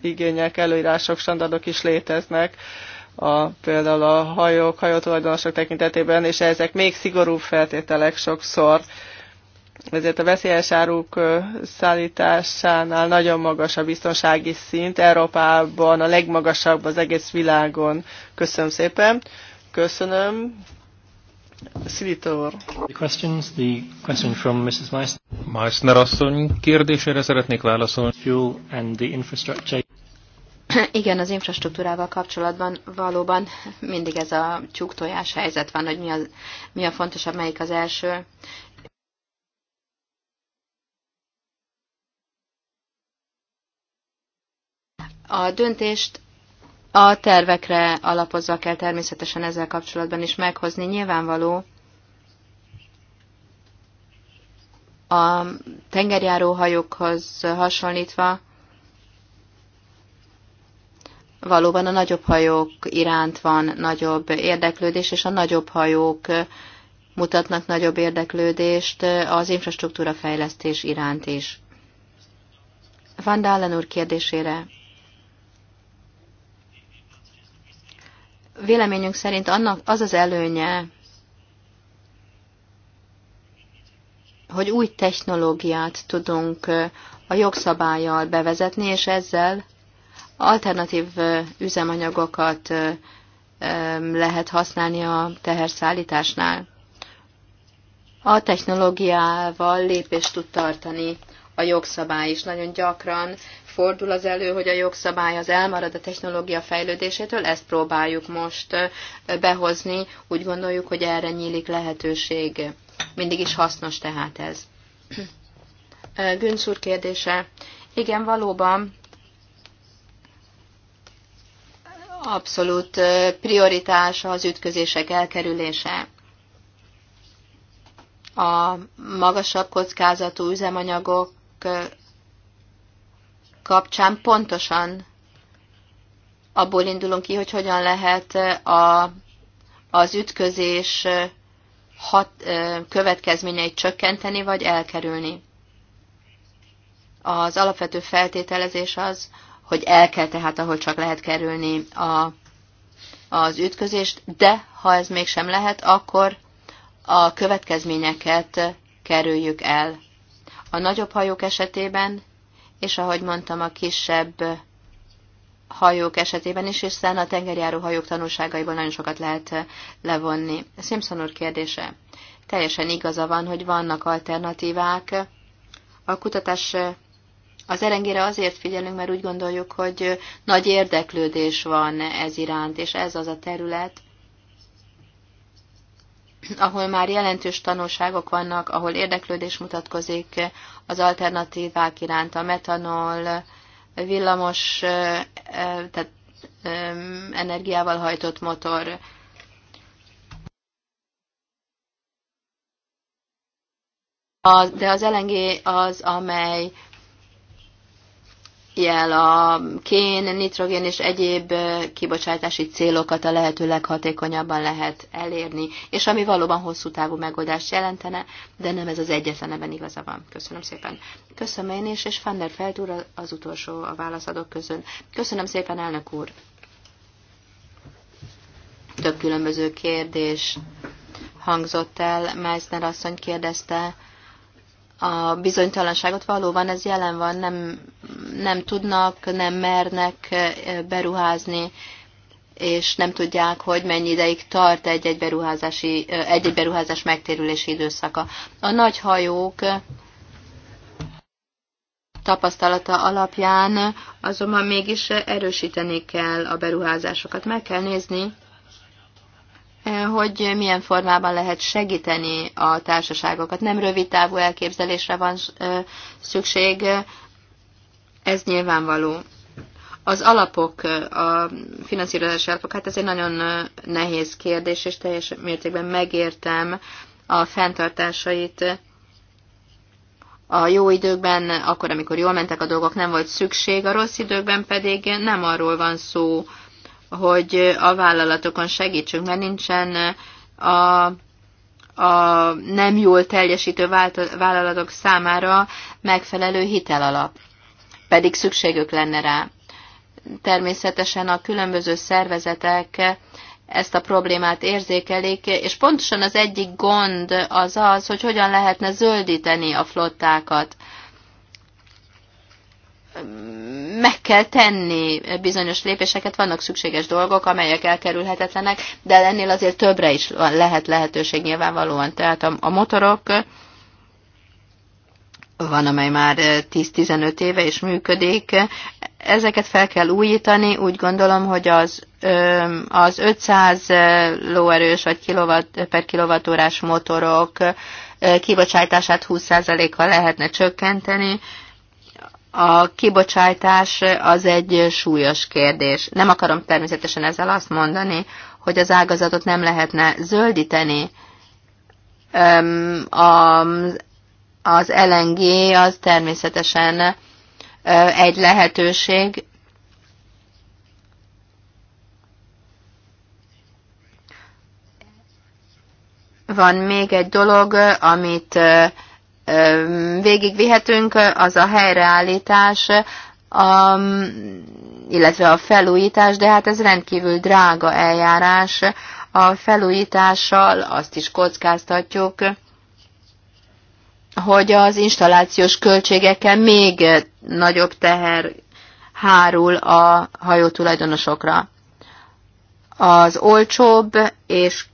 igények, előírások, standardok is léteznek, a, például a hajók, hajótulajdonosok tekintetében, és ezek még szigorúbb feltételek sokszor, ezért a veszélyes áruk szállításánál nagyon magas a biztonsági szint, Európában a legmagasabb az egész világon. Köszönöm szépen. Köszönöm. Szilitor. The questions, the question from Mrs. Meissner. Meissner asszony kérdésére szeretnék válaszolni. Fuel and the infrastructure. Igen, az infrastruktúrával kapcsolatban valóban mindig ez a csuktojás helyzet van, hogy mi a, mi a fontosabb, melyik az első. A döntést a tervekre alapozva kell természetesen ezzel kapcsolatban is meghozni. Nyilvánvaló, a tengerjáró hajókhoz hasonlítva valóban a nagyobb hajók iránt van nagyobb érdeklődés, és a nagyobb hajók mutatnak nagyobb érdeklődést az infrastruktúra fejlesztés iránt is. Van Dálen úr kérdésére véleményünk szerint annak az az előnye, hogy új technológiát tudunk a jogszabályjal bevezetni, és ezzel alternatív üzemanyagokat lehet használni a teherszállításnál. A technológiával lépést tud tartani a jogszabály is. Nagyon gyakran fordul az elő, hogy a jogszabály az elmarad a technológia fejlődésétől, ezt próbáljuk most behozni, úgy gondoljuk, hogy erre nyílik lehetőség. Mindig is hasznos tehát ez. Güncs úr kérdése. Igen, valóban abszolút prioritása az ütközések elkerülése. A magasabb kockázatú üzemanyagok kapcsán pontosan abból indulunk ki, hogy hogyan lehet eh, a, az ütközés eh, hat, eh, következményeit csökkenteni vagy elkerülni. Az alapvető feltételezés az, hogy el kell tehát, ahol csak lehet kerülni a, az ütközést, de ha ez mégsem lehet, akkor a következményeket kerüljük el. A nagyobb hajók esetében és ahogy mondtam, a kisebb hajók esetében is, hiszen a tengerjáró hajók tanulságaiból nagyon sokat lehet eh, levonni. Simpson úr kérdése. Teljesen igaza van, hogy vannak alternatívák. A kutatás eh, az elengére azért figyelünk, mert úgy gondoljuk, hogy eh, nagy érdeklődés van ez iránt, és ez az a terület, ahol már jelentős tanulságok vannak, ahol érdeklődés mutatkozik az alternatívák iránt, a metanol, villamos, tehát energiával hajtott motor. De az LNG az, amely jel a kén, nitrogén és egyéb kibocsátási célokat a lehető leghatékonyabban lehet elérni, és ami valóban hosszú távú megoldást jelentene, de nem ez az egyetlen, ebben igaza van. Köszönöm szépen. Köszönöm én is, és Fanner Feltúr az utolsó a válaszadók közön. Köszönöm szépen, elnök úr. Több különböző kérdés hangzott el, Meissner asszony kérdezte, a bizonytalanságot valóban ez jelen van, nem, nem tudnak, nem mernek beruházni, és nem tudják, hogy mennyi ideig tart egy-egy beruházási, egy-egy beruházás megtérülési időszaka. A nagy hajók tapasztalata alapján azonban mégis erősíteni kell a beruházásokat. Meg kell nézni, hogy milyen formában lehet segíteni a társaságokat. Nem rövid távú elképzelésre van szükség, ez nyilvánvaló. Az alapok, a finanszírozási alapok, hát ez egy nagyon nehéz kérdés, és teljes mértékben megértem a fenntartásait. A jó időkben, akkor, amikor jól mentek a dolgok, nem volt szükség, a rossz időkben pedig nem arról van szó, hogy a vállalatokon segítsünk, mert nincsen a, a nem jól teljesítő vállalatok számára megfelelő hitelalap, pedig szükségük lenne rá. Természetesen a különböző szervezetek ezt a problémát érzékelik, és pontosan az egyik gond az az, hogy hogyan lehetne zöldíteni a flottákat meg kell tenni bizonyos lépéseket, vannak szükséges dolgok, amelyek elkerülhetetlenek, de ennél azért többre is lehet lehetőség nyilvánvalóan. Tehát a, a motorok van, amely már 10-15 eh, éve is működik. Ezeket fel kell újítani, úgy gondolom, hogy az, az 500 eh, lóerős vagy kilowatt, per kilovatórás motorok eh, kibocsátását 20%-kal lehetne csökkenteni, a kibocsátás az egy súlyos kérdés. Nem akarom természetesen ezzel azt mondani, hogy az ágazatot nem lehetne zöldíteni. Az LNG az természetesen egy lehetőség. Van még egy dolog, amit végigvihetünk, az a helyreállítás, a, illetve a felújítás, de hát ez rendkívül drága eljárás. A felújítással azt is kockáztatjuk, hogy az installációs költségekkel még nagyobb teher hárul a hajó tulajdonosokra. Az olcsóbb és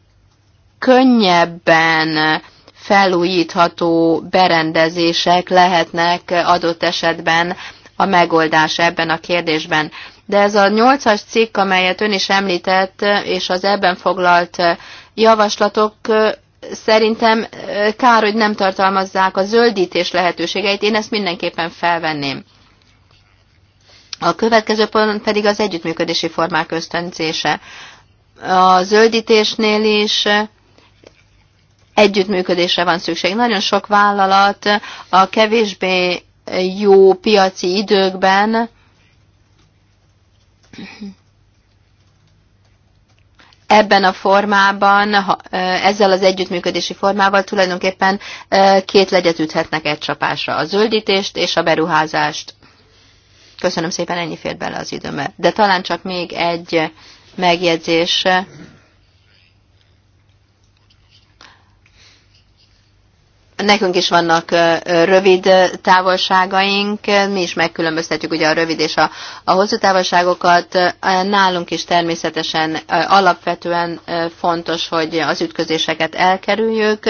könnyebben felújítható berendezések lehetnek adott esetben a megoldás ebben a kérdésben. De ez a nyolcas cikk, amelyet ön is említett, és az ebben foglalt javaslatok szerintem kár, hogy nem tartalmazzák a zöldítés lehetőségeit, én ezt mindenképpen felvenném. A következő pont pedig az együttműködési formák ösztönzése. A zöldítésnél is együttműködésre van szükség. Nagyon sok vállalat a kevésbé jó piaci időkben ebben a formában, ezzel az együttműködési formával tulajdonképpen két legyet üthetnek egy csapásra, a zöldítést és a beruházást. Köszönöm szépen, ennyi fér bele az időmbe. De talán csak még egy megjegyzés Nekünk is vannak rövid távolságaink, mi is megkülönböztetjük ugye a rövid és a, a hosszú távolságokat. Nálunk is természetesen alapvetően fontos, hogy az ütközéseket elkerüljük.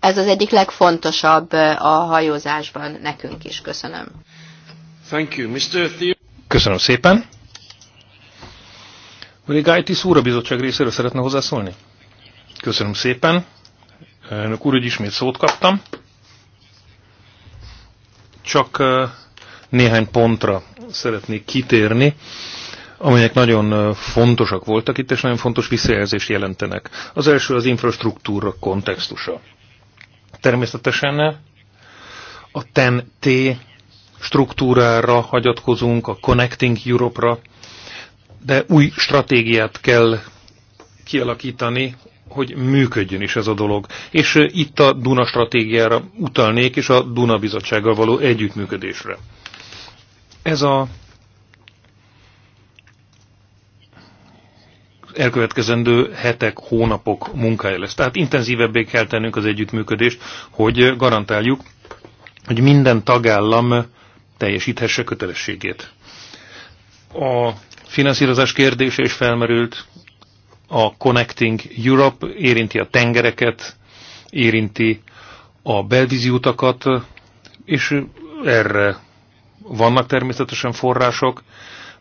Ez az egyik legfontosabb a hajózásban nekünk is. Köszönöm. Thank you, Mr. Theo. Köszönöm szépen. Rigaitis úr úrabizottság bizottság részéről szeretne hozzászólni? Köszönöm szépen. Önök úr, hogy ismét szót kaptam. Csak néhány pontra szeretnék kitérni, amelyek nagyon fontosak voltak itt, és nagyon fontos visszajelzést jelentenek. Az első az infrastruktúra kontextusa. Természetesen a TEN-T struktúrára hagyatkozunk, a Connecting Europe-ra, de új stratégiát kell kialakítani hogy működjön is ez a dolog. És itt a Duna stratégiára utalnék, és a Duna bizottsággal való együttműködésre. Ez a elkövetkezendő hetek, hónapok munkája lesz. Tehát intenzívebbé kell tennünk az együttműködést, hogy garantáljuk, hogy minden tagállam teljesíthesse kötelességét. A finanszírozás kérdése is felmerült, a Connecting Europe, érinti a tengereket, érinti a belvízi utakat, és erre vannak természetesen források,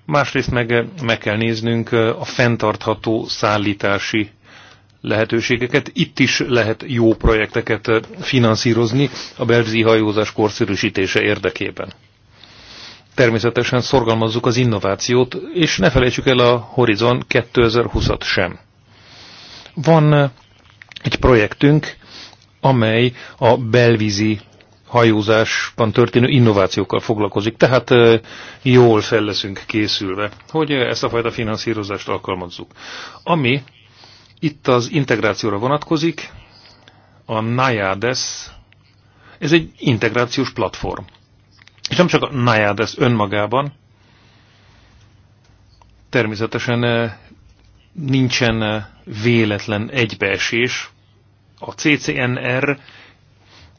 másrészt meg, meg kell néznünk a fenntartható szállítási lehetőségeket. Itt is lehet jó projekteket finanszírozni a belvízi hajózás korszerűsítése érdekében természetesen szorgalmazzuk az innovációt, és ne felejtsük el a Horizon 2020-at sem. Van eh, egy projektünk, amely a belvízi hajózásban történő innovációkkal foglalkozik, tehát eh, jól fel leszünk készülve, hogy eh, ezt a fajta finanszírozást alkalmazzuk. Ami itt az integrációra vonatkozik, a NIADES, ez egy integrációs platform. És nem csak a NIAD ez önmagában, természetesen eh, nincsen eh, véletlen egybeesés. A CCNR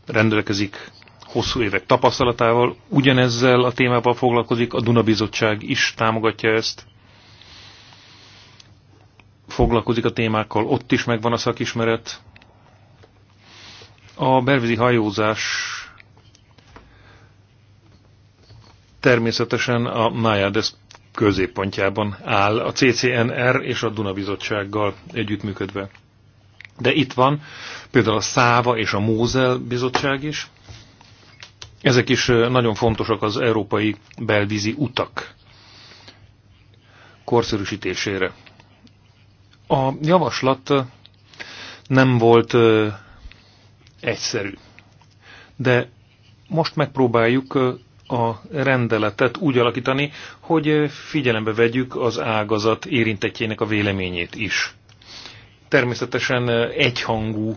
rendelkezik hosszú évek tapasztalatával, ugyanezzel a témával foglalkozik, a Duna Bizottság is támogatja ezt, foglalkozik a témákkal, ott is megvan a szakismeret. A belvízi hajózás természetesen a NIADES középpontjában áll a CCNR és a Duna Bizottsággal együttműködve. De itt van például a Száva és a Mózel Bizottság is. Ezek is nagyon fontosak az európai belvízi utak korszerűsítésére. A javaslat nem volt egyszerű, de most megpróbáljuk a rendeletet úgy alakítani, hogy figyelembe vegyük az ágazat érintettjének a véleményét is. Természetesen egyhangú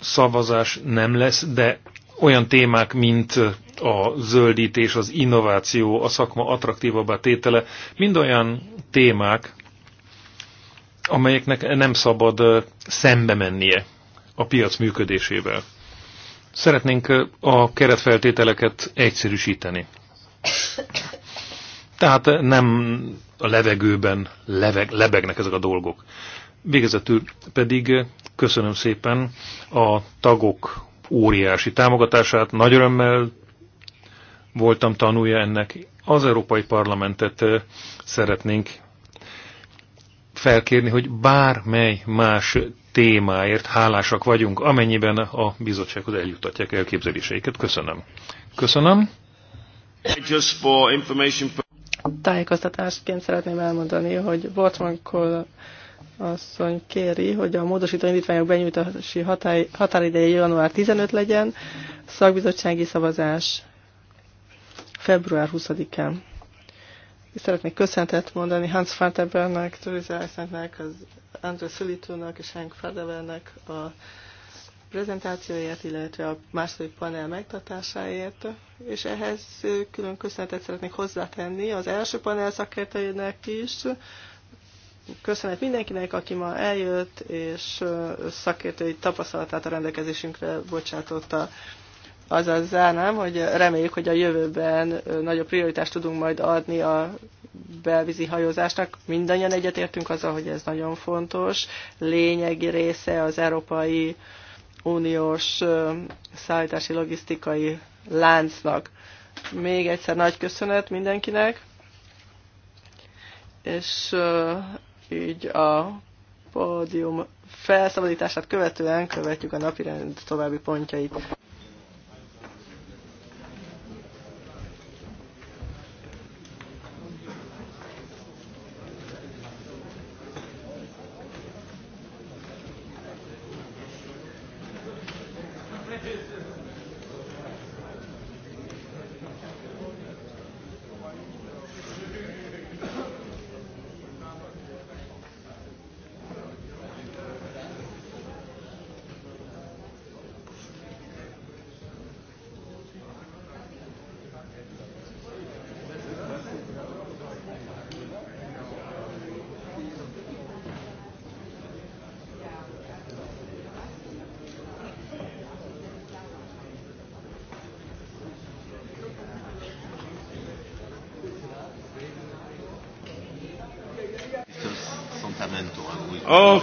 szavazás nem lesz, de olyan témák, mint a zöldítés, az innováció, a szakma attraktívabbá tétele, mind olyan témák, amelyeknek nem szabad szembe mennie a piac működésével. Szeretnénk a keretfeltételeket egyszerűsíteni. Tehát nem a levegőben leveg, lebegnek ezek a dolgok. Végezetül pedig köszönöm szépen a tagok óriási támogatását. Nagy örömmel voltam tanulja ennek. Az Európai Parlamentet szeretnénk felkérni, hogy bármely más témáért hálásak vagyunk, amennyiben a bizottsághoz eljutatják elképzeléseiket. Köszönöm. Köszönöm. Tájékoztatásként szeretném elmondani, hogy Bortmankol asszony kéri, hogy a módosító indítványok benyújtási határideje január 15 legyen, szakbizottsági szavazás február 20-án. Szeretnék köszöntet mondani Hans Fartebernek, Theresa Eisnernek, az André Szülitónak és Hank Fartebernek a prezentációját illetve a második panel megtartásáért, és ehhez külön köszönetet szeretnék hozzátenni az első panel szakértőjének is. Köszönet mindenkinek, aki ma eljött, és szakértői tapasztalatát a rendelkezésünkre bocsátotta az az nem, hogy reméljük, hogy a jövőben nagyobb prioritást tudunk majd adni a belvízi hajózásnak. Mindannyian egyetértünk azzal, hogy ez nagyon fontos, lényegi része az Európai Uniós szállítási logisztikai láncnak. Még egyszer nagy köszönet mindenkinek, és így a pódium felszabadítását követően követjük a napirend további pontjait.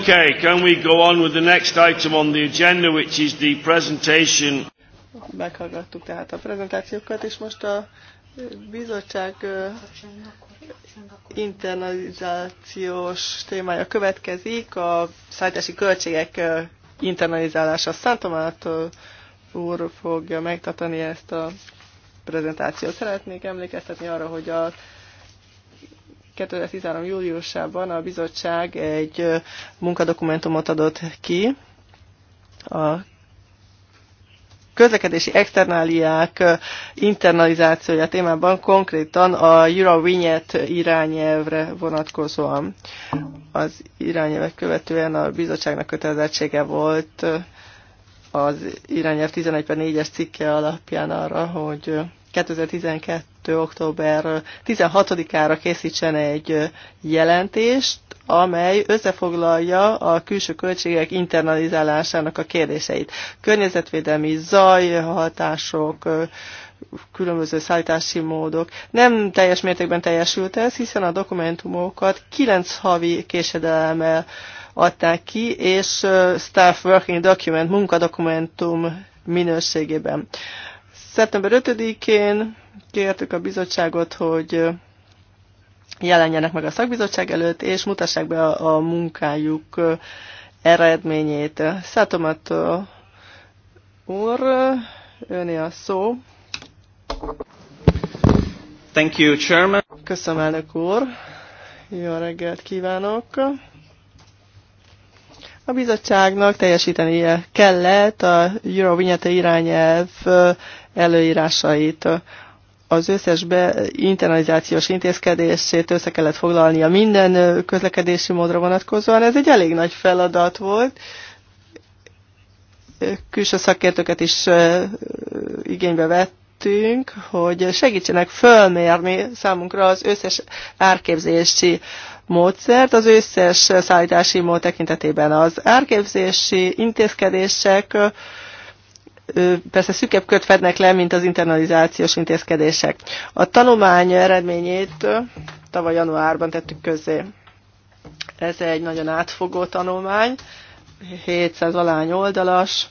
Okay, can we go on with the next item on the agenda, which is the presentation? Meghallgattuk tehát a prezentációkat, és most a bizottság internalizációs témája következik, a szállítási költségek internalizálása. Szántomát úr fogja megtartani ezt a prezentációt. Szeretnék emlékeztetni arra, hogy a 2013. júliusában a bizottság egy munkadokumentumot adott ki a közlekedési externáliák internalizációja témában konkrétan a Eurovignet irányelvre vonatkozóan. Az irányelvek követően a bizottságnak kötelezettsége volt az irányelv 11.4-es cikke alapján arra, hogy 2012 2012. október 16-ára készítsen egy jelentést, amely összefoglalja a külső költségek internalizálásának a kérdéseit. Környezetvédelmi zaj, hatások, különböző szállítási módok. Nem teljes mértékben teljesült ez, hiszen a dokumentumokat kilenc havi késedelemmel adták ki, és Staff Working Document, munkadokumentum minőségében. Szeptember 5-én kértük a bizottságot, hogy jelenjenek meg a szakbizottság előtt, és mutassák be a, a munkájuk eredményét. Szátomat úr, öné a szó. Thank you, Chairman. Köszönöm, elnök úr. Jó reggelt kívánok. A bizottságnak teljesítenie kellett a Eurovinyete irányelv előírásait az összes be, internalizációs intézkedését össze kellett foglalnia minden közlekedési módra vonatkozóan. Ez egy elég nagy feladat volt. Külső szakértőket is igénybe vettünk, hogy segítsenek fölmérni számunkra az összes árképzési módszert az összes szállítási mód tekintetében. Az árképzési intézkedések persze szükebb köt fednek le, mint az internalizációs intézkedések. A tanulmány eredményét tavaly januárban tettük közzé. Ez egy nagyon átfogó tanulmány, 700 alány oldalas,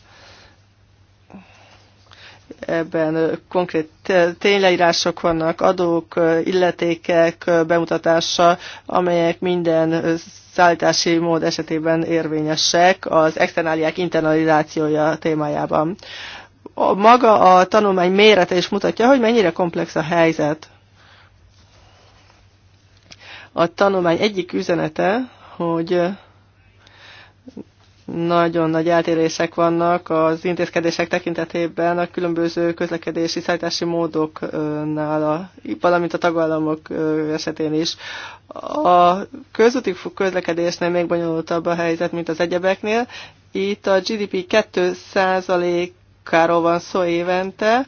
Ebben konkrét tényleírások vannak, adók, illetékek bemutatása, amelyek minden szállítási mód esetében érvényesek az externáliák internalizációja témájában. A maga a tanulmány mérete is mutatja, hogy mennyire komplex a helyzet. A tanulmány egyik üzenete, hogy nagyon nagy eltérések vannak az intézkedések tekintetében a különböző közlekedési szállítási módoknál, a, valamint a tagállamok esetén is. A közúti közlekedésnél még bonyolultabb a helyzet, mint az egyebeknél. Itt a GDP 2%-áról van szó évente,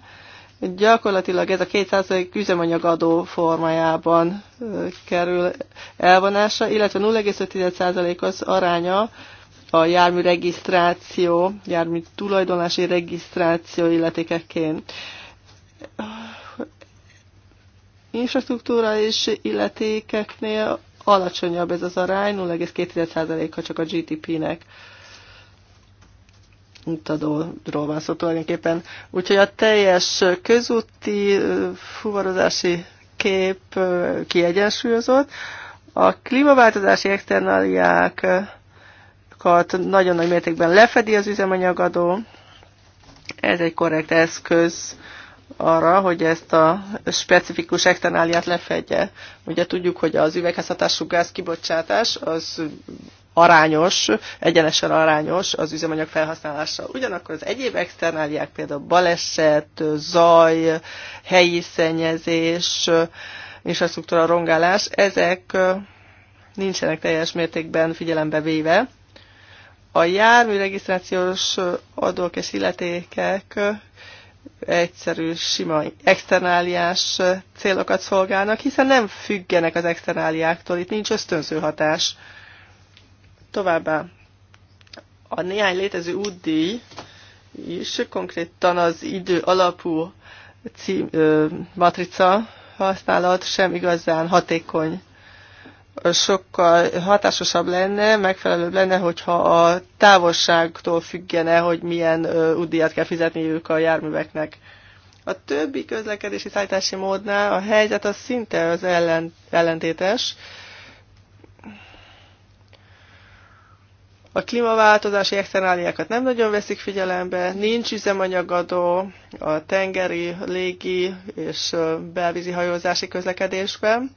gyakorlatilag ez a 2% üzemanyagadó formájában kerül elvonásra, illetve 0,5% az aránya a jármű regisztráció, jármű tulajdonlási regisztráció illetékeként. Infrastruktúra és illetékeknél alacsonyabb ez az arány, 02 a csak a GDP-nek utadóról van szó tulajdonképpen. Úgyhogy a teljes közúti fuvarozási kép kiegyensúlyozott. A klímaváltozási externáliák árakat nagyon nagy mértékben lefedi az üzemanyagadó. Ez egy korrekt eszköz arra, hogy ezt a specifikus externáliát lefedje. Ugye tudjuk, hogy az üvegházhatású gáz kibocsátás az arányos, egyenesen arányos az üzemanyag felhasználással. Ugyanakkor az egyéb externáliák, például baleset, zaj, helyi szennyezés, infrastruktúra rongálás, ezek nincsenek teljes mértékben figyelembe véve a járműregisztrációs adók és illetékek egyszerű, sima externáliás célokat szolgálnak, hiszen nem függenek az externáliáktól, itt nincs ösztönző hatás. Továbbá a néhány létező útdíj is konkrétan az idő alapú cím, ö, matrica használat sem igazán hatékony sokkal hatásosabb lenne, megfelelőbb lenne, hogyha a távolságtól függene, hogy milyen útdíjat kell fizetniük a járműveknek. A többi közlekedési szállítási módnál a helyzet az szinte az ellen, ellentétes. A klímaváltozási externáliákat nem nagyon veszik figyelembe, nincs üzemanyagadó a tengeri, légi és belvízi hajózási közlekedésben.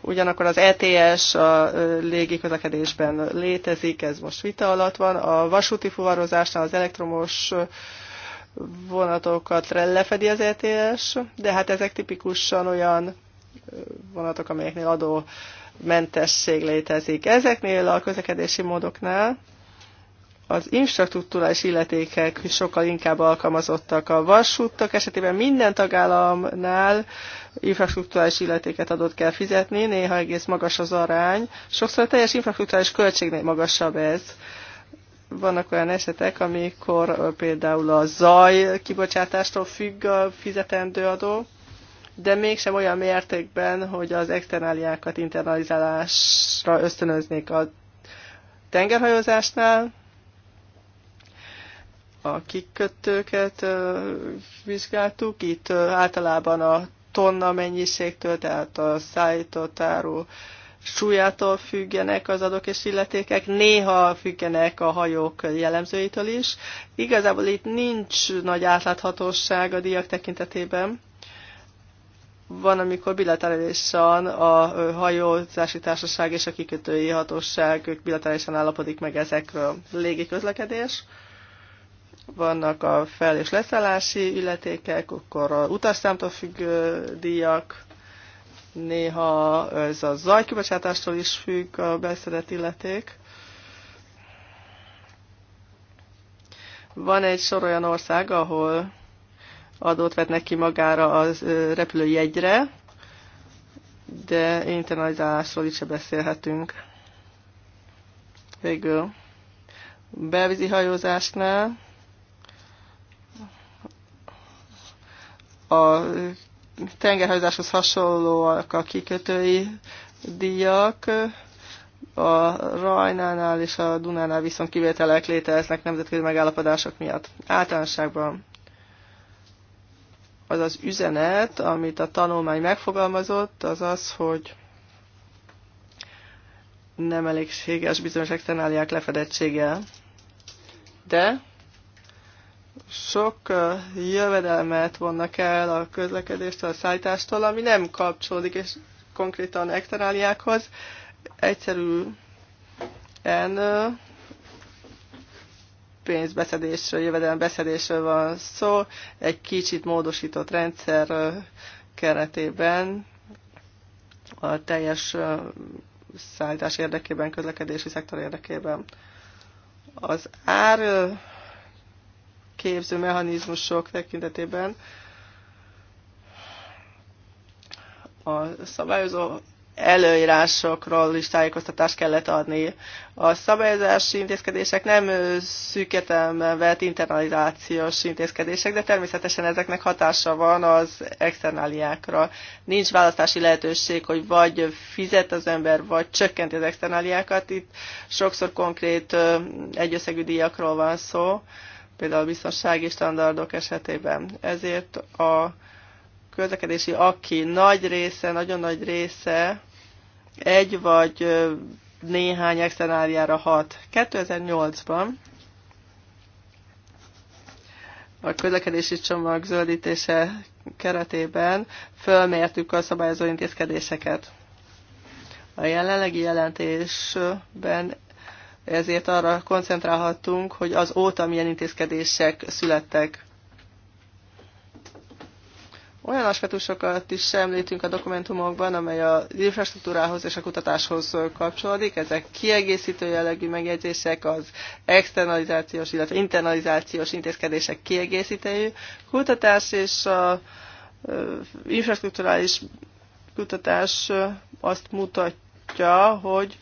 Ugyanakkor az ETS a légiközlekedésben létezik, ez most vita alatt van. A vasúti fuvarozásnál az elektromos vonatokat lefedi az ETS, de hát ezek tipikusan olyan vonatok, amelyeknél adó mentesség létezik. Ezeknél a közlekedési módoknál az infrastruktúrális illetékek sokkal inkább alkalmazottak a vasúttak esetében minden tagállamnál infrastruktúrális illetéket adott kell fizetni, néha egész magas az arány, sokszor a teljes infrastruktúrális költségnél magasabb ez. Vannak olyan esetek, amikor például a zaj kibocsátástól függ a fizetendő adó, de mégsem olyan mértékben, hogy az externáliákat internalizálásra ösztönöznék a tengerhajózásnál, a kikötőket vizsgáltuk. Itt általában a tonna mennyiségtől, tehát a szállított áru súlyától függenek az adók és illetékek, néha függenek a hajók jellemzőitől is. Igazából itt nincs nagy átláthatóság a díjak tekintetében. Van, amikor bilaterálisan a hajózási társaság és a kikötői hatóság bilaterálisan állapodik meg ezekről. Légi közlekedés vannak a fel- és leszállási illetékek, akkor a utasszámtól függő díjak, néha ez a zajkibocsátástól is függ a beszedett illeték. Van egy sor olyan ország, ahol adót vetnek ki magára a repülőjegyre, de internalizálásról is se beszélhetünk. Végül belvízi hajózásnál a tengerhajózáshoz hasonlóak a kikötői díjak, a Rajnánál és a Dunánál viszont kivételek léteznek nemzetközi megállapodások miatt. Általánosságban az az üzenet, amit a tanulmány megfogalmazott, az az, hogy nem elégséges bizonyos externáliák lefedettsége, de sok jövedelmet vonnak el a közlekedéstől, a szállítástól, ami nem kapcsolódik és konkrétan externáliákhoz. Egyszerűen pénzbeszedésről, jövedelembeszedésről van szó, egy kicsit módosított rendszer keretében a teljes szállítás érdekében, közlekedési szektor érdekében. Az ár képző mechanizmusok tekintetében a szabályozó előírásokról is tájékoztatást kellett adni. A szabályozási intézkedések nem szűketelmen vett internalizációs intézkedések, de természetesen ezeknek hatása van az externáliákra. Nincs választási lehetőség, hogy vagy fizet az ember, vagy csökkenti az externáliákat. Itt sokszor konkrét egyösszegű díjakról van szó például biztonsági standardok esetében. Ezért a közlekedési aki nagy része, nagyon nagy része egy vagy néhány externáliára hat. 2008-ban a közlekedési csomag zöldítése keretében fölmértük a szabályozó intézkedéseket. A jelenlegi jelentésben ezért arra koncentrálhattunk, hogy az óta milyen intézkedések születtek. Olyan aspektusokat is említünk a dokumentumokban, amely az infrastruktúrához és a kutatáshoz kapcsolódik. Ezek kiegészítő jellegű megjegyzések, az externalizációs, illetve internalizációs intézkedések kiegészítő Kutatás és a infrastruktúrális kutatás azt mutatja, hogy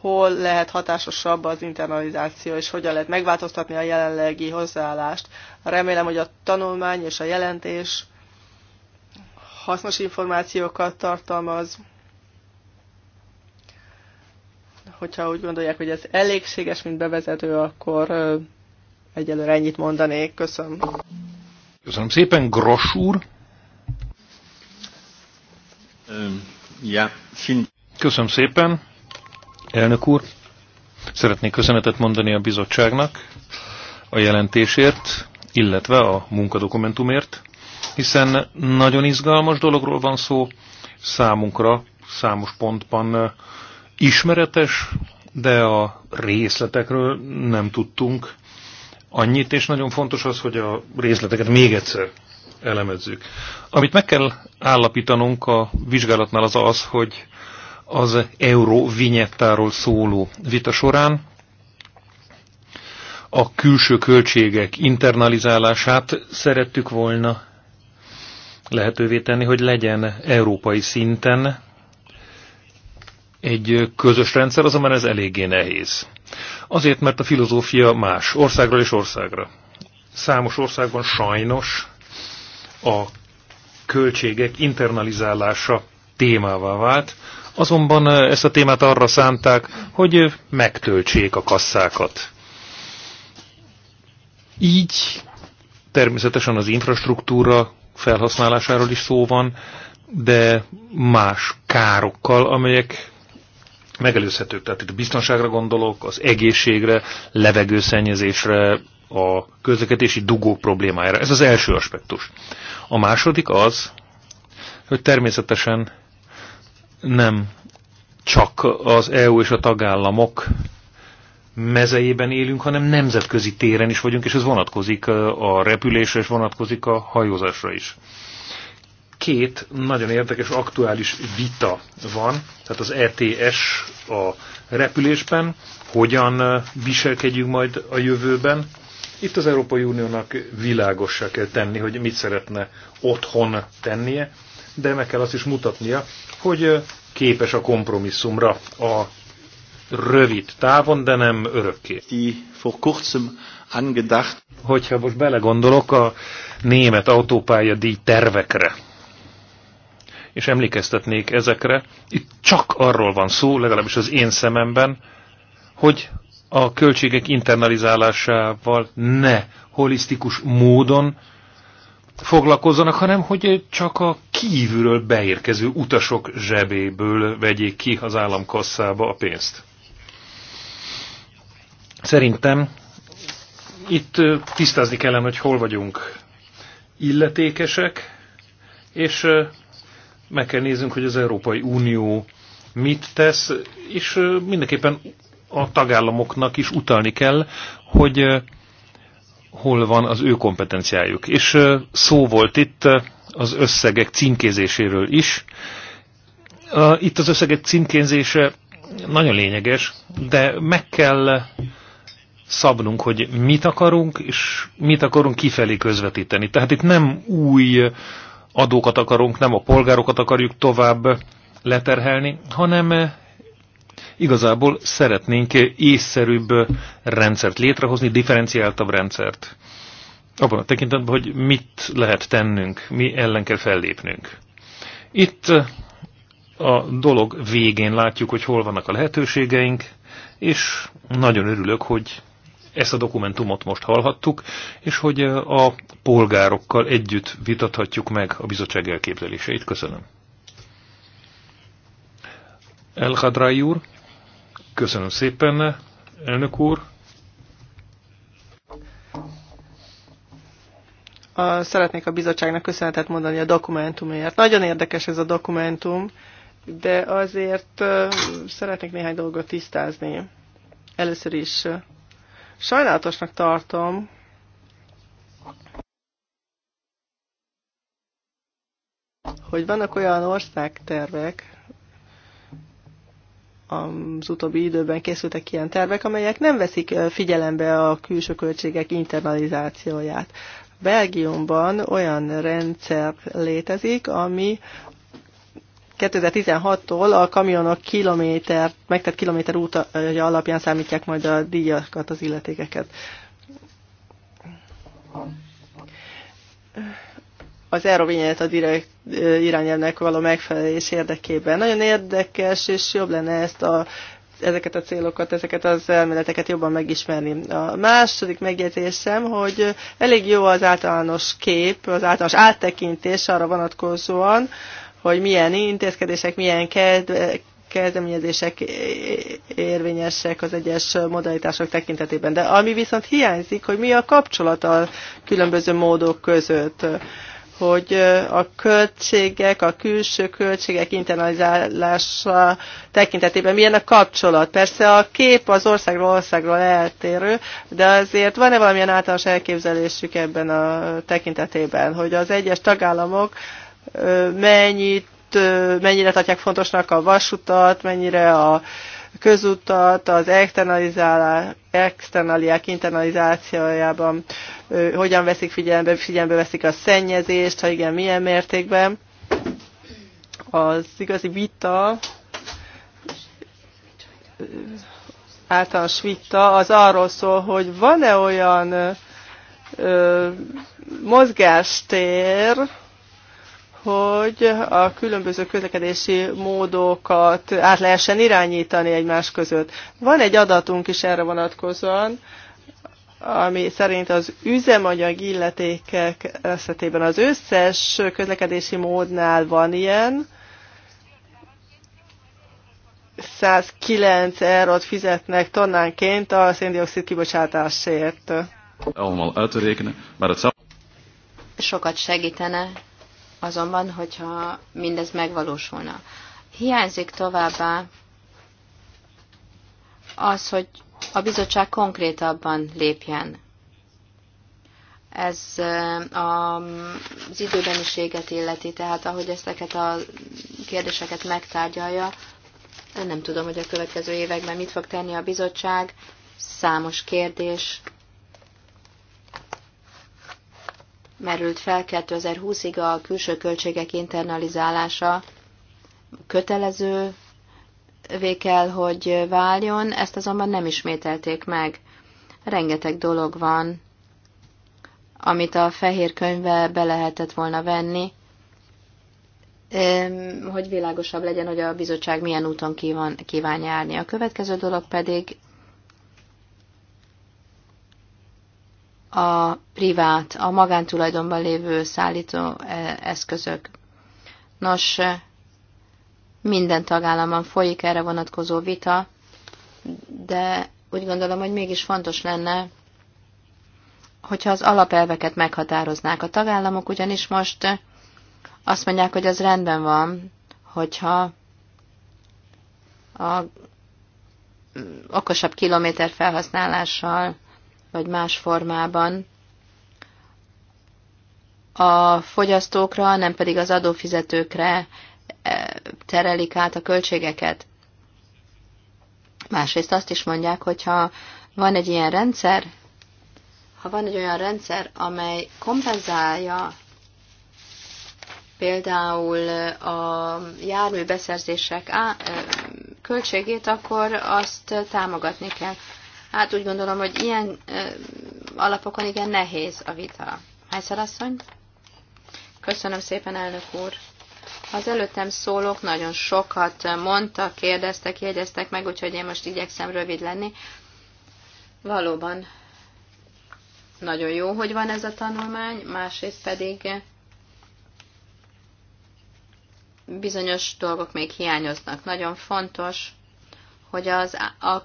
hol lehet hatásosabb az internalizáció, és hogyan lehet megváltoztatni a jelenlegi hozzáállást. Remélem, hogy a tanulmány és a jelentés hasznos információkat tartalmaz. Hogyha úgy gondolják, hogy ez elégséges, mint bevezető, akkor egyelőre ennyit mondanék. Köszönöm. Köszönöm szépen, Gross úr. Köszönöm szépen. Elnök úr, szeretnék köszönetet mondani a bizottságnak a jelentésért, illetve a munkadokumentumért, hiszen nagyon izgalmas dologról van szó, számunkra számos pontban ismeretes, de a részletekről nem tudtunk annyit, és nagyon fontos az, hogy a részleteket még egyszer elemezzük. Amit meg kell állapítanunk a vizsgálatnál az az, hogy az euró vinyettáról szóló vita során a külső költségek internalizálását szerettük volna lehetővé tenni, hogy legyen európai szinten egy közös rendszer, azonban ez eléggé nehéz. Azért, mert a filozófia más, országról és országra. Számos országban sajnos a költségek internalizálása témává vált, Azonban ezt a témát arra szánták, hogy megtöltsék a kasszákat. Így természetesen az infrastruktúra felhasználásáról is szó van, de más károkkal, amelyek megelőzhetők. Tehát itt a biztonságra gondolok, az egészségre, levegőszennyezésre, a közlekedési dugó problémájára. Ez az első aspektus. A második az, hogy természetesen nem csak az EU és a tagállamok mezejében élünk, hanem nemzetközi téren is vagyunk, és ez vonatkozik a repülésre, és vonatkozik a hajózásra is. Két nagyon érdekes, aktuális vita van, tehát az ETS a repülésben, hogyan viselkedjünk majd a jövőben. Itt az Európai Uniónak világossá kell tenni, hogy mit szeretne otthon tennie, de meg kell azt is mutatnia, hogy képes a kompromisszumra a rövid távon, de nem örökké. Hogyha most belegondolok a német autópálya díj tervekre, és emlékeztetnék ezekre, itt csak arról van szó, legalábbis az én szememben, hogy a költségek internalizálásával ne holisztikus módon foglalkozzanak, hanem hogy csak a kívülről beérkező utasok zsebéből vegyék ki az államkasszába a pénzt. Szerintem itt tisztázni kellene, hogy hol vagyunk illetékesek, és meg kell néznünk, hogy az Európai Unió mit tesz, és mindenképpen a tagállamoknak is utalni kell, hogy hol van az ő kompetenciájuk. És szó volt itt az összegek címkézéséről is. Itt az összegek címkézése nagyon lényeges, de meg kell szabnunk, hogy mit akarunk, és mit akarunk kifelé közvetíteni. Tehát itt nem új adókat akarunk, nem a polgárokat akarjuk tovább leterhelni, hanem Igazából szeretnénk észszerűbb rendszert létrehozni, differenciáltabb rendszert. Abban a tekintetben, hogy mit lehet tennünk, mi ellen kell fellépnünk. Itt a dolog végén látjuk, hogy hol vannak a lehetőségeink, és nagyon örülök, hogy ezt a dokumentumot most hallhattuk, és hogy a polgárokkal együtt vitathatjuk meg a bizottság elképzeléseit. Köszönöm. El úr. Köszönöm szépen, elnök úr. A, szeretnék a bizottságnak köszönetet mondani a dokumentumért. Nagyon érdekes ez a dokumentum, de azért uh, szeretnék néhány dolgot tisztázni. Először is uh, sajnálatosnak tartom, hogy vannak olyan országtervek, az utóbbi időben készültek ilyen tervek, amelyek nem veszik eh, figyelembe a külső költségek internalizációját. Belgiumban olyan rendszer létezik, ami 2016-tól a kamionok kilométer, megtett kilométer útja eh, alapján számítják majd a díjakat, az illetékeket. Az Eurovinyet a direkt irányelvnek való megfelelés érdekében. Nagyon érdekes, és jobb lenne ezt a ezeket a célokat, ezeket az elméleteket jobban megismerni. A második megjegyzésem, hogy elég jó az általános kép, az általános áttekintés arra vonatkozóan, hogy milyen intézkedések, milyen kezdeményezések érvényesek az egyes modalitások tekintetében. De ami viszont hiányzik, hogy mi a kapcsolat a különböző módok között hogy a költségek, a külső költségek internalizálása tekintetében milyen a kapcsolat. Persze a kép az országról országról eltérő, de azért van-e valamilyen általános elképzelésük ebben a tekintetében, hogy az egyes tagállamok mennyit, mennyire tartják fontosnak a vasutat, mennyire a közutat, az externaliák internalizációjában hogyan veszik figyelembe, figyelembe veszik a szennyezést, ha igen, milyen mértékben. Az igazi vita, általános vita, az arról szól, hogy van-e olyan ö, mozgástér, hogy a különböző közlekedési módokat át lehessen irányítani egymás között. Van egy adatunk is erre vonatkozóan, ami szerint az üzemanyag illetékek esetében az összes közlekedési módnál van ilyen, 109 eurót fizetnek tonnánként a széndiokszid kibocsátásért. Sokat segítene, azonban, hogyha mindez megvalósulna. Hiányzik továbbá az, hogy a bizottság konkrétabban lépjen. Ez az időbeniséget illeti, tehát ahogy ezteket a kérdéseket megtárgyalja, nem tudom, hogy a következő években mit fog tenni a bizottság. Számos kérdés merült fel 2020-ig a külső költségek internalizálása kötelező kell, hogy váljon, ezt azonban nem ismételték meg. Rengeteg dolog van, amit a fehér könyvbe be lehetett volna venni, hogy világosabb legyen, hogy a bizottság milyen úton kíván, kíván járni. A következő dolog pedig a privát, a magántulajdonban lévő szállító e, eszközök. Nos, minden tagállamban folyik erre vonatkozó vita, de úgy gondolom, hogy mégis fontos lenne, hogyha az alapelveket meghatároznák. A tagállamok ugyanis most azt mondják, hogy az rendben van, hogyha a mm, okosabb kilométer felhasználással vagy más formában a fogyasztókra, nem pedig az adófizetőkre e, terelik át a költségeket. Másrészt azt is mondják, hogyha van egy ilyen rendszer, ha van egy olyan rendszer, amely kompenzálja például a járműbeszerzések költségét, akkor azt támogatni kell. Hát úgy gondolom, hogy ilyen alapokon igen nehéz a vita. Hányszor asszony? Köszönöm szépen, elnök úr. Az előttem szólók nagyon sokat mondtak, kérdeztek, jegyeztek meg, úgyhogy én most igyekszem rövid lenni. Valóban nagyon jó, hogy van ez a tanulmány, másrészt pedig bizonyos dolgok még hiányoznak. Nagyon fontos, hogy az, a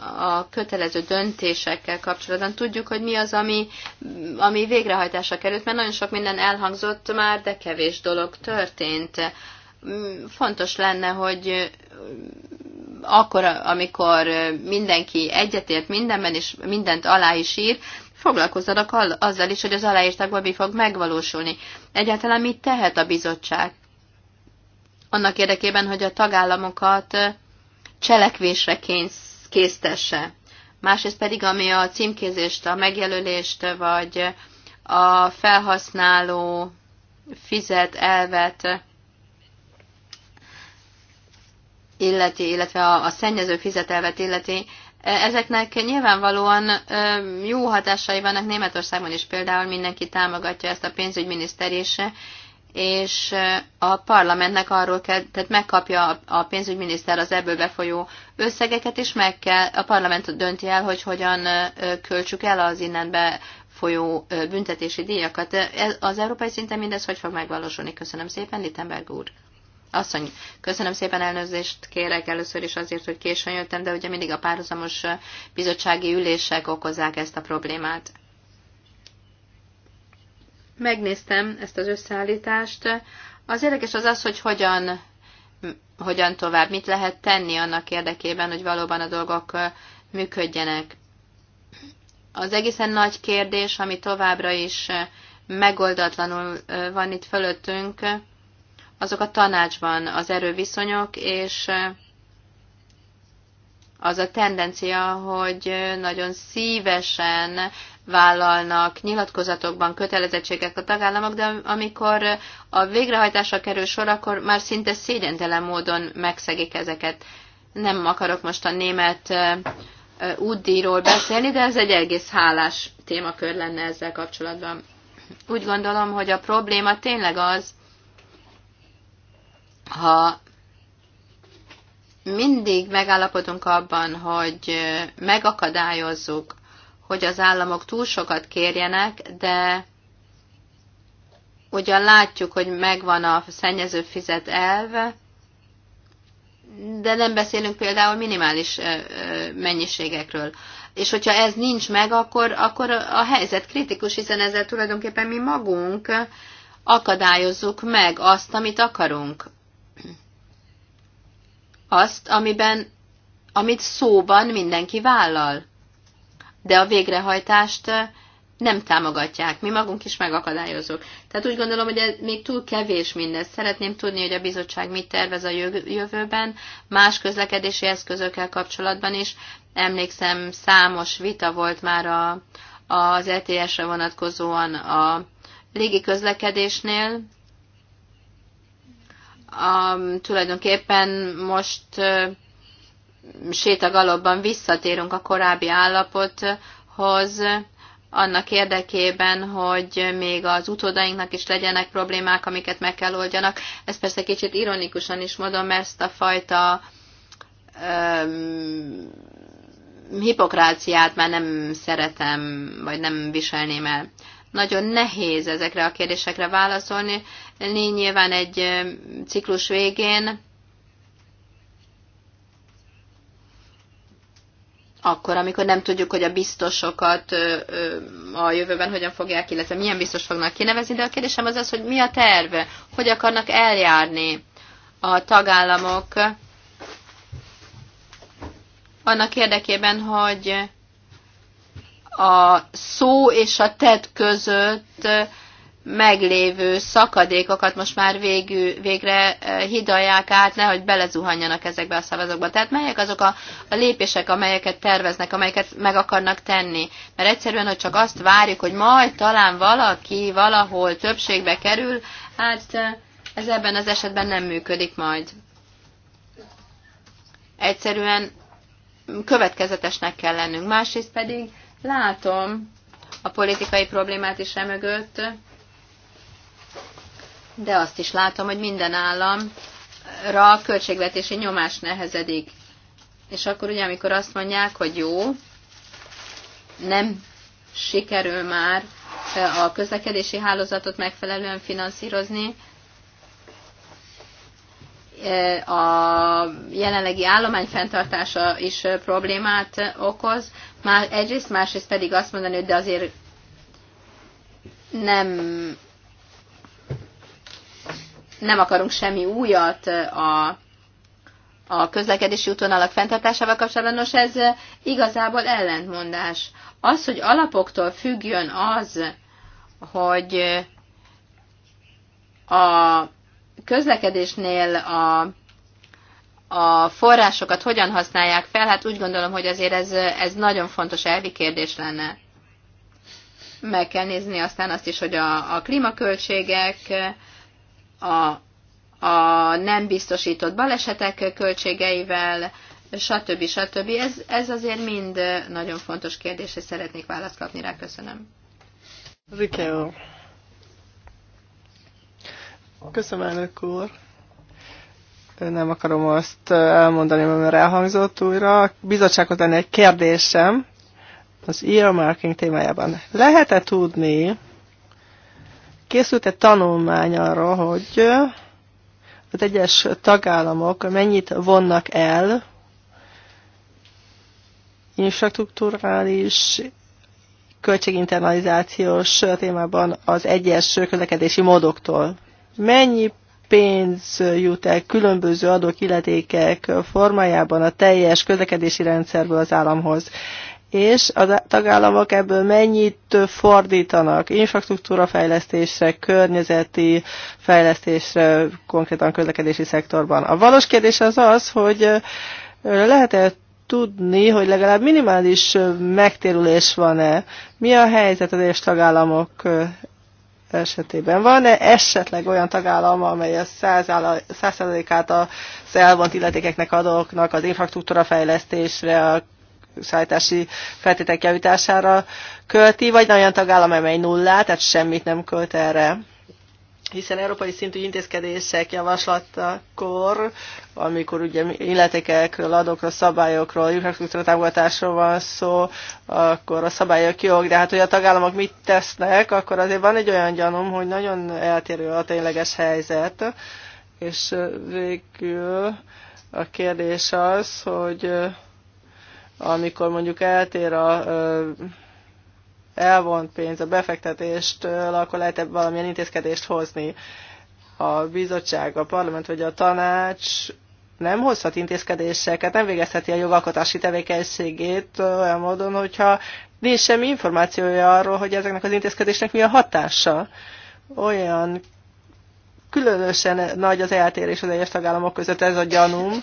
a kötelező döntésekkel kapcsolatban tudjuk, hogy mi az, ami, ami végrehajtásra került, mert nagyon sok minden elhangzott már, de kevés dolog történt. Fontos lenne, hogy akkor, amikor mindenki egyetért mindenben, és mindent alá is ír, foglalkozzanak azzal is, hogy az aláírtakban mi fog megvalósulni. Egyáltalán mit tehet a bizottság? Annak érdekében, hogy a tagállamokat cselekvésre kényszer késztesse. Másrészt pedig, ami a címkézést, a megjelölést, vagy a felhasználó fizet elvet illeti, illetve a, a szennyező elvet illeti, ezeknek nyilvánvalóan jó hatásai vannak Németországban is például, mindenki támogatja ezt a pénzügyminiszter is, és a parlamentnek arról kell, tehát megkapja a pénzügyminiszter az ebből befolyó összegeket, és meg kell, a parlament dönti el, hogy hogyan költsük el az innen be folyó büntetési díjakat. Az európai szinten mindez hogy fog megvalósulni? Köszönöm szépen, Littenberg úr. Asszony, köszönöm szépen elnőzést kérek először is azért, hogy későn jöttem, de ugye mindig a párhuzamos bizottsági ülések okozzák ezt a problémát. Megnéztem ezt az összeállítást. Az érdekes az az, hogy hogyan hogyan tovább, mit lehet tenni annak érdekében, hogy valóban a dolgok működjenek. Az egészen nagy kérdés, ami továbbra is megoldatlanul van itt fölöttünk, azok a tanácsban az erőviszonyok és az a tendencia, hogy nagyon szívesen vállalnak nyilatkozatokban kötelezettségek a tagállamok, de amikor a végrehajtásra kerül sor, akkor már szinte szégyentelen módon megszegik ezeket. Nem akarok most a német útdíjról beszélni, de ez egy egész hálás témakör lenne ezzel kapcsolatban. Úgy gondolom, hogy a probléma tényleg az, ha mindig megállapodunk abban, hogy megakadályozzuk, hogy az államok túl sokat kérjenek, de ugyan látjuk, hogy megvan a szennyező fizet elv, de nem beszélünk például minimális mennyiségekről. És hogyha ez nincs meg, akkor, akkor a helyzet kritikus, hiszen ezzel tulajdonképpen mi magunk akadályozzuk meg azt, amit akarunk azt, amiben, amit szóban mindenki vállal. De a végrehajtást nem támogatják, mi magunk is megakadályozunk. Tehát úgy gondolom, hogy ez még túl kevés mindez. Szeretném tudni, hogy a bizottság mit tervez a jövőben, más közlekedési eszközökkel kapcsolatban is. Emlékszem, számos vita volt már a, az ETS-re vonatkozóan a légi közlekedésnél, a, tulajdonképpen most sétagalobban visszatérünk a korábbi állapothoz, annak érdekében, hogy még az utódainknak is legyenek problémák, amiket meg kell oldjanak. Ez persze kicsit ironikusan is mondom, ezt a fajta um, hipokráciát már nem szeretem, vagy nem viselném el. Nagyon nehéz ezekre a kérdésekre válaszolni. Nyilván egy ciklus végén akkor, amikor nem tudjuk, hogy a biztosokat a jövőben hogyan fogják, illetve milyen biztos fognak kinevezni, de a kérdésem az az, hogy mi a terv, hogy akarnak eljárni a tagállamok annak érdekében, hogy a szó és a tett között meglévő szakadékokat most már végül, végre eh, hidalják át, nehogy belezuhanjanak ezekbe a szavazokba. Tehát melyek azok a, a lépések, amelyeket terveznek, amelyeket meg akarnak tenni? Mert egyszerűen, hogy csak azt várjuk, hogy majd talán valaki valahol többségbe kerül, hát eh, ez ebben az esetben nem működik majd. Egyszerűen következetesnek kell lennünk. Másrészt pedig Látom a politikai problémát is emögött, de azt is látom, hogy minden államra a költségvetési nyomás nehezedik. És akkor ugye, amikor azt mondják, hogy jó, nem sikerül már a közlekedési hálózatot megfelelően finanszírozni, Eh, a jelenlegi állomány fenntartása is eh, problémát eh, okoz. Már egyrészt, másrészt pedig azt mondani, hogy de azért nem, nem akarunk semmi újat a, a közlekedési útvonalak fenntartásával kapcsolatban. Nos, ez igazából ellentmondás. Az, hogy alapoktól függjön az, hogy a közlekedésnél a a forrásokat hogyan használják fel, hát úgy gondolom, hogy azért ez, ez nagyon fontos elvi kérdés lenne. Meg kell nézni aztán azt is, hogy a, a klímaköltségek, a, a nem biztosított balesetek költségeivel, stb. stb. Ez, ez azért mind nagyon fontos kérdés, és szeretnék választ kapni rá. Köszönöm. Rikeo. Köszönöm, elnök úr. Nem akarom azt elmondani, mert elhangzott újra. Bizottságot lenne egy kérdésem az earmarking témájában. Lehet-e tudni, készült-e tanulmány arra, hogy az egyes tagállamok mennyit vonnak el infrastruktúrális költséginternalizációs témában az egyes közlekedési módoktól mennyi pénz jut el különböző adók illetékek formájában a teljes közlekedési rendszerből az államhoz és a tagállamok ebből mennyit fordítanak infrastruktúrafejlesztésre, környezeti fejlesztésre, konkrétan közlekedési szektorban. A valós kérdés az az, hogy lehet-e tudni, hogy legalább minimális megtérülés van-e? Mi a helyzet az egyes tagállamok esetében van-e esetleg olyan tagállam, amely a 100 a az elvont illetékeknek adóknak az infrastruktúra fejlesztésre, a szállítási feltétek javítására költi, vagy olyan tagállam, amely nullát, tehát semmit nem költ erre? hiszen európai szintű intézkedések javaslatakor amikor ugye illetékekről, adókról, szabályokról, infrastruktúra támogatásról van szó, akkor a szabályok jók, de hát hogy a tagállamok mit tesznek, akkor azért van egy olyan gyanúm, hogy nagyon eltérő a tényleges helyzet, és végül a kérdés az, hogy amikor mondjuk eltér a elvont pénz a befektetéstől, akkor lehet -e valamilyen intézkedést hozni. A bizottság, a parlament vagy a tanács nem hozhat intézkedéseket, nem végezheti a jogalkotási tevékenységét olyan módon, hogyha nincs semmi információja arról, hogy ezeknek az intézkedésnek mi a hatása. Olyan különösen nagy az eltérés az egyes tagállamok között ez a gyanúm,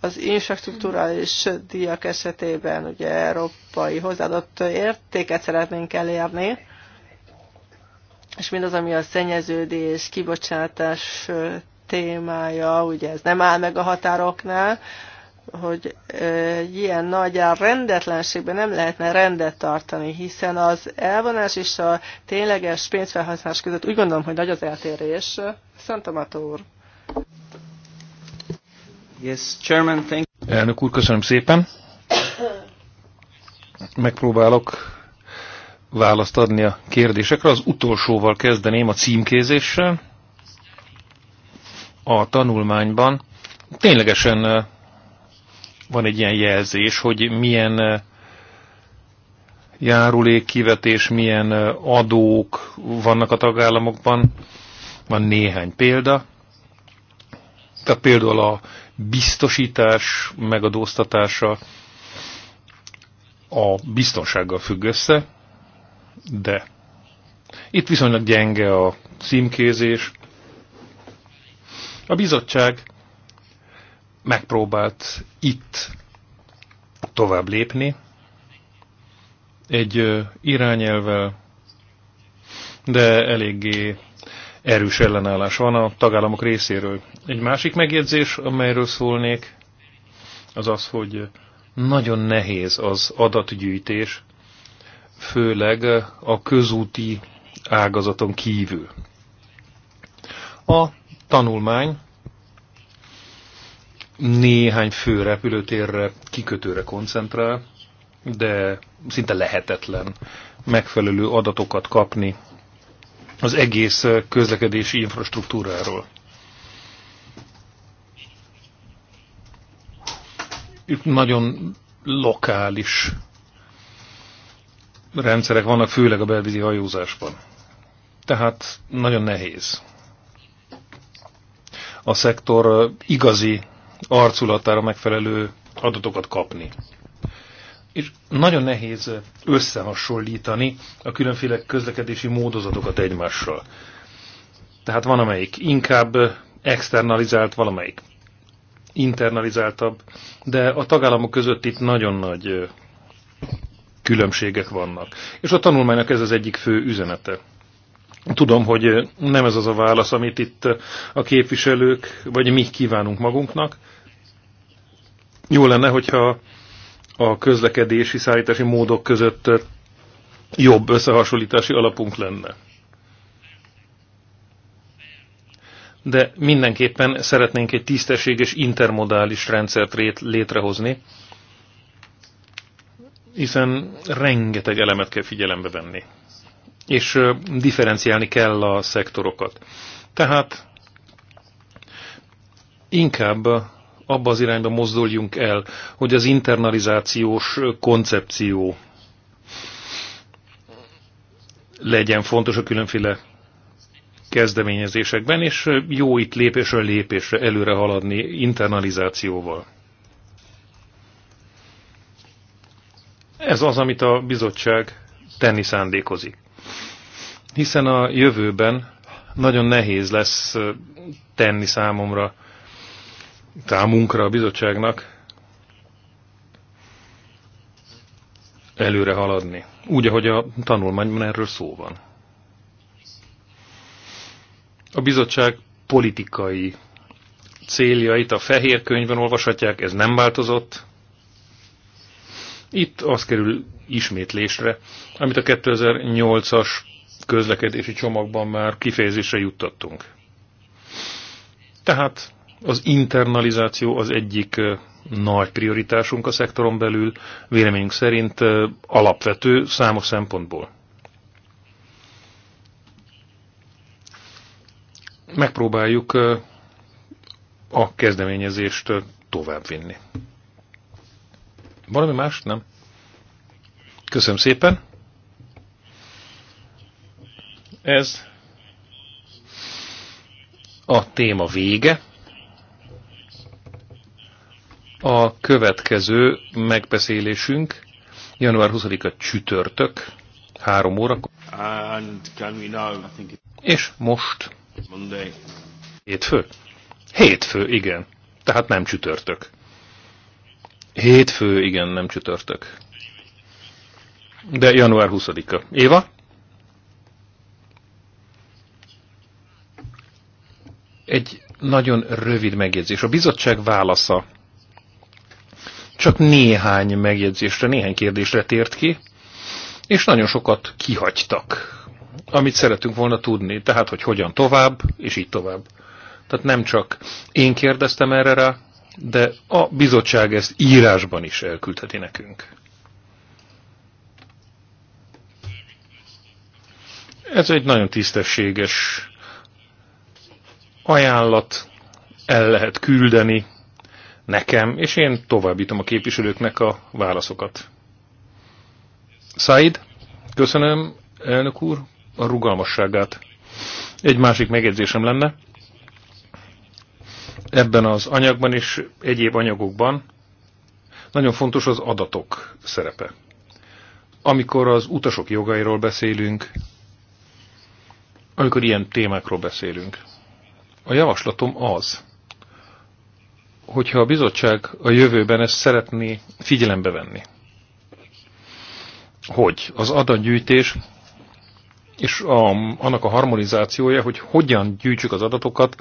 az infrastruktúrális díjak esetében ugye európai hozzáadott értéket szeretnénk elérni, és mindaz, ami a szennyeződés, kibocsátás témája, ugye ez nem áll meg a határoknál, hogy egy ilyen nagy rendetlenségben nem lehetne rendet tartani, hiszen az elvonás és a tényleges pénzfelhasználás között úgy gondolom, hogy nagy az eltérés. Szantamató úr. Yes, chairman, thank you. Elnök úr, köszönöm szépen. Megpróbálok választ adni a kérdésekre. Az utolsóval kezdeném a címkézéssel a tanulmányban ténylegesen van egy ilyen jelzés, hogy milyen járulékkivetés, milyen adók vannak a tagállamokban. Van néhány példa. Tehát például a biztosítás megadóztatása a biztonsággal függ össze, de itt viszonylag gyenge a címkézés, a bizottság megpróbált itt tovább lépni egy irányelvel, de eléggé erős ellenállás van a tagállamok részéről. Egy másik megjegyzés, amelyről szólnék, az az, hogy nagyon nehéz az adatgyűjtés, főleg a közúti ágazaton kívül. A tanulmány néhány fő repülőtérre, kikötőre koncentrál, de szinte lehetetlen megfelelő adatokat kapni az egész közlekedési infrastruktúráról. Itt nagyon lokális rendszerek vannak, főleg a belvízi hajózásban. Tehát nagyon nehéz a szektor igazi arculatára megfelelő adatokat kapni. És nagyon nehéz összehasonlítani a különféle közlekedési módozatokat egymással. Tehát van, amelyik inkább externalizált, valamelyik internalizáltabb, de a tagállamok között itt nagyon nagy különbségek vannak. És a tanulmánynak ez az egyik fő üzenete. Tudom, hogy nem ez az a válasz, amit itt a képviselők, vagy mi kívánunk magunknak. Jó lenne, hogyha a közlekedési szállítási módok között jobb összehasonlítási alapunk lenne. De mindenképpen szeretnénk egy tisztességes intermodális rendszert létrehozni, hiszen rengeteg elemet kell figyelembe venni és differenciálni kell a szektorokat. Tehát inkább abba az irányba mozduljunk el, hogy az internalizációs koncepció legyen fontos a különféle kezdeményezésekben, és jó itt lépésről lépésre előre haladni internalizációval. Ez az, amit a bizottság tenni szándékozik hiszen a jövőben nagyon nehéz lesz tenni számomra, támunkra, a bizottságnak előre haladni. Úgy, ahogy a tanulmányban erről szó van. A bizottság politikai céljait a fehér könyvben olvashatják, ez nem változott. Itt az kerül ismétlésre, amit a 2008-as közlekedési csomagban már kifejezésre juttattunk. Tehát az internalizáció az egyik nagy prioritásunk a szektoron belül, véleményünk szerint alapvető számos szempontból. Megpróbáljuk a kezdeményezést továbbvinni. Valami más? Nem? Köszönöm szépen! Ez a téma vége. A következő megbeszélésünk január 20-a csütörtök, három órakor. És most Monday. hétfő? Hétfő, igen. Tehát nem csütörtök. Hétfő, igen, nem csütörtök. De január 20-a. Éva? Egy nagyon rövid megjegyzés. A bizottság válasza csak néhány megjegyzésre, néhány kérdésre tért ki, és nagyon sokat kihagytak, amit szeretünk volna tudni, tehát hogy hogyan tovább, és így tovább. Tehát nem csak én kérdeztem erre rá, de a bizottság ezt írásban is elküldheti nekünk. Ez egy nagyon tisztességes ajánlat el lehet küldeni nekem, és én továbbítom a képviselőknek a válaszokat. Said, köszönöm, elnök úr, a rugalmasságát. Egy másik megjegyzésem lenne. Ebben az anyagban és egyéb anyagokban nagyon fontos az adatok szerepe. Amikor az utasok jogairól beszélünk, amikor ilyen témákról beszélünk, a javaslatom az, hogyha a bizottság a jövőben ezt szeretné figyelembe venni, hogy az adatgyűjtés és a, annak a harmonizációja, hogy hogyan gyűjtsük az adatokat,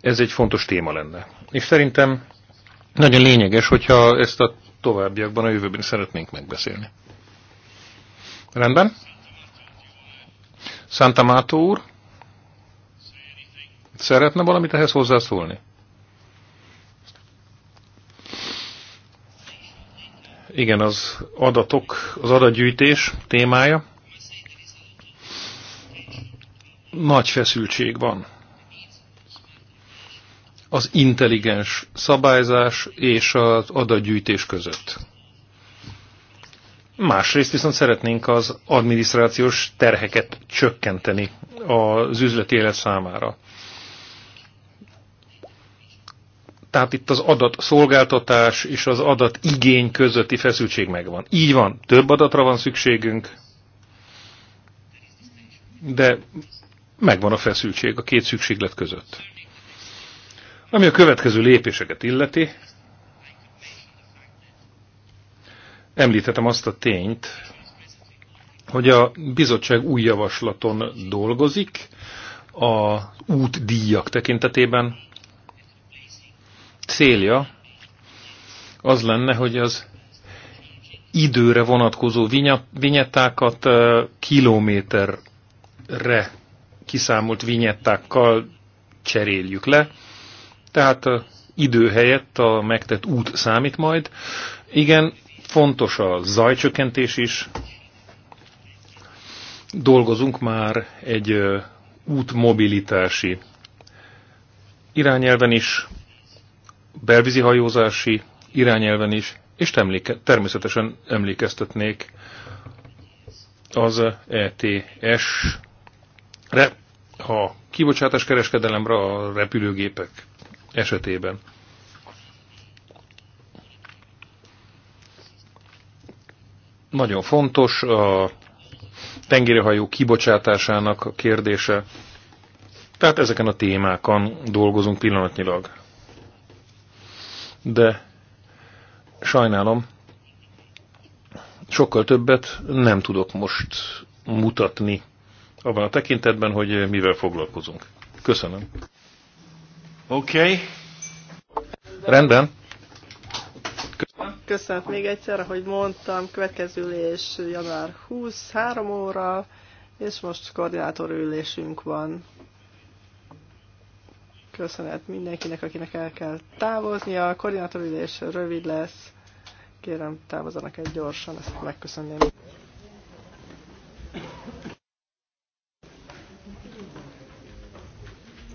ez egy fontos téma lenne. És szerintem nagyon lényeges, hogyha ezt a továbbiakban, a jövőben szeretnénk megbeszélni. Rendben? Santa Mato úr? Szeretne valamit ehhez hozzászólni? Igen, az adatok, az adatgyűjtés témája. Nagy feszültség van. Az intelligens szabályzás és az adatgyűjtés között. Másrészt viszont szeretnénk az adminisztrációs terheket csökkenteni az üzleti élet számára. tehát itt az adat szolgáltatás és az adat igény közötti feszültség megvan. Így van, több adatra van szükségünk, de megvan a feszültség a két szükséglet között. Ami a következő lépéseket illeti, említettem azt a tényt, hogy a bizottság új javaslaton dolgozik, a útdíjak tekintetében, célja az lenne, hogy az időre vonatkozó vinyettákat kilométerre kiszámolt vinyettákkal cseréljük le. Tehát idő helyett a megtett út számít majd. Igen, fontos a zajcsökkentés is. Dolgozunk már egy útmobilitási irányelven is, belvízi hajózási irányelven is, és emléke, természetesen emlékeztetnék az ETS-re, a kibocsátás kereskedelemre a repülőgépek esetében. Nagyon fontos a tengerihajó kibocsátásának a kérdése. Tehát ezeken a témákon dolgozunk pillanatnyilag de sajnálom, sokkal többet nem tudok most mutatni abban a tekintetben, hogy mivel foglalkozunk. Köszönöm. Oké. Okay. Rendben. Köszönöm. Köszönöm még egyszer, hogy mondtam, következő ülés január 23 óra, és most koordinátor ülésünk van. Köszönet mindenkinek, akinek el kell távoznia. A koordinátorülés rövid lesz. Kérem, távozzanak egy gyorsan, ezt megköszönném.